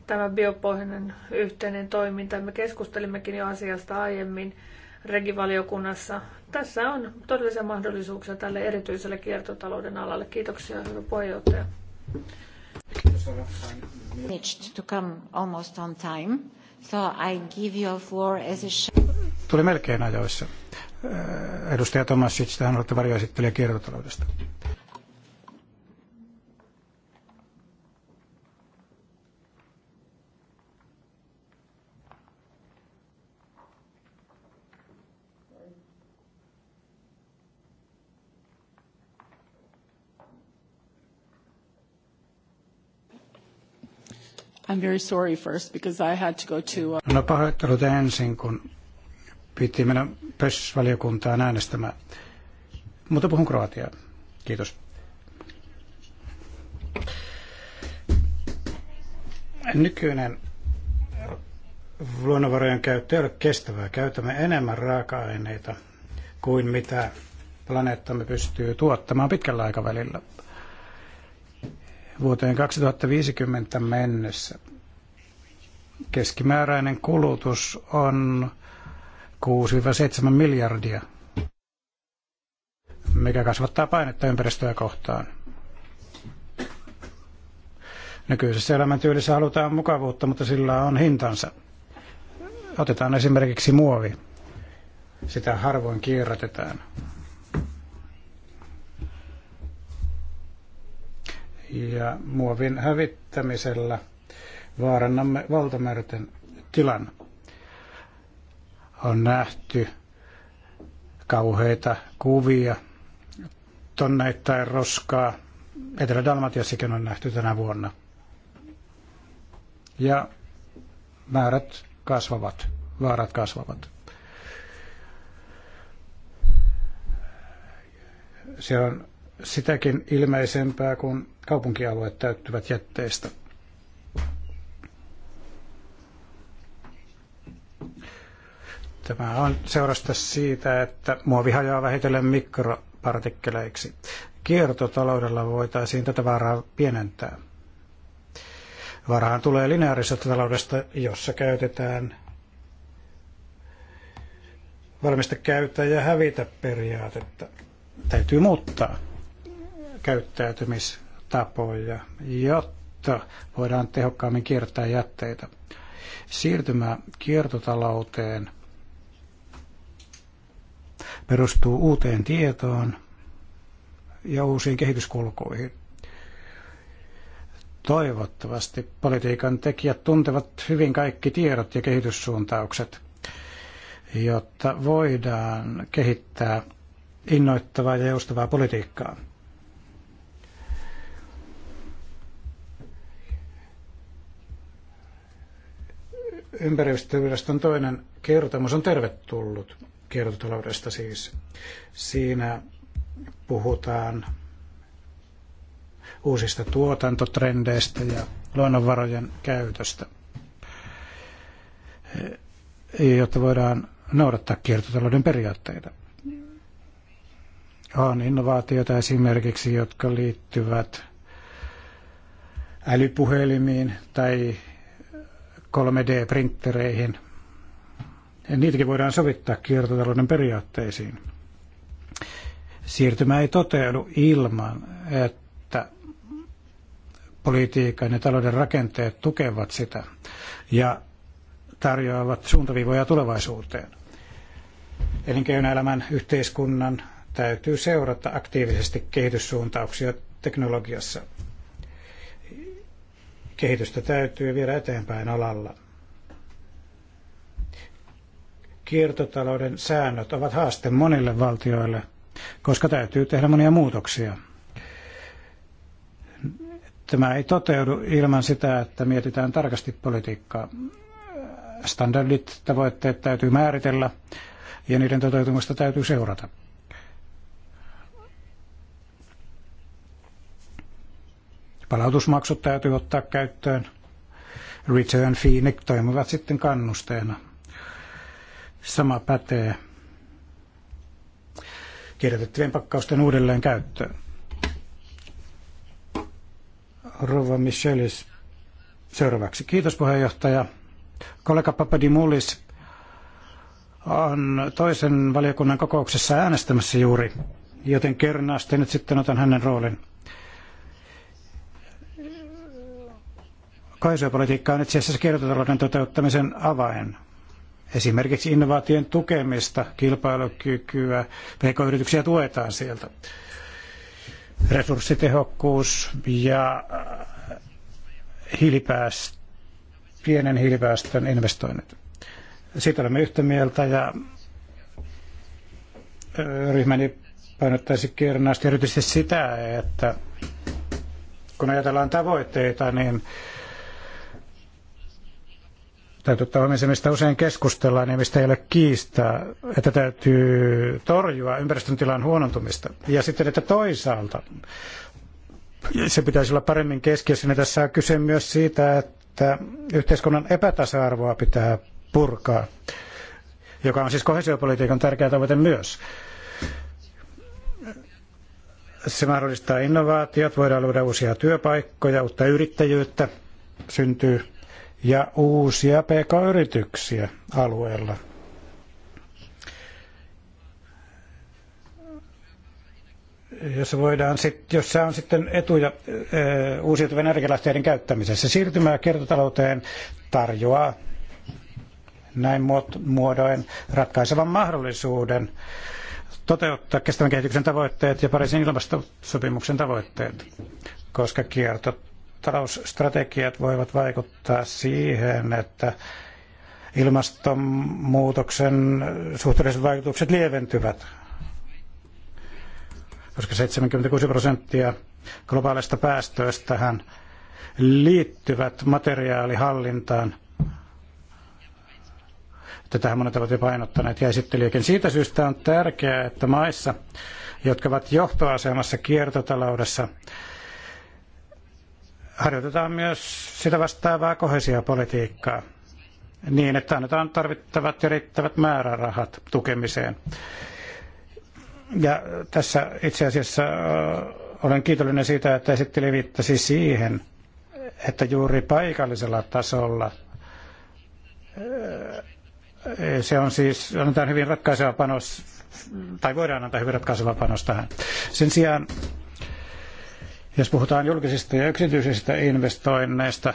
tämä biopohjainen yhteinen toiminta. Me keskustelimmekin jo asiasta aiemmin regivaliokunnassa. Tässä on todellisia mahdollisuuksia tälle erityiselle kiertotalouden alalle. Kiitoksia, hyvä puheenjohtaja. To come almost on time, so I give you floor as a Tuli melkein ajoissa. Edustaja Tomasic, tähän olette varjoesittelijä kiertotaloudesta. I'm very sorry first because I had to go to... Uh, no pahoittelut ensin, kun piti mennä pössysvaliokuntaan äänestämään. Mutta puhun kroatiaa. Kiitos. Nykyinen luonnonvarojen käyttö ei ole kestävää. Käytämme enemmän raaka-aineita kuin mitä planeettamme pystyy tuottamaan pitkällä aikavälillä vuoteen 2050 mennessä. Keskimääräinen kulutus on 6-7 miljardia, mikä kasvattaa painetta ympäristöä kohtaan. Nykyisessä elämäntyylissä halutaan mukavuutta, mutta sillä on hintansa. Otetaan esimerkiksi muovi. Sitä harvoin kierrätetään. ja muovin hävittämisellä vaarannamme valtamerten tilan. On nähty kauheita kuvia tonneittain roskaa. Etelä-Dalmatiassakin on nähty tänä vuonna. Ja määrät kasvavat, vaarat kasvavat. Se on sitäkin ilmeisempää, kun kaupunkialueet täyttyvät jätteestä. Tämä on seurasta siitä, että muovi hajoaa vähitellen mikropartikkeleiksi. Kiertotaloudella voitaisiin tätä vaaraa pienentää. Varahan tulee lineaarisesta taloudesta, jossa käytetään valmista käyttää ja hävitä periaatetta. Täytyy muuttaa käyttäytymis tapoja, jotta voidaan tehokkaammin kiertää jätteitä. Siirtymä kiertotalouteen perustuu uuteen tietoon ja uusiin kehityskulkuihin. Toivottavasti politiikan tekijät tuntevat hyvin kaikki tiedot ja kehityssuuntaukset, jotta voidaan kehittää innoittavaa ja joustavaa politiikkaa. Ympäristöviraston toinen kertomus on tervetullut kiertotaloudesta siis. Siinä puhutaan uusista tuotantotrendeistä ja luonnonvarojen käytöstä, jotta voidaan noudattaa kiertotalouden periaatteita. On innovaatioita esimerkiksi, jotka liittyvät älypuhelimiin tai 3D-printtereihin. Niitäkin voidaan sovittaa kiertotalouden periaatteisiin. Siirtymä ei toteudu ilman, että politiikan ja talouden rakenteet tukevat sitä ja tarjoavat suuntaviivoja tulevaisuuteen. Elinkeinoelämän yhteiskunnan täytyy seurata aktiivisesti kehityssuuntauksia teknologiassa – kehitystä täytyy viedä eteenpäin alalla. Kiertotalouden säännöt ovat haaste monille valtioille, koska täytyy tehdä monia muutoksia. Tämä ei toteudu ilman sitä, että mietitään tarkasti politiikkaa. Standardit, tavoitteet täytyy määritellä ja niiden toteutumista täytyy seurata. Palautusmaksut täytyy ottaa käyttöön. Return fee toimivat sitten kannusteena. Sama pätee kirjoitettavien pakkausten uudelleen käyttöön. Rova Michelis seuraavaksi. Kiitos puheenjohtaja. Kollega Papadimoulis on toisen valiokunnan kokouksessa äänestämässä juuri, joten kernaasti nyt sitten otan hänen roolin. Kohesiopolitiikka on itse asiassa kiertotalouden toteuttamisen avain. Esimerkiksi innovaatien tukemista, kilpailukykyä, pk-yrityksiä tuetaan sieltä. Resurssitehokkuus ja äh, hiilipäästö, pienen hiilipäästön investoinnit. Siitä olemme yhtä mieltä ja äh, ryhmäni painottaisi kernaasti erityisesti sitä, että kun ajatellaan tavoitteita, niin täytyy ottaa huomioon se, mistä usein keskustellaan ja mistä ei ole kiistaa, että täytyy torjua ympäristön tilan huonontumista. Ja sitten, että toisaalta se pitäisi olla paremmin keskiössä, niin tässä on kyse myös siitä, että yhteiskunnan epätasa-arvoa pitää purkaa, joka on siis kohesiopolitiikan tärkeä tavoite myös. Se mahdollistaa innovaatiot, voidaan luoda uusia työpaikkoja, uutta yrittäjyyttä syntyy ja uusia pk-yrityksiä alueella. Jos voidaan sit, se on sitten etuja eh, uusiutuvien energialähteiden käyttämisessä. Siirtymää kiertotalouteen tarjoaa näin muodoin ratkaisevan mahdollisuuden toteuttaa kestävän kehityksen tavoitteet ja Pariisin ilmastosopimuksen tavoitteet, koska kierto talousstrategiat voivat vaikuttaa siihen, että ilmastonmuutoksen suhteelliset vaikutukset lieventyvät, koska 76 prosenttia globaaleista päästöistähän liittyvät materiaalihallintaan. Tätähän monet ovat jo painottaneet ja esittelijäkin. Siitä syystä on tärkeää, että maissa, jotka ovat johtoasemassa kiertotaloudessa, harjoitetaan myös sitä vastaavaa kohesiopolitiikkaa niin, että annetaan tarvittavat ja riittävät määrärahat tukemiseen. Ja tässä itse asiassa äh, olen kiitollinen siitä, että esitteli viittasi siihen, että juuri paikallisella tasolla äh, se on siis, annetaan hyvin ratkaiseva panos, tai voidaan antaa hyvin ratkaiseva panos tähän. Sen sijaan jos puhutaan julkisista ja yksityisistä investoinneista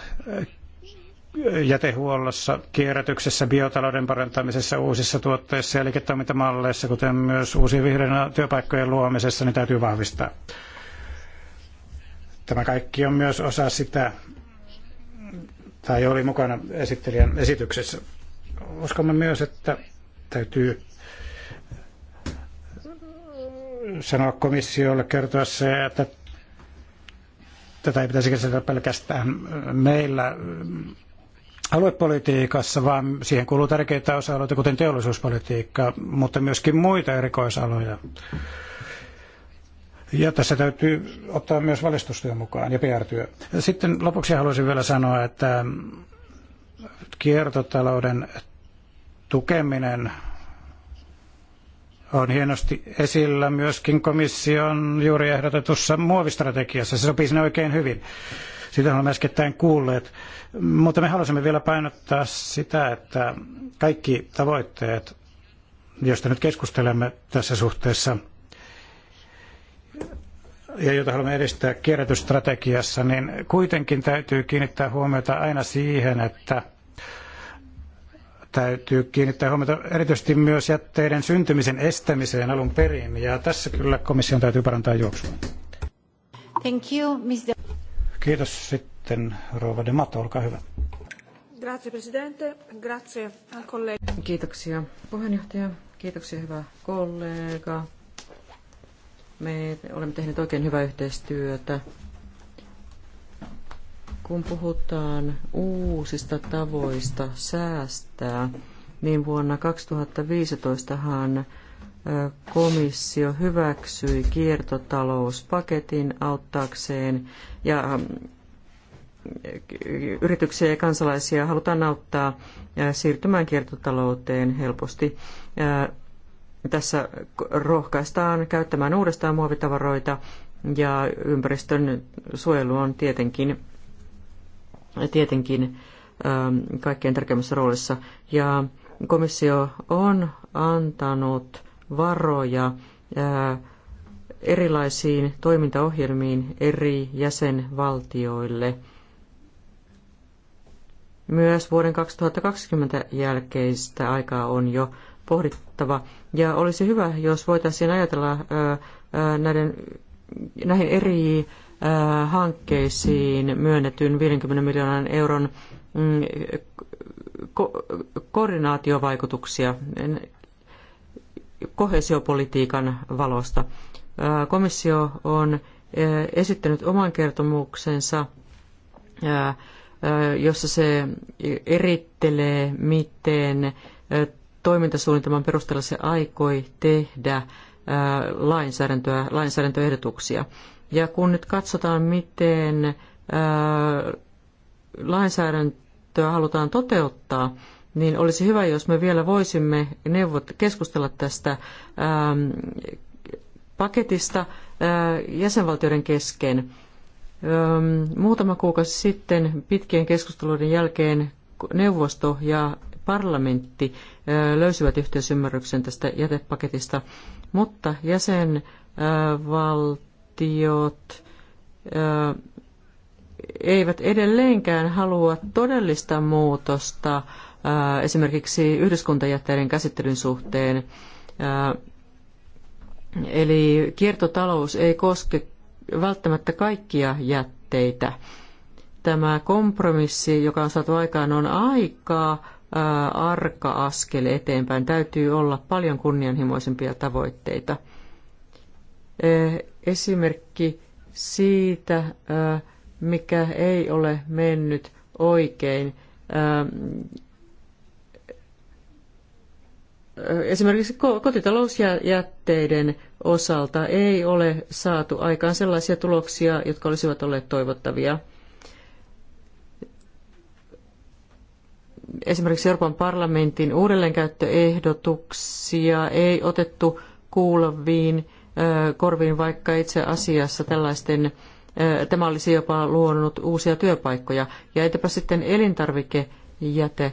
jätehuollossa, kierrätyksessä, biotalouden parantamisessa, uusissa tuotteissa ja liiketoimintamalleissa, kuten myös uusien vihreiden työpaikkojen luomisessa, niin täytyy vahvistaa. Tämä kaikki on myös osa sitä, tai oli mukana esittelijän esityksessä. Uskomme myös, että täytyy sanoa komissiolle, kertoa se, että tätä ei pitäisi käsitellä pelkästään äh, meillä äh, aluepolitiikassa, vaan siihen kuuluu tärkeitä osa-alueita, kuten teollisuuspolitiikka, mutta myöskin muita erikoisaloja. Ja tässä täytyy ottaa myös valistustyö mukaan ja PR-työ. Sitten lopuksi haluaisin vielä sanoa, että kiertotalouden tukeminen on hienosti esillä myöskin komission juuri ehdotetussa muovistrategiassa. Se sopii sinne oikein hyvin. Sitä olemme äskettäin kuulleet. Mutta me halusimme vielä painottaa sitä, että kaikki tavoitteet, joista nyt keskustelemme tässä suhteessa, ja jota haluamme edistää kierrätysstrategiassa, niin kuitenkin täytyy kiinnittää huomiota aina siihen, että – Täytyy kiinnittää huomiota erityisesti myös jätteiden syntymisen estämiseen alun perin, ja tässä kyllä komission täytyy parantaa juoksua. Thank you, Mr. Kiitos sitten, Rouva De Mato, olkaa hyvä. Grazie, Presidente. Grazie al collega. Kiitoksia, puheenjohtaja. Kiitoksia, hyvä kollega. Me olemme tehneet oikein hyvää yhteistyötä kun puhutaan uusista tavoista säästää, niin vuonna 2015han komissio hyväksyi kiertotalouspaketin auttaakseen ja yrityksiä ja kansalaisia halutaan auttaa siirtymään kiertotalouteen helposti. Tässä rohkaistaan käyttämään uudestaan muovitavaroita ja ympäristön suojelu on tietenkin tietenkin ähm, kaikkein tärkeimmässä roolissa. Ja komissio on antanut varoja äh, erilaisiin toimintaohjelmiin eri jäsenvaltioille myös vuoden 2020 jälkeistä aikaa on jo pohdittava. Ja olisi hyvä, jos voitaisiin ajatella äh, äh, näiden, näihin eri Äh, hankkeisiin myönnetyn 50 miljoonan euron mm, ko- koordinaatiovaikutuksia kohesiopolitiikan valosta. Äh, komissio on äh, esittänyt oman kertomuksensa, jossa se erittelee, miten toimintasuunnitelman perusteella se aikoi tehdä lainsäädäntöä, lainsäädäntöehdotuksia. Ja kun nyt katsotaan, miten lainsäädäntöä halutaan toteuttaa, niin olisi hyvä, jos me vielä voisimme neuvot- keskustella tästä ähm, paketista äh, jäsenvaltioiden kesken. Ähm, muutama kuukausi sitten pitkien keskusteluiden jälkeen neuvosto ja parlamentti äh, löysivät yhteisymmärryksen tästä jätepaketista, mutta jäsenvaltio valtiot eivät edelleenkään halua todellista muutosta esimerkiksi yhdyskuntajätteiden käsittelyn suhteen. Eli kiertotalous ei koske välttämättä kaikkia jätteitä. Tämä kompromissi, joka on saatu aikaan, on aika arka askel eteenpäin. Täytyy olla paljon kunnianhimoisempia tavoitteita esimerkki siitä, mikä ei ole mennyt oikein. Esimerkiksi kotitalousjätteiden osalta ei ole saatu aikaan sellaisia tuloksia, jotka olisivat olleet toivottavia. Esimerkiksi Euroopan parlamentin uudelleenkäyttöehdotuksia ei otettu kuulaviin korviin, vaikka itse asiassa tällaisten tämä olisi jopa luonut uusia työpaikkoja. Ja entäpä sitten elintarvikejäte.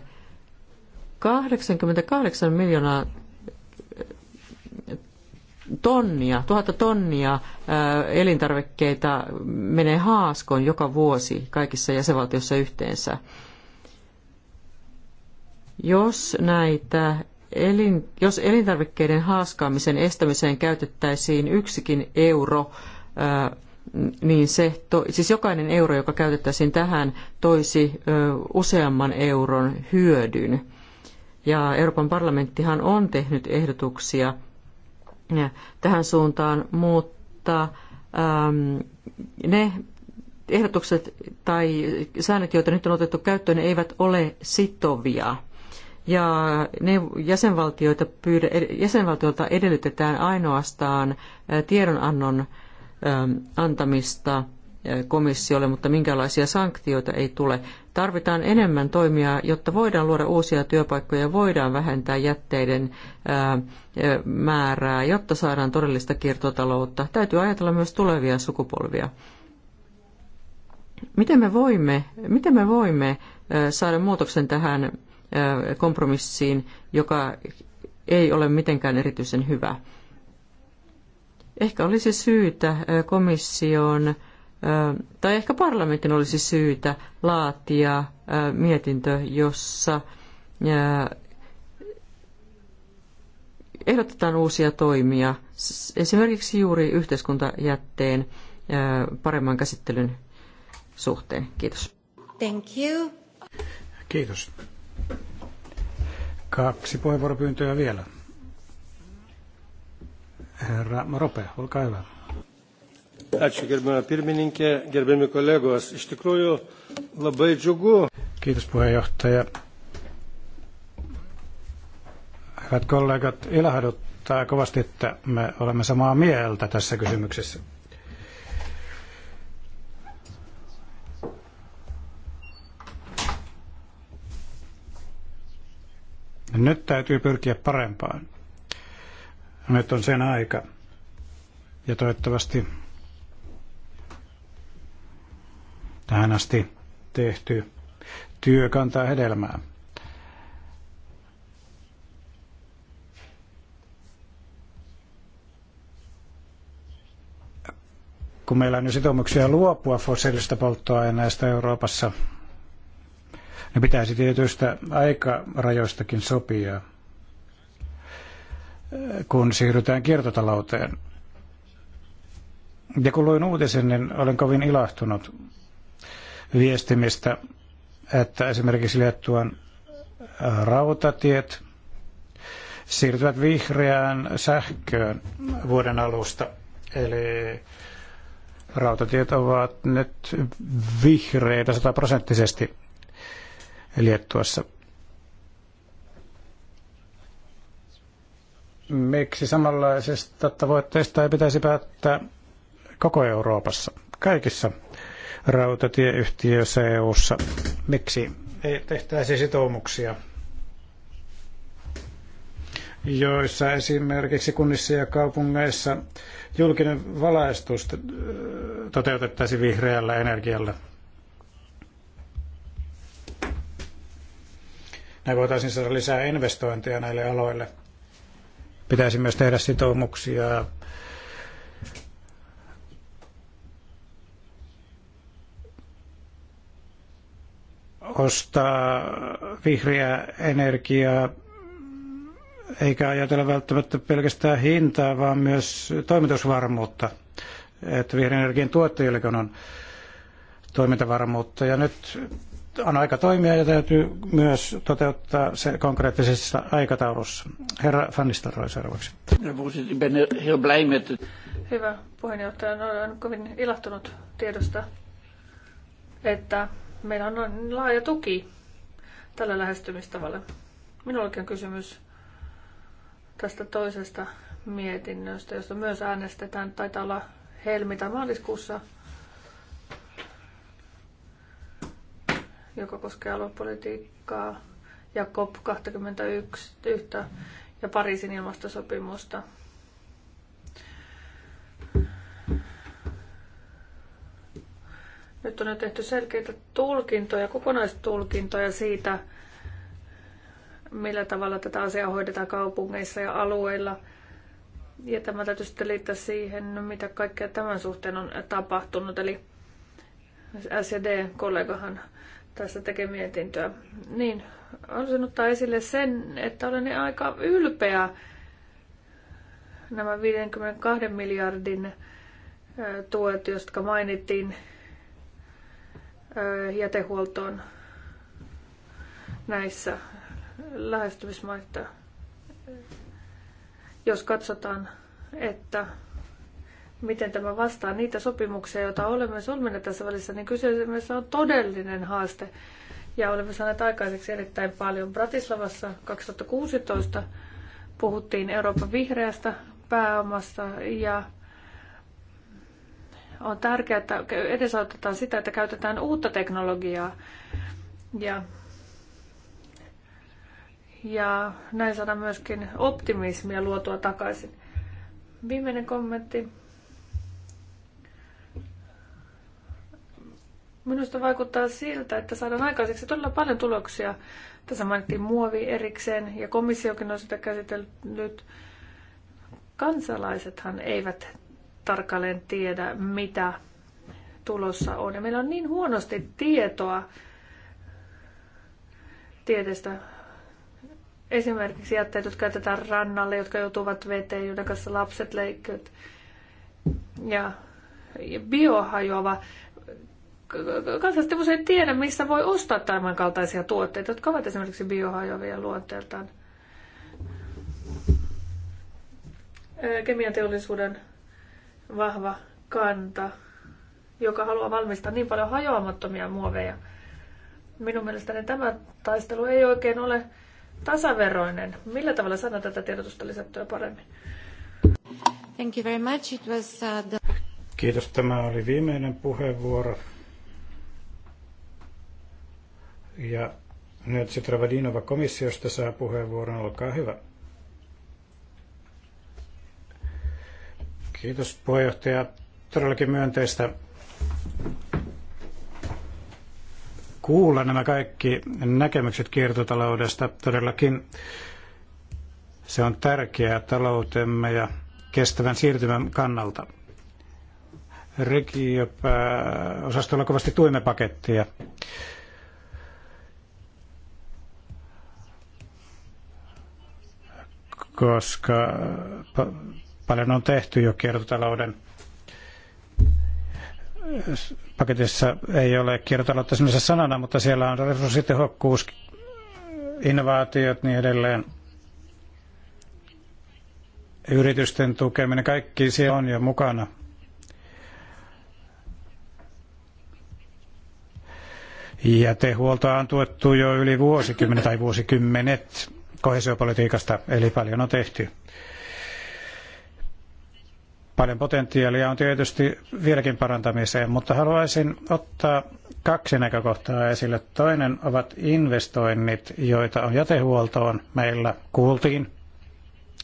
88 miljoonaa tonnia, tuhatta tonnia elintarvikkeita menee haaskoon joka vuosi kaikissa jäsenvaltioissa yhteensä. Jos näitä elin, jos elintarvikkeiden haaskaamisen estämiseen käytettäisiin yksikin euro, ää, äh, niin se, to, siis jokainen euro, joka käytettäisiin tähän, toisi useamman euron hyödyn. Ja Euroopan parlamenttihan on tehnyt ehdotuksia tähän suuntaan, mutta äm, ne ehdotukset tai säännöt, joita nyt on otettu käyttöön, ne eivät ole sitovia ja ne jäsenvaltioita pyydä, jäsenvaltiolta edellytetään ainoastaan tiedonannon antamista komissiolle, mutta minkälaisia sanktioita ei tule. Tarvitaan enemmän toimia, jotta voidaan luoda uusia työpaikkoja ja voidaan vähentää jätteiden määrää, jotta saadaan todellista kiertotaloutta. Täytyy ajatella myös tulevia sukupolvia. Miten me voimme, miten me voimme saada muutoksen tähän kompromissiin, joka ei ole mitenkään erityisen hyvä. Ehkä olisi syytä komission tai ehkä parlamentin olisi syytä laatia mietintö, jossa ehdotetaan uusia toimia, esimerkiksi juuri yhteiskuntajätteen paremman käsittelyn suhteen. Kiitos. Thank you. Kiitos. Kaksi puheenvuoropyyntöä vielä. Herra Rope, olkaa hyvä. Ačiū, gerbama pirmininkė, gerbiami kolegos. Iš tikrųjų, labai džiugu. Kiitos puheenjohtaja. Hyvät kollegat, ilahduttaa kovasti, että me olemme samaa mieltä tässä kysymyksessä. Nyt täytyy pyrkiä parempaan. Nyt on sen aika. Ja toivottavasti tähän asti tehty työ kantaa hedelmää. Kun meillä on jo sitoumuksia luopua fossiilisista polttoaineista Euroopassa, ne pitäisi tietyistä aikarajoistakin sopia, kun siirrytään kiertotalouteen. Ja kun luin uutisen, niin olen kovin ilahtunut viestimistä, että esimerkiksi Liettuan rautatiet siirtyvät vihreään sähköön vuoden alusta. Eli rautatiet ovat nyt vihreitä sataprosenttisesti. Liettuassa. Miksi samanlaisesta tavoitteesta ei pitäisi päättää koko Euroopassa, kaikissa rautatieyhtiöissä EU-ssa? Miksi ei tehtäisi sitoumuksia joissa esimerkiksi kunnissa ja kaupungeissa julkinen valaistus äh, toteutettaisiin vihreällä energialla. Näin voitaisiin saada lisää investointeja näille aloille. Pitäisi myös tehdä sitoumuksia ostaa vihreää energiaa eikä ajatella välttämättä pelkästään hintaa, vaan myös toimitusvarmuutta, että vihreän energian tuottajille on toimintavarmuutta. Ja nyt on aika toimia ja täytyy myös toteuttaa se konkreettisessa aikataulussa. Herra Fannistan seuraavaksi. Hyvä puheenjohtaja, no, olen kovin ilahtunut tiedosta, että meillä on noin laaja tuki tällä lähestymistavalla. Minullakin on kysymys tästä toisesta mietinnöstä, josta myös äänestetään, taitaa olla helmi- tai maaliskuussa – joka koskee aluepolitiikkaa, ja COP21 ja Pariisin ilmastosopimusta. Nyt on jo tehty selkeitä tulkintoja, kokonaistulkintoja siitä, millä tavalla tätä asiaa hoidetaan kaupungeissa ja alueilla. Ja tämä täytyy sitten liittää siihen, mitä kaikkea tämän suhteen on tapahtunut. Eli SD-kollegahan tästä tekee mietintöä. Niin, haluaisin ottaa esille sen, että olen aika ylpeä nämä 52 miljardin tuet, jotka mainittiin jätehuoltoon näissä lähestymismaissa. Jos katsotaan, että miten tämä vastaa niitä sopimuksia, joita olemme solmineet tässä välissä, niin kyseessä on todellinen haaste. Ja olemme saaneet aikaiseksi erittäin paljon. Bratislavassa 2016 puhuttiin Euroopan vihreästä pääomasta ja on tärkeää, että edesautetaan sitä, että käytetään uutta teknologiaa ja, ja näin saadaan myöskin optimismia luotua takaisin. Viimeinen kommentti. Minusta vaikuttaa siltä, että saadaan aikaiseksi todella paljon tuloksia. Tässä mainittiin muovi erikseen ja komissiokin on sitä käsitellyt. Kansalaisethan eivät tarkalleen tiedä, mitä tulossa on. Ja meillä on niin huonosti tietoa tieteestä. Esimerkiksi jätteet, jotka käytetään rannalle, jotka joutuvat veteen, joiden kanssa lapset leikkyvät. Ja biohajoava kansalaiset ei tiedä, missä voi ostaa tämänkaltaisia kaltaisia tuotteita, jotka ovat esimerkiksi biohajoavia luonteeltaan. Kemianteollisuuden vahva kanta, joka haluaa valmistaa niin paljon hajoamattomia muoveja. Minun mielestäni tämä taistelu ei oikein ole tasaveroinen. Millä tavalla saadaan tätä tiedotusta lisättyä paremmin? Thank you very much. It was, uh, the... Kiitos. Tämä oli viimeinen puheenvuoro. Ja nyt se travadinova komissiosta saa puheenvuoron. Olkaa hyvä. Kiitos puheenjohtaja. Todellakin myönteistä kuulla nämä kaikki näkemykset kiertotaloudesta. Todellakin se on tärkeää taloutemme ja kestävän siirtymän kannalta. Regiopää osastolla kovasti tuimme pakettia koska pa- paljon on tehty jo kiertotalouden paketissa ei ole kiertotaloutta sellaisena sanana, mutta siellä on resurssitehokkuus, innovaatiot niin edelleen. Yritysten tukeminen, kaikki siellä on jo mukana. Jätehuoltoa on tuettu jo yli vuosikymmenet tai vuosikymmenet kohesiopolitiikasta, eli paljon on tehty. Paljon potentiaalia on tietysti vieläkin parantamiseen, mutta haluaisin ottaa kaksi näkökohtaa esille. Toinen ovat investoinnit, joita on jätehuoltoon. Meillä kuultiin,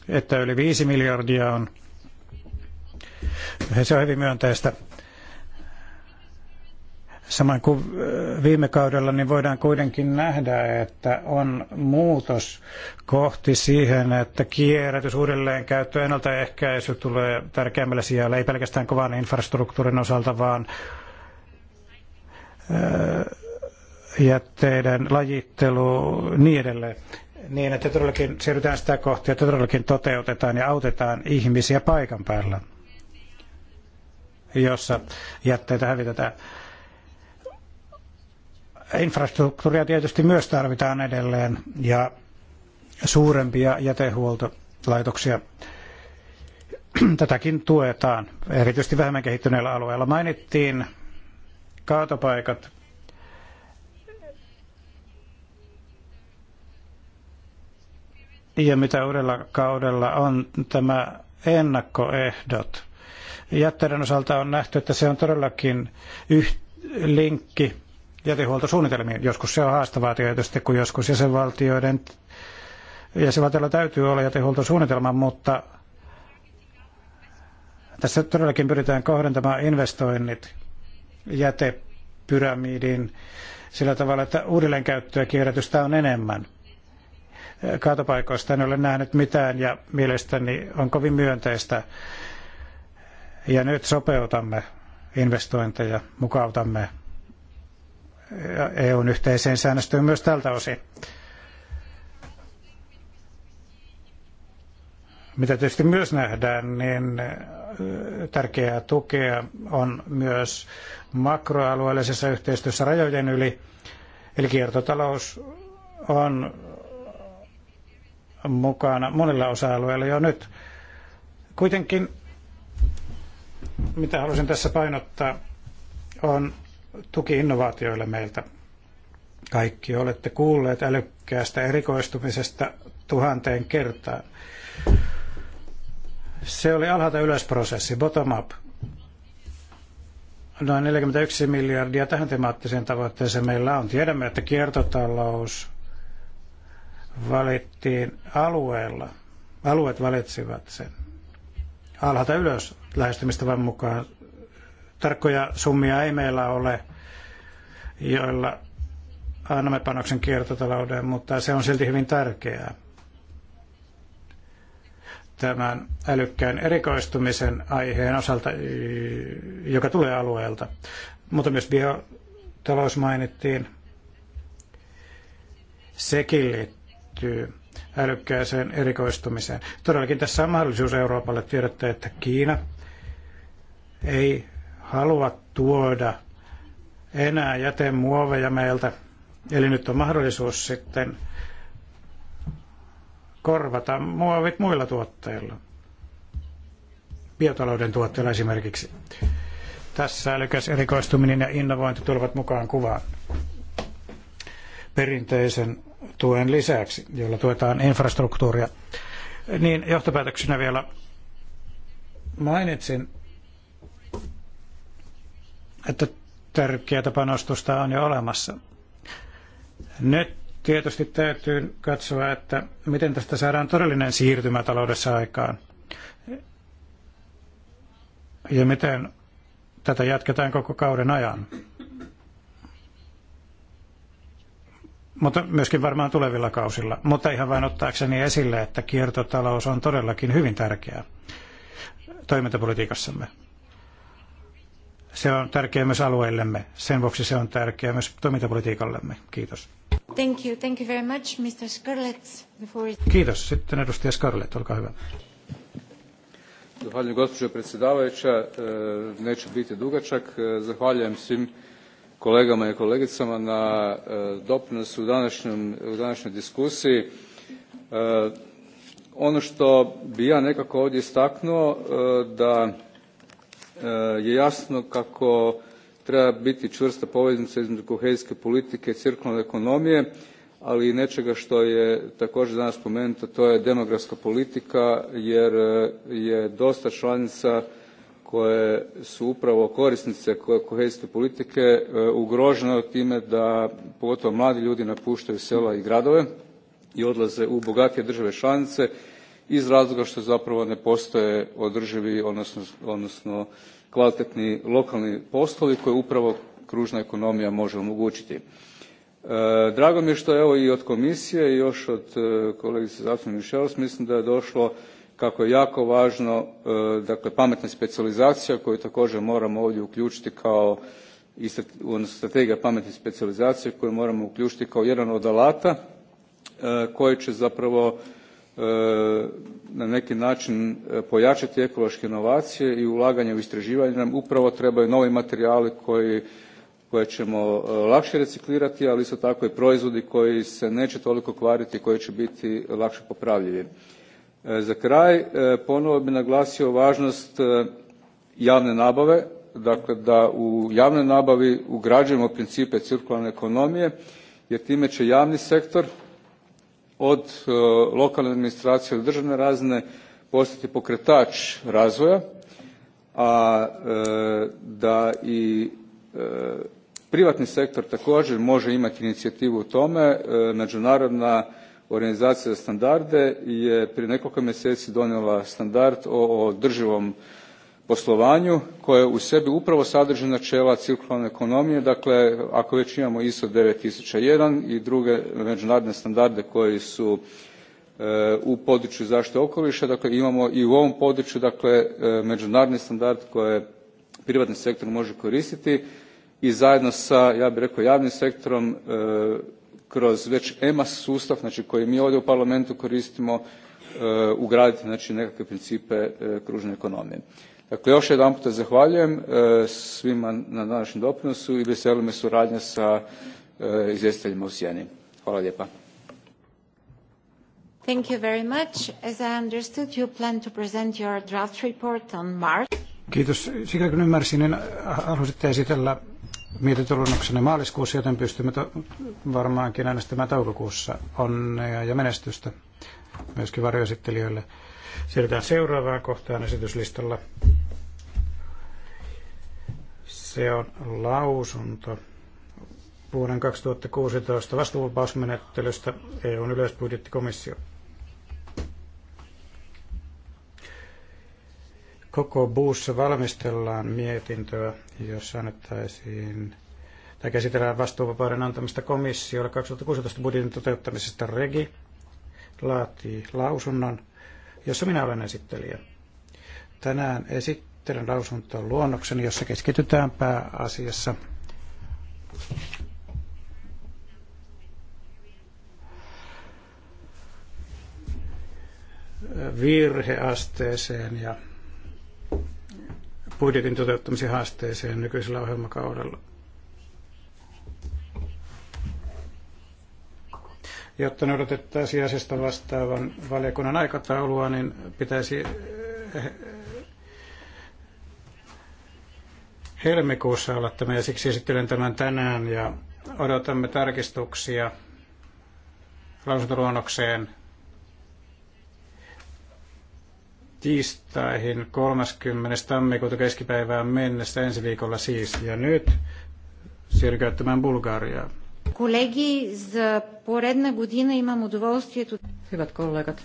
että yli 5 miljardia on. Se on hyvin myönteistä Samoin kuin viime kaudella, niin voidaan kuitenkin nähdä, että on muutos kohti siihen, että kierrätys, uudelleenkäyttö ennaltaehkäisy tulee tärkeämmälle sijalle, ei pelkästään kovan infrastruktuurin osalta, vaan jätteiden lajittelu niin edelleen niin, että todellakin siirrytään sitä kohti, että todellakin toteutetaan ja autetaan ihmisiä paikan päällä, jossa jätteitä hävitetään infrastruktuuria tietysti myös tarvitaan edelleen ja suurempia jätehuoltolaitoksia. [clears throat] Tätäkin tuetaan, erityisesti vähemmän kehittyneillä alueilla. Mainittiin kaatopaikat. Ja mitä uudella kaudella on tämä ennakkoehdot. Jätteiden osalta on nähty, että se on todellakin yh- linkki jätehuoltosuunnitelmiin. Joskus se on haastavaa tietysti, kun joskus jäsenvaltioiden jäsenvaltioilla täytyy olla jätehuoltosuunnitelma, mutta tässä todellakin pyritään kohdentamaan investoinnit jätepyramidiin sillä tavalla, että uudelleenkäyttöä ja kierrätystä on enemmän. Kaatopaikoista en ole nähnyt mitään ja mielestäni on kovin myönteistä. Ja nyt sopeutamme investointeja, mukautamme EUn yhteiseen säännöstöön myös tältä osin. Mitä tietysti myös nähdään, niin tärkeää tukea on myös makroalueellisessa yhteistyössä rajojen yli. Eli kiertotalous on mukana monilla osa-alueilla jo nyt. Kuitenkin, mitä haluaisin tässä painottaa, on tuki innovaatioille meiltä. Kaikki olette kuulleet älykkäästä erikoistumisesta tuhanteen kertaan. Se oli alhaalta prosessi, bottom up. Noin 41 miljardia tähän temaattiseen tavoitteeseen meillä on. Tiedämme, että kiertotalous valittiin alueella. Alueet valitsivat sen alhaalta ylös lähestymistavan mukaan Tarkkoja summia ei meillä ole, joilla annamme panoksen kiertotalouden, mutta se on silti hyvin tärkeää tämän älykkään erikoistumisen aiheen osalta, joka tulee alueelta. Mutta myös biotalous mainittiin. Sekin liittyy älykkääseen erikoistumiseen. Todellakin tässä on mahdollisuus Euroopalle. Tiedätte, että Kiina ei halua tuoda enää jätemuoveja meiltä. Eli nyt on mahdollisuus sitten korvata muovit muilla tuotteilla. Biotalouden tuotteilla esimerkiksi. Tässä älykäs erikoistuminen ja innovointi tulevat mukaan kuvaan perinteisen tuen lisäksi, jolla tuetaan infrastruktuuria. Niin johtopäätöksenä vielä mainitsin että tärkeää panostusta on jo olemassa. Nyt tietysti täytyy katsoa, että miten tästä saadaan todellinen siirtymä taloudessa aikaan. Ja miten tätä jatketaan koko kauden ajan. Mutta myöskin varmaan tulevilla kausilla. Mutta ihan vain ottaakseni esille, että kiertotalous on todellakin hyvin tärkeää toimintapolitiikassamme. Se on tärkeää myös alueellemme. Sen vuoksi se on tärkeää myös toimintapolitiikallemme. Kiitos. Thank you. Thank you very much, Mr. Scarlett. Before... Kiitos. Sitten edustaja Scarlett, olkaa hyvä. Zahvaljujem gospođo predsjedavajuća, e, neću biti dugačak. E, zahvaljujem svim kolegama i kolegicama na e, doprinosu u današnjoj diskusiji. Ono što bi ja nekako ovdje istaknuo da E, je jasno kako treba biti čvrsta poveznica između kohezijske politike i cirkularne ekonomije, ali i nečega što je također danas spomenuto, to je demografska politika, jer e, je dosta članica koje su upravo korisnice kohezijske politike e, ugrožene time da pogotovo mladi ljudi napuštaju sela i gradove i odlaze u bogatije države članice iz razloga što zapravo ne postoje održivi, odnosno, odnosno kvalitetni lokalni poslovi koje upravo kružna ekonomija može omogućiti. E, drago mi je što evo i od komisije i još od e, kolegice zastupnice Mišels mislim da je došlo kako je jako važno, e, dakle pametna specijalizacija koju također moramo ovdje uključiti kao i strategija pametne specijalizacije koju moramo uključiti kao jedan od alata koji će zapravo na neki način e, pojačati ekološke inovacije i ulaganje u istraživanje nam upravo trebaju novi materijali koji koje ćemo e, lakše reciklirati, ali isto tako i proizvodi koji se neće toliko kvariti, i koji će biti lakše popravljivi. E, za kraj ponovo bih naglasio važnost javne nabave, dakle da u javnoj nabavi ugrađujemo principe cirkularne ekonomije jer time će javni sektor od e, lokalne administracije, do državne razine postati pokretač razvoja, a e, da i e, privatni sektor također može imati inicijativu u tome. Međunarodna organizacija za standarde je prije nekoliko mjeseci donijela standard o održivom poslovanju koje u sebi upravo sadrži načela cirkularne ekonomije. Dakle, ako već imamo ISO 9001 i druge međunarodne standarde koji su e, u području zaštite okoliša, dakle imamo i u ovom području dakle e, međunarodni standard koje privatni sektor može koristiti i zajedno sa ja bih rekao javnim sektorom e, kroz već EMAS sustav, znači koji mi ovdje u parlamentu koristimo, e, ugraditi znači nekakve principe e, kružne ekonomije. Dakle, još jedan puta zahvaljujem e, svima na današnjem doprinosu i veseli me suradnja sa e, izvjestiteljima u Sjeni. Hvala lijepa. Thank you very much. As I understood, you plan to present your draft report on March. Kiitos. Sikä kun ymmärsin, niin halusitte esitellä mietintöluonnoksenne maaliskuussa, joten pystymme varmaankin äänestämään toukokuussa. Onnea ja menestystä myöskin varjoesittelijöille. Siirrytään seuraavaan kohtaan esityslistalla. Se on lausunto vuoden 2016 vastuuvapausmenettelystä EUn yleisbudjettikomissio. Koko buussa valmistellaan mietintöä, jossa annettaisiin tai käsitellään vastuuvapauden antamista komissiolle 2016 budjetin toteuttamisesta. Regi laatii lausunnon jossa minä olen esittelijä. Tänään esittelen lausuntoon luonnoksen, jossa keskitytään pääasiassa virheasteeseen ja budjetin toteuttamisen haasteeseen nykyisellä ohjelmakaudella – Jotta noudatettaisiin asiasta vastaavan valiokunnan aikataulua, niin pitäisi eh, helmikuussa olla tämä ja siksi esittelen tämän tänään ja odotamme tarkistuksia lausuntoluonnokseen tiistaihin 30. tammikuuta keskipäivään mennessä ensi viikolla siis. Ja nyt siirrymme käyttämään Bulgariaa. Колеги, за поредна година имам удоволствието... Hyvät kollegat,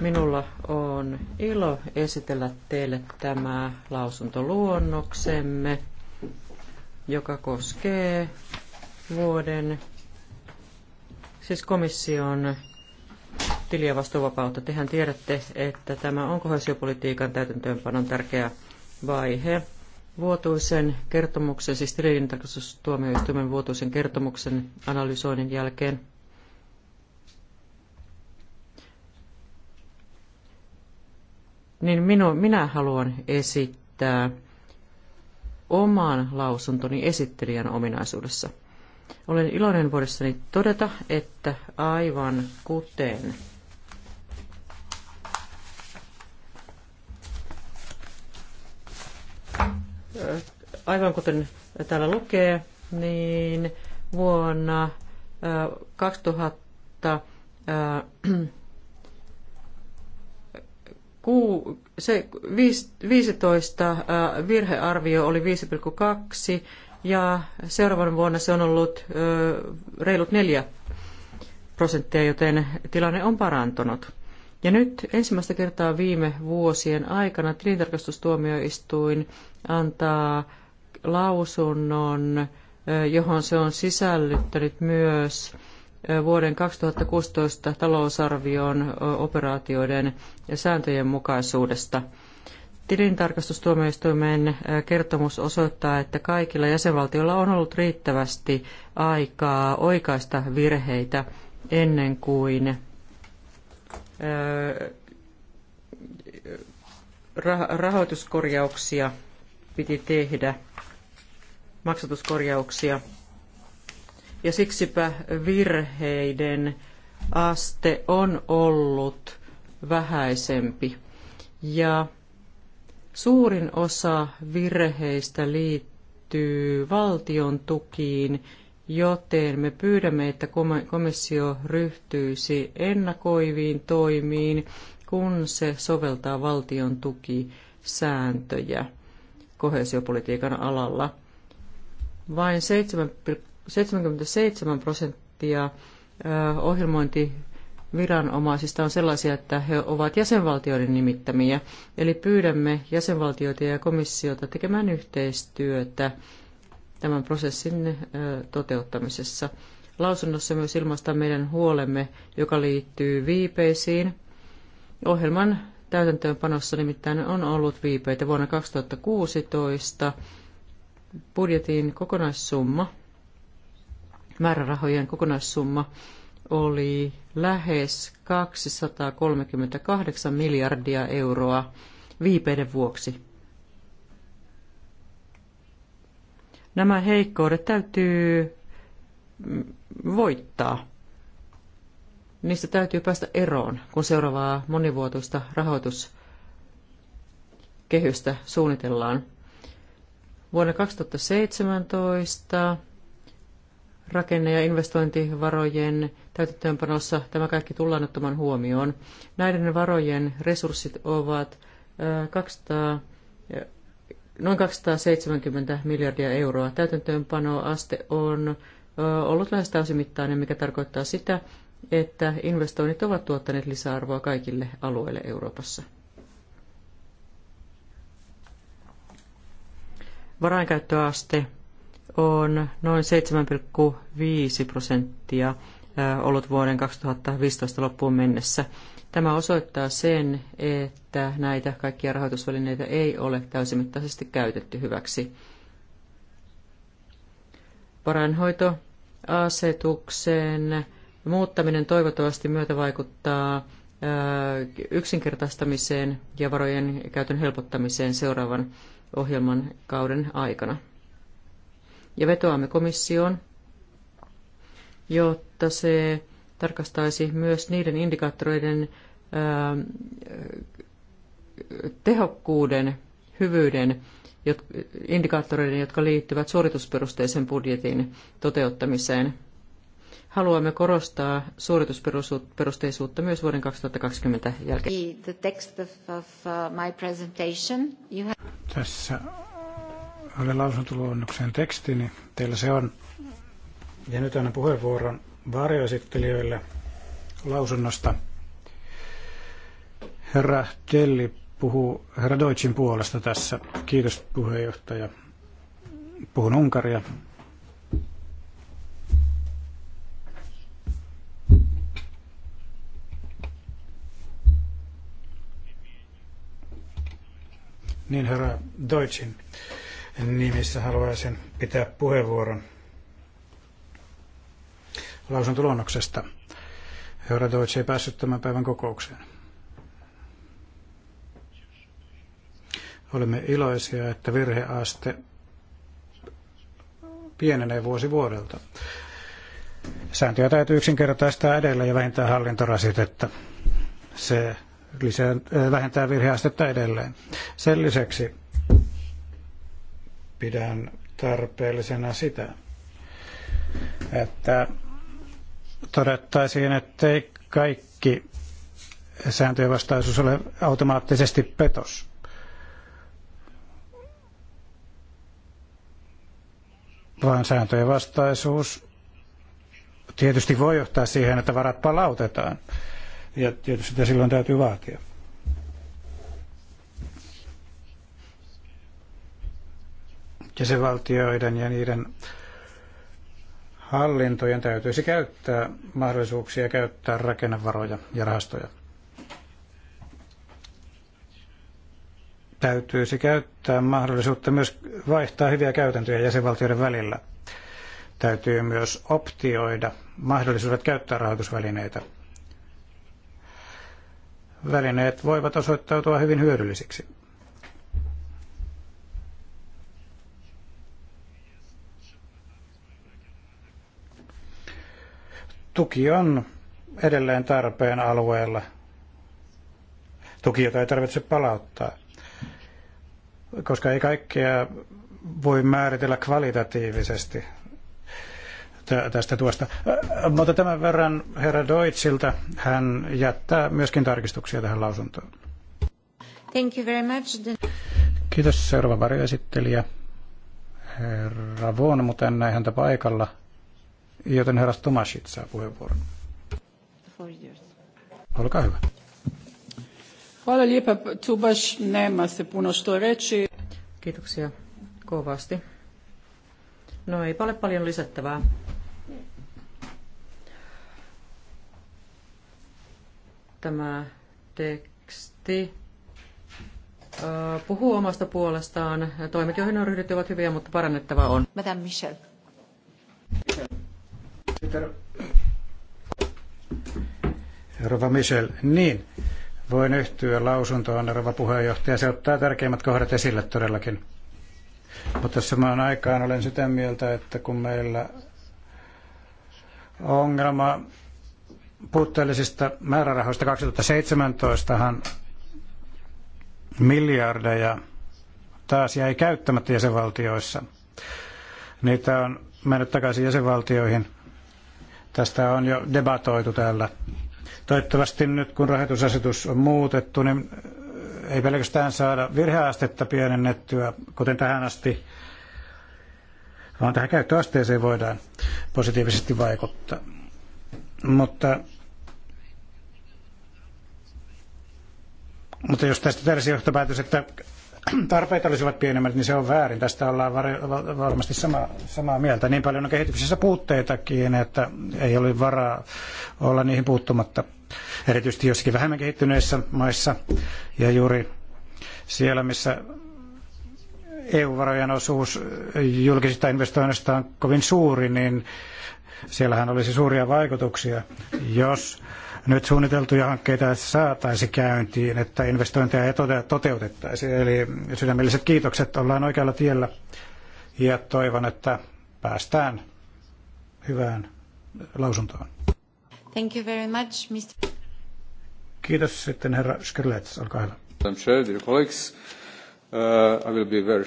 minulla on ilo esitellä teille tämä lausuntoluonnoksemme, joka koskee vuoden, siis komission tili- ja vastuuvapautta. Tehän tiedätte, että tämä on kohesiopolitiikan täytäntöönpanon tärkeä vaihe vuotuisen kertomuksen, siis tilintarkastustuomioistuimen vuotuisen kertomuksen analysoinnin jälkeen. Niin minu, minä haluan esittää oman lausuntoni esittelijän ominaisuudessa. Olen iloinen voidessani todeta, että aivan kuten aivan kuten täällä lukee, niin vuonna 2015 [clears throat] virhearvio oli 5,2 ja seuraavan vuonna se on ollut reilut 4 prosenttia, joten tilanne on parantunut. Ja nyt ensimmäistä kertaa viime vuosien aikana tilintarkastustuomioistuin antaa lausunnon, johon se on sisällyttänyt myös vuoden 2016 talousarvion operaatioiden ja sääntöjen mukaisuudesta. Tilintarkastustuomioistuimen kertomus osoittaa, että kaikilla jäsenvaltioilla on ollut riittävästi aikaa oikaista virheitä ennen kuin rahoituskorjauksia piti tehdä, maksatuskorjauksia. Ja siksipä virheiden aste on ollut vähäisempi. Ja suurin osa virheistä liittyy valtion tukiin joten me pyydämme, että komissio ryhtyisi ennakoiviin toimiin, kun se soveltaa valtion tukisääntöjä kohesiopolitiikan alalla. Vain 77 prosenttia ohjelmointiviranomaisista on sellaisia, että he ovat jäsenvaltioiden nimittämiä. Eli pyydämme jäsenvaltioita ja komissiota tekemään yhteistyötä tämän prosessin äh, toteuttamisessa. Lausunnossa myös ilmaistaan meidän huolemme, joka liittyy viipeisiin. Ohjelman täytäntöönpanossa nimittäin on ollut viipeitä vuonna 2016. Budjetin kokonaissumma, määrärahojen kokonaissumma oli lähes 238 miljardia euroa viipeiden vuoksi. Nämä heikkoudet täytyy voittaa. Niistä täytyy päästä eroon, kun seuraavaa monivuotoista rahoituskehystä suunnitellaan. Vuonna 2017 rakenne- ja investointivarojen täytäntöönpanossa tämä kaikki tullaan ottamaan huomioon. Näiden varojen resurssit ovat 200 noin 270 miljardia euroa. Täytäntöönpanoaste on ollut lähes täysimittainen, mikä tarkoittaa sitä, että investoinnit ovat tuottaneet lisäarvoa kaikille alueille Euroopassa. Varainkäyttöaste on noin 7,5 prosenttia ollut vuoden 2015 loppuun mennessä. Tämä osoittaa sen, että näitä kaikkia rahoitusvälineitä ei ole täysimittaisesti käytetty hyväksi. Varainhoitoasetuksen muuttaminen toivottavasti vaikuttaa äh, yksinkertaistamiseen ja varojen käytön helpottamiseen seuraavan ohjelman kauden aikana. Ja vetoamme komissioon, jotta se tarkastaisi myös niiden indikaattoreiden tehokkuuden, hyvyyden, indikaattoreiden, jotka liittyvät suoritusperusteisen budjetin toteuttamiseen. Haluamme korostaa suoritusperusteisuutta myös vuoden 2020 jälkeen. The text of, uh, my presentation. You have... Tässä oli lausuntoluonnoksen tekstini. Niin teillä se on. Ja nyt annan puheenvuoron varjoesittelijöille lausunnosta. Herra Telli puhuu herra Deutschin puolesta tässä. Kiitos puheenjohtaja. Puhun Unkaria. Niin herra Deutschin nimissä haluaisin pitää puheenvuoron lausuntoluonnoksesta. Herra Deutsch ei päässyt tämän päivän kokoukseen. Olemme iloisia, että virheaste pienenee vuosi vuodelta. Sääntöjä täytyy yksinkertaistaa edellä ja vähentää hallintorasitetta. Se lisää, äh, vähentää virheastetta edelleen. Sen lisäksi pidän tarpeellisena sitä, että todettaisiin, ettei kaikki sääntöjen vastaisuus ole automaattisesti petos. Vaan sääntöjen vastaisuus tietysti voi johtaa siihen, että varat palautetaan. Ja tietysti sitä silloin täytyy vaatia. Jäsenvaltioiden ja niiden hallintojen täytyisi käyttää mahdollisuuksia käyttää rakennevaroja ja rahastoja. Täytyisi käyttää mahdollisuutta myös vaihtaa hyviä käytäntöjä jäsenvaltioiden välillä. Täytyy myös optioida mahdollisuudet käyttää rahoitusvälineitä. Välineet voivat osoittautua hyvin hyödyllisiksi. Tuki on edelleen tarpeen alueella. Tukiota ei tarvitse palauttaa, koska ei kaikkea voi määritellä kvalitatiivisesti tästä tuosta. Mutta tämän verran herra Deutschilta hän jättää myöskin tarkistuksia tähän lausuntoon. Thank you very much. Kiitos seuraava varjoesittelijä. Herra Vuon, mutta en näe häntä paikalla. Joten herra Tomasic saa puheenvuoron. Olkaa hyvä. Hvala lijepa, tu baš nema se puno što reći. Kiitoksia kovasti. No ei ole paljon lisättävää. Tämä teksti puhuu omasta puolestaan. Toimet, joihin on ryhdytty, ovat hyviä, mutta parannettavaa on. Madame Michel. Rova Michel, niin. Voin yhtyä lausuntoon, rova puheenjohtaja. Se ottaa tärkeimmät kohdat esille todellakin. Mutta samaan aikaan olen sitä mieltä, että kun meillä ongelma puutteellisista määrärahoista 2017han miljardeja taas jäi käyttämättä jäsenvaltioissa. Niitä on mennyt takaisin jäsenvaltioihin – Tästä on jo debatoitu täällä. Toivottavasti nyt kun rahoitusasetus on muutettu, niin ei pelkästään saada virheastetta pienennettyä, kuten tähän asti, vaan tähän käyttöasteeseen voidaan positiivisesti vaikuttaa. Mutta, mutta jos tästä tärsi johtopäätös, että tarpeet olisivat pienemmät, niin se on väärin. Tästä ollaan varmasti sama, samaa mieltä. Niin paljon on kehityksessä puutteitakin, että ei ole varaa olla niihin puuttumatta. Erityisesti jossakin vähemmän kehittyneissä maissa ja juuri siellä, missä EU-varojen osuus julkisista investoinneista on kovin suuri, niin siellähän olisi suuria vaikutuksia, jos nyt suunniteltuja hankkeita saataisi käyntiin, että investointeja ei toteutettaisi. Eli sydämelliset kiitokset, ollaan oikealla tiellä ja toivon, että päästään hyvään lausuntoon. Thank you very much, Mr. Kiitos sitten herra Skrlets, olkaa hyvä. I'm sure, dear colleagues, uh, I will be very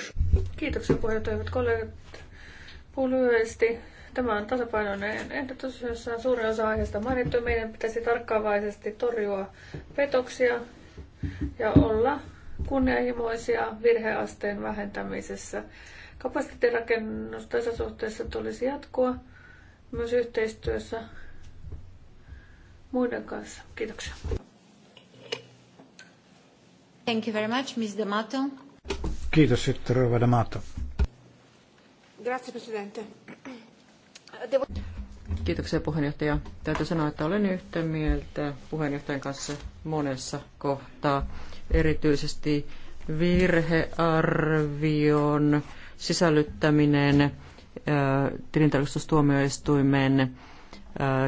Kiitoksia puheenjohtajat kollegat. Puhun lyhyesti Tämä on tasapainoinen ehdotus, jossa on suurin osa aiheesta mainittu. Meidän pitäisi tarkkaavaisesti torjua petoksia ja olla kunnianhimoisia virheasteen vähentämisessä. Kapasiteettirakennus tässä suhteessa tulisi jatkua myös yhteistyössä muiden kanssa. Kiitoksia. Thank you very much, Ms. D'Amato. Kiitos, sitten Rova D'Amato. Grazie, Presidente. Kiitoksia puheenjohtaja. Täytyy sanoa, että olen yhtä mieltä puheenjohtajan kanssa monessa kohtaa. Erityisesti virhearvion sisällyttäminen äh, tilintarkastustuomioistuimen äh,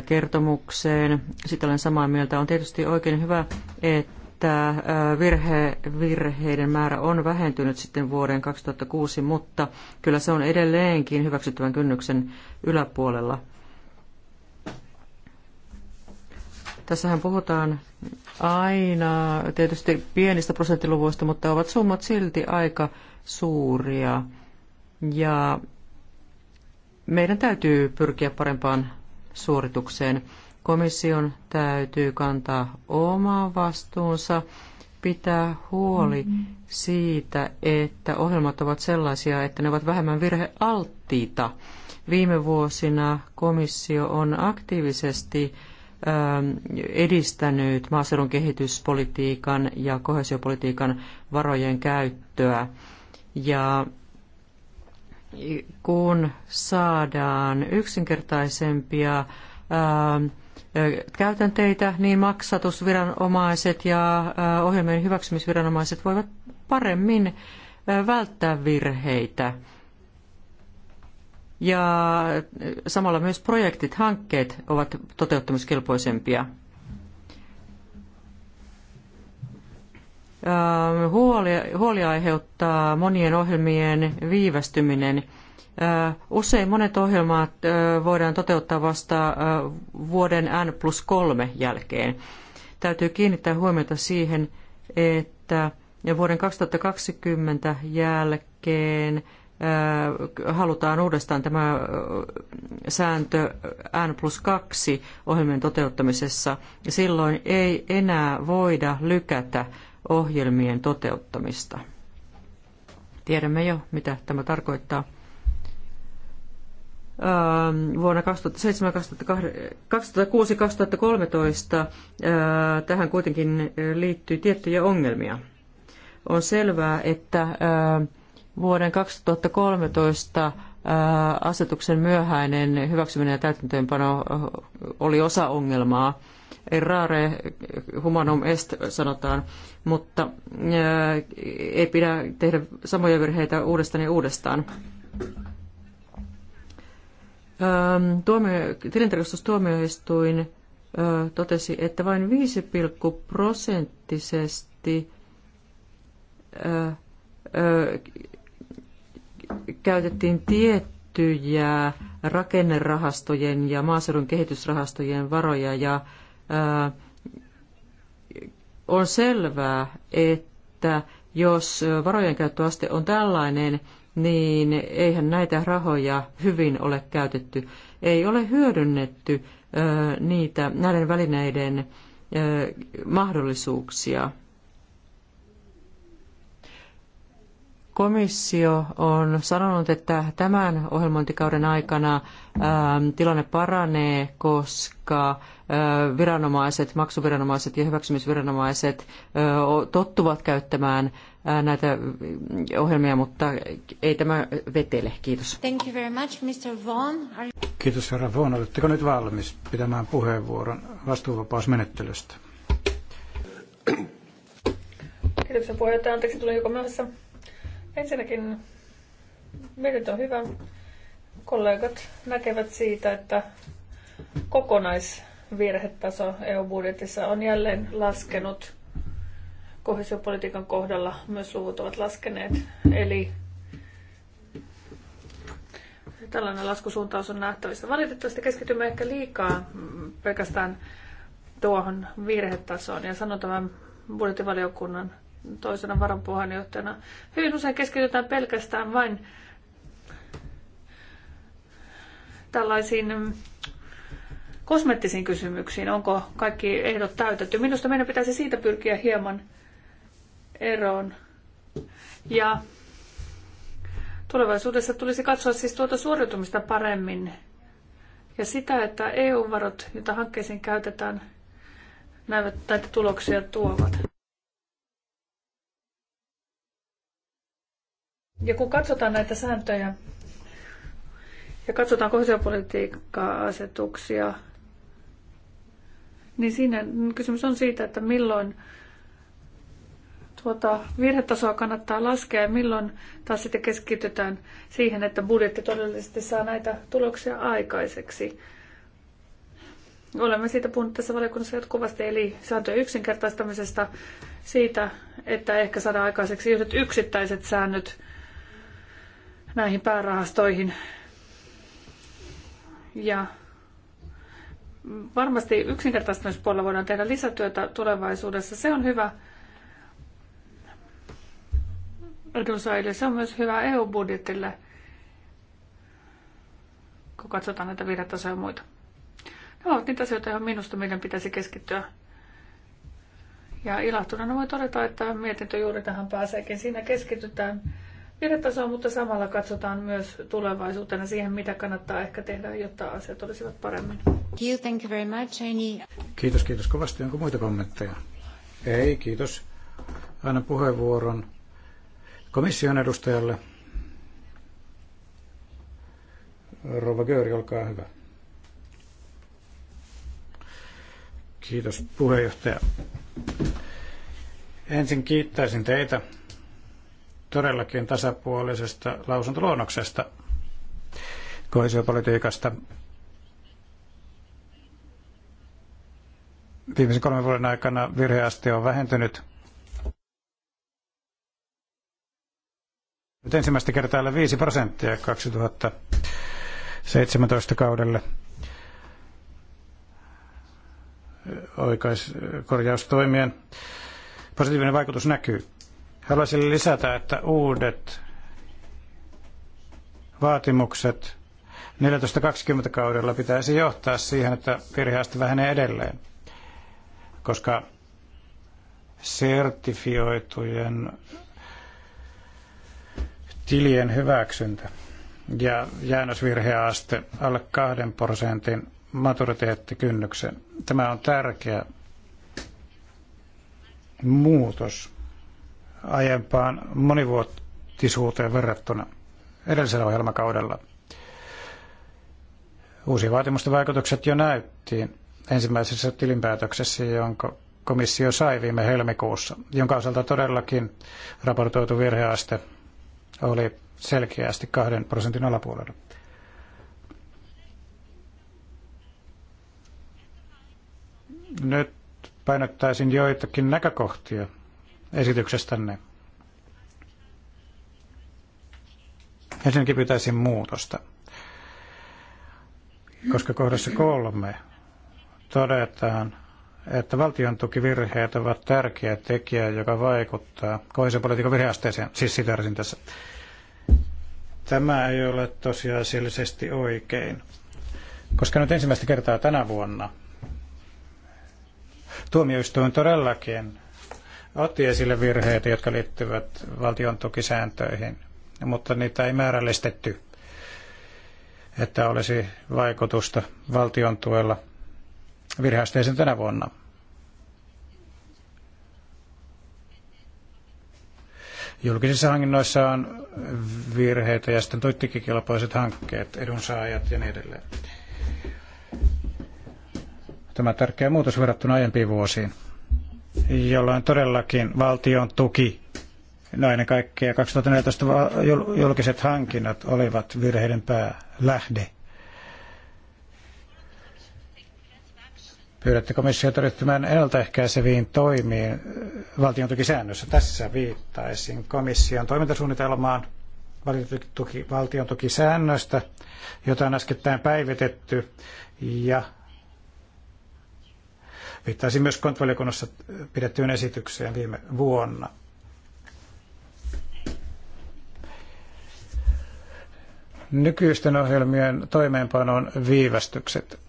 kertomukseen. Sitä olen samaa mieltä. On tietysti oikein hyvä, että että virhe, virheiden määrä on vähentynyt sitten vuoden 2006, mutta kyllä se on edelleenkin hyväksyttävän kynnyksen yläpuolella. Tässähän puhutaan aina tietysti pienistä prosenttiluvuista, mutta ovat summat silti aika suuria. Ja meidän täytyy pyrkiä parempaan suoritukseen. Komission täytyy kantaa oma vastuunsa, pitää huoli siitä, että ohjelmat ovat sellaisia, että ne ovat vähemmän virhealttiita. Viime vuosina komissio on aktiivisesti ähm, edistänyt maaseudun kehityspolitiikan ja kohesiopolitiikan varojen käyttöä. Ja kun saadaan yksinkertaisempia ähm, käytänteitä, niin maksatusviranomaiset ja ohjelmien hyväksymisviranomaiset voivat paremmin välttää virheitä. Ja samalla myös projektit, hankkeet ovat toteuttamiskelpoisempia. Huoli, huoli aiheuttaa monien ohjelmien viivästyminen – Usein monet ohjelmat voidaan toteuttaa vasta vuoden N plus 3 jälkeen. Täytyy kiinnittää huomiota siihen, että vuoden 2020 jälkeen halutaan uudestaan tämä sääntö N plus 2 ohjelmien toteuttamisessa. Silloin ei enää voida lykätä ohjelmien toteuttamista. Tiedämme jo, mitä tämä tarkoittaa. Ähm, vuonna 2006, 2013 äh, tähän kuitenkin äh, liittyy tiettyjä ongelmia. On selvää, että äh, vuoden 2013 asetuksen myöhäinen hyväksyminen ja täytäntöönpano oli osa ongelmaa. Errare humanum est sanotaan, mutta ei pidä tehdä samoja virheitä uudestaan ja uudestaan. Ähm, tuomio, tilintarkastustuomioistuin totesi, että vain 5, prosenttisesti käytettiin tiettyjä rakennerahastojen ja maaseudun kehitysrahastojen varoja ja on selvää, että jos varojen käyttöaste on tällainen, niin eihän näitä rahoja hyvin ole käytetty. Ei ole hyödynnetty niitä, näiden välineiden mahdollisuuksia. Komissio on sanonut, että tämän ohjelmointikauden aikana tilanne paranee, koska viranomaiset, maksuviranomaiset ja hyväksymisviranomaiset tottuvat käyttämään näitä mm, ohjelmia, mutta ei tämä vetele. Kiitos. Thank you very much, Mr. Vaughan. Are... Kiitos, herra Vaughan. Oletteko nyt valmis pitämään puheenvuoron vastuuvapausmenettelystä? Kiitos, puheenjohtaja. Anteeksi, tuli joko myöhässä. Ensinnäkin mietintö on hyvä. Kollegat näkevät siitä, että kokonaisvirhetaso EU-budjetissa on jälleen laskenut kohesiopolitiikan kohdalla myös luvut ovat laskeneet. Eli tällainen laskusuuntaus on nähtävissä. Valitettavasti keskitymme ehkä liikaa pelkästään tuohon virhetasoon ja sanon tämän budjettivaliokunnan toisena varapuheenjohtajana. Hyvin usein keskitytään pelkästään vain tällaisiin kosmettisiin kysymyksiin, onko kaikki ehdot täytetty. Minusta meidän pitäisi siitä pyrkiä hieman eroon. Ja tulevaisuudessa tulisi katsoa siis tuota suoriutumista paremmin ja sitä, että EU-varot, joita hankkeisiin käytetään, näitä tuloksia tuovat. Ja kun katsotaan näitä sääntöjä ja katsotaan kohdallisuuspolitiikkaa asetuksia, niin siinä kysymys on siitä, että milloin tuota virhetasoa kannattaa laskea ja milloin taas sitten keskitytään siihen, että budjetti todellisesti saa näitä tuloksia aikaiseksi. Olemme siitä puhuneet tässä valiokunnassa jatkuvasti, eli sääntöjen yksinkertaistamisesta siitä, että ehkä saadaan aikaiseksi yhdet yksittäiset säännöt näihin päärahastoihin. Ja varmasti yksinkertaistamispuolella voidaan tehdä lisätyötä tulevaisuudessa. Se on hyvä edunsaajille. Se on myös hyvä EU-budjetille, kun katsotaan näitä virhetasoja ja muita. Nämä ovat niitä asioita, joihin minusta meidän pitäisi keskittyä. Ja ilahtuneena voi todeta, että mietintö juuri tähän pääseekin. Siinä keskitytään virhetasoon, mutta samalla katsotaan myös tulevaisuuteen ja siihen, mitä kannattaa ehkä tehdä, jotta asiat olisivat paremmin. Thank you very much, Kiitos, kiitos kovasti. Onko muita kommentteja? Ei, kiitos. Aina puheenvuoron komission edustajalle. Rova Göri, olkaa hyvä. Kiitos puheenjohtaja. Ensin kiittäisin teitä todellakin tasapuolisesta lausuntoluonnoksesta koesiopolitiikasta. Viimeisen kolmen vuoden aikana virheasti on vähentynyt Nyt ensimmäistä kertaa alle 5 prosenttia 2017 kaudelle. Oikaiskorjaustoimien positiivinen vaikutus näkyy. Haluaisin lisätä, että uudet vaatimukset 1420 kaudella pitäisi johtaa siihen, että virheästä vähenee edelleen, koska sertifioitujen tilien hyväksyntä ja jäännösvirheaste alle kahden prosentin maturiteettikynnyksen. Tämä on tärkeä muutos aiempaan monivuotisuuteen verrattuna edellisellä ohjelmakaudella. Uusi vaatimusten vaikutukset jo näyttiin ensimmäisessä tilinpäätöksessä, jonka komissio sai viime helmikuussa, jonka osalta todellakin raportoitu virheaste oli selkeästi kahden prosentin alapuolella. Nyt painottaisin joitakin näkökohtia esityksestänne. Ensinnäkin pyytäisin muutosta, koska kohdassa kolme todetaan, että valtion tukivirheet ovat tärkeä tekijä, joka vaikuttaa kohesiopolitiikan virheasteeseen, siis sitä tässä. Tämä ei ole tosiasiallisesti oikein, koska nyt ensimmäistä kertaa tänä vuonna tuomioistuin todellakin otti esille virheitä, jotka liittyvät valtion tukisääntöihin, mutta niitä ei määrällistetty, että olisi vaikutusta valtion tuella virheasteisen tänä vuonna. Julkisissa hankinnoissa on virheitä ja sitten tuittikikelpoiset hankkeet, edunsaajat ja niin edelleen. Tämä tärkeä muutos verrattuna aiempiin vuosiin, jolloin todellakin valtion tuki, no ennen kaikkea 2014 julkiset hankinnat olivat virheiden päälähde. pyydätte komissiota ryhtymään ennaltaehkäiseviin toimiin äh, valtiontukisäännössä. Tässä viittaisin komission toimintasuunnitelmaan valtiontuki, valtiontukisäännöstä, jota on äskettäin päivitetty, ja viittaisin myös kontrollikunnassa äh, pidettyyn esitykseen viime vuonna. Nykyisten ohjelmien toimeenpanon viivästykset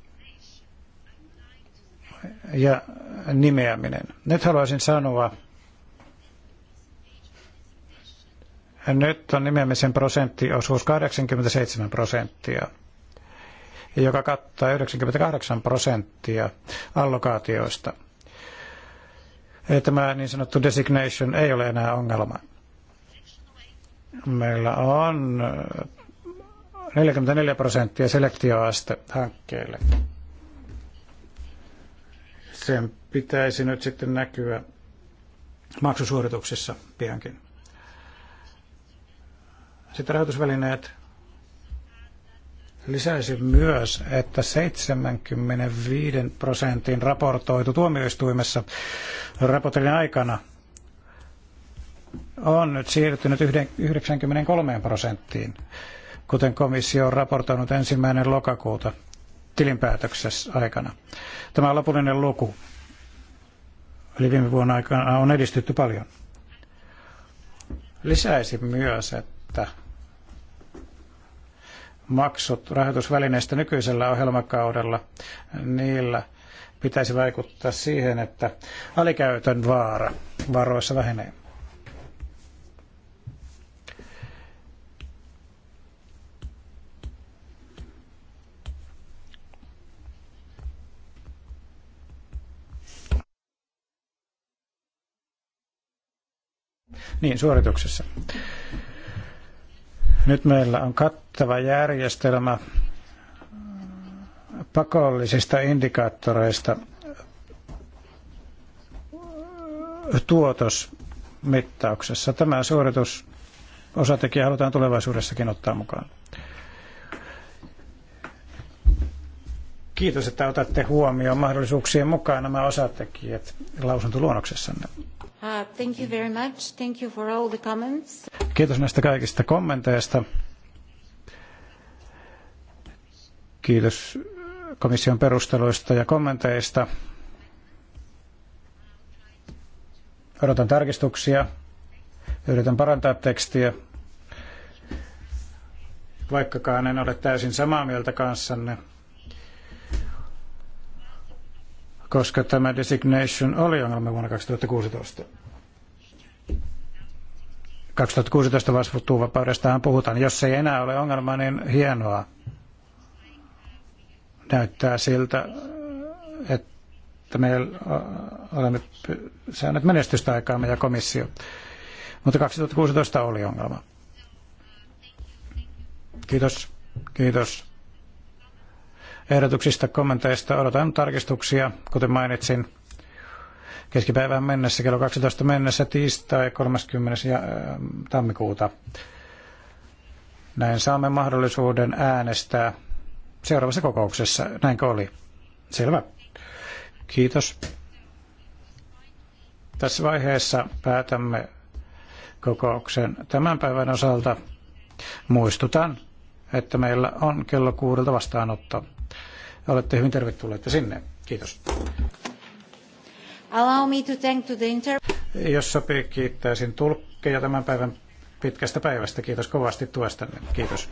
ja nimeäminen. Nyt haluaisin sanoa, nyt on nimeämisen prosenttiosuus 87 prosenttia, joka kattaa 98 prosenttia allokaatioista. Tämä niin sanottu designation ei ole enää ongelma. Meillä on 44 prosenttia selektioaste hankkeille. Sen pitäisi nyt sitten näkyä maksusuorituksissa piankin. Sitten rahoitusvälineet lisäisi myös, että 75 prosentin raportoitu tuomioistuimessa raportin aikana on nyt siirtynyt 93 prosenttiin, kuten komissio on raportoinut ensimmäinen lokakuuta tilinpäätöksessä aikana. Tämä lopullinen luku. Eli viime vuonna aikana on edistytty paljon. Lisäisin myös, että maksut rahoitusvälineistä nykyisellä ohjelmakaudella, niillä pitäisi vaikuttaa siihen, että alikäytön vaara varoissa vähenee. Niin, suorituksessa. Nyt meillä on kattava järjestelmä pakollisista indikaattoreista tuotosmittauksessa. Tämä suoritus osatekijä halutaan tulevaisuudessakin ottaa mukaan. Kiitos, että otatte huomioon mahdollisuuksien mukaan nämä osatekijät lausuntoluonnoksessanne. Uh, thank you very much. Thank you for all the comments. Kiitos näistä kaikista kommenteista. Kiitos komission perusteluista ja kommenteista. Odotan tarkistuksia. Yritän parantaa tekstiä. Vaikkakaan en ole täysin samaa mieltä kanssanne. koska tämä designation oli ongelma vuonna 2016. 2016 vastuuvapaudestahan puhutaan. Jos ei enää ole ongelma, niin hienoa. Näyttää siltä, että me olemme saaneet menestystä aikaamme ja komissio. Mutta 2016 oli ongelma. Kiitos. Kiitos ehdotuksista, kommenteista. Odotan tarkistuksia, kuten mainitsin, keskipäivään mennessä, kello 12 mennessä, tiistai 30. Ja, äh, tammikuuta. Näin saamme mahdollisuuden äänestää seuraavassa kokouksessa. Näinkö oli? Selvä. Kiitos. Tässä vaiheessa päätämme kokouksen tämän päivän osalta. Muistutan, että meillä on kello kuudelta vastaanotto. Olette hyvin tervetulleita sinne. Kiitos. Allow me to thank to the inter- Jos sopii, kiittäisin tulkkeja tämän päivän pitkästä päivästä. Kiitos kovasti tuestanne. Kiitos.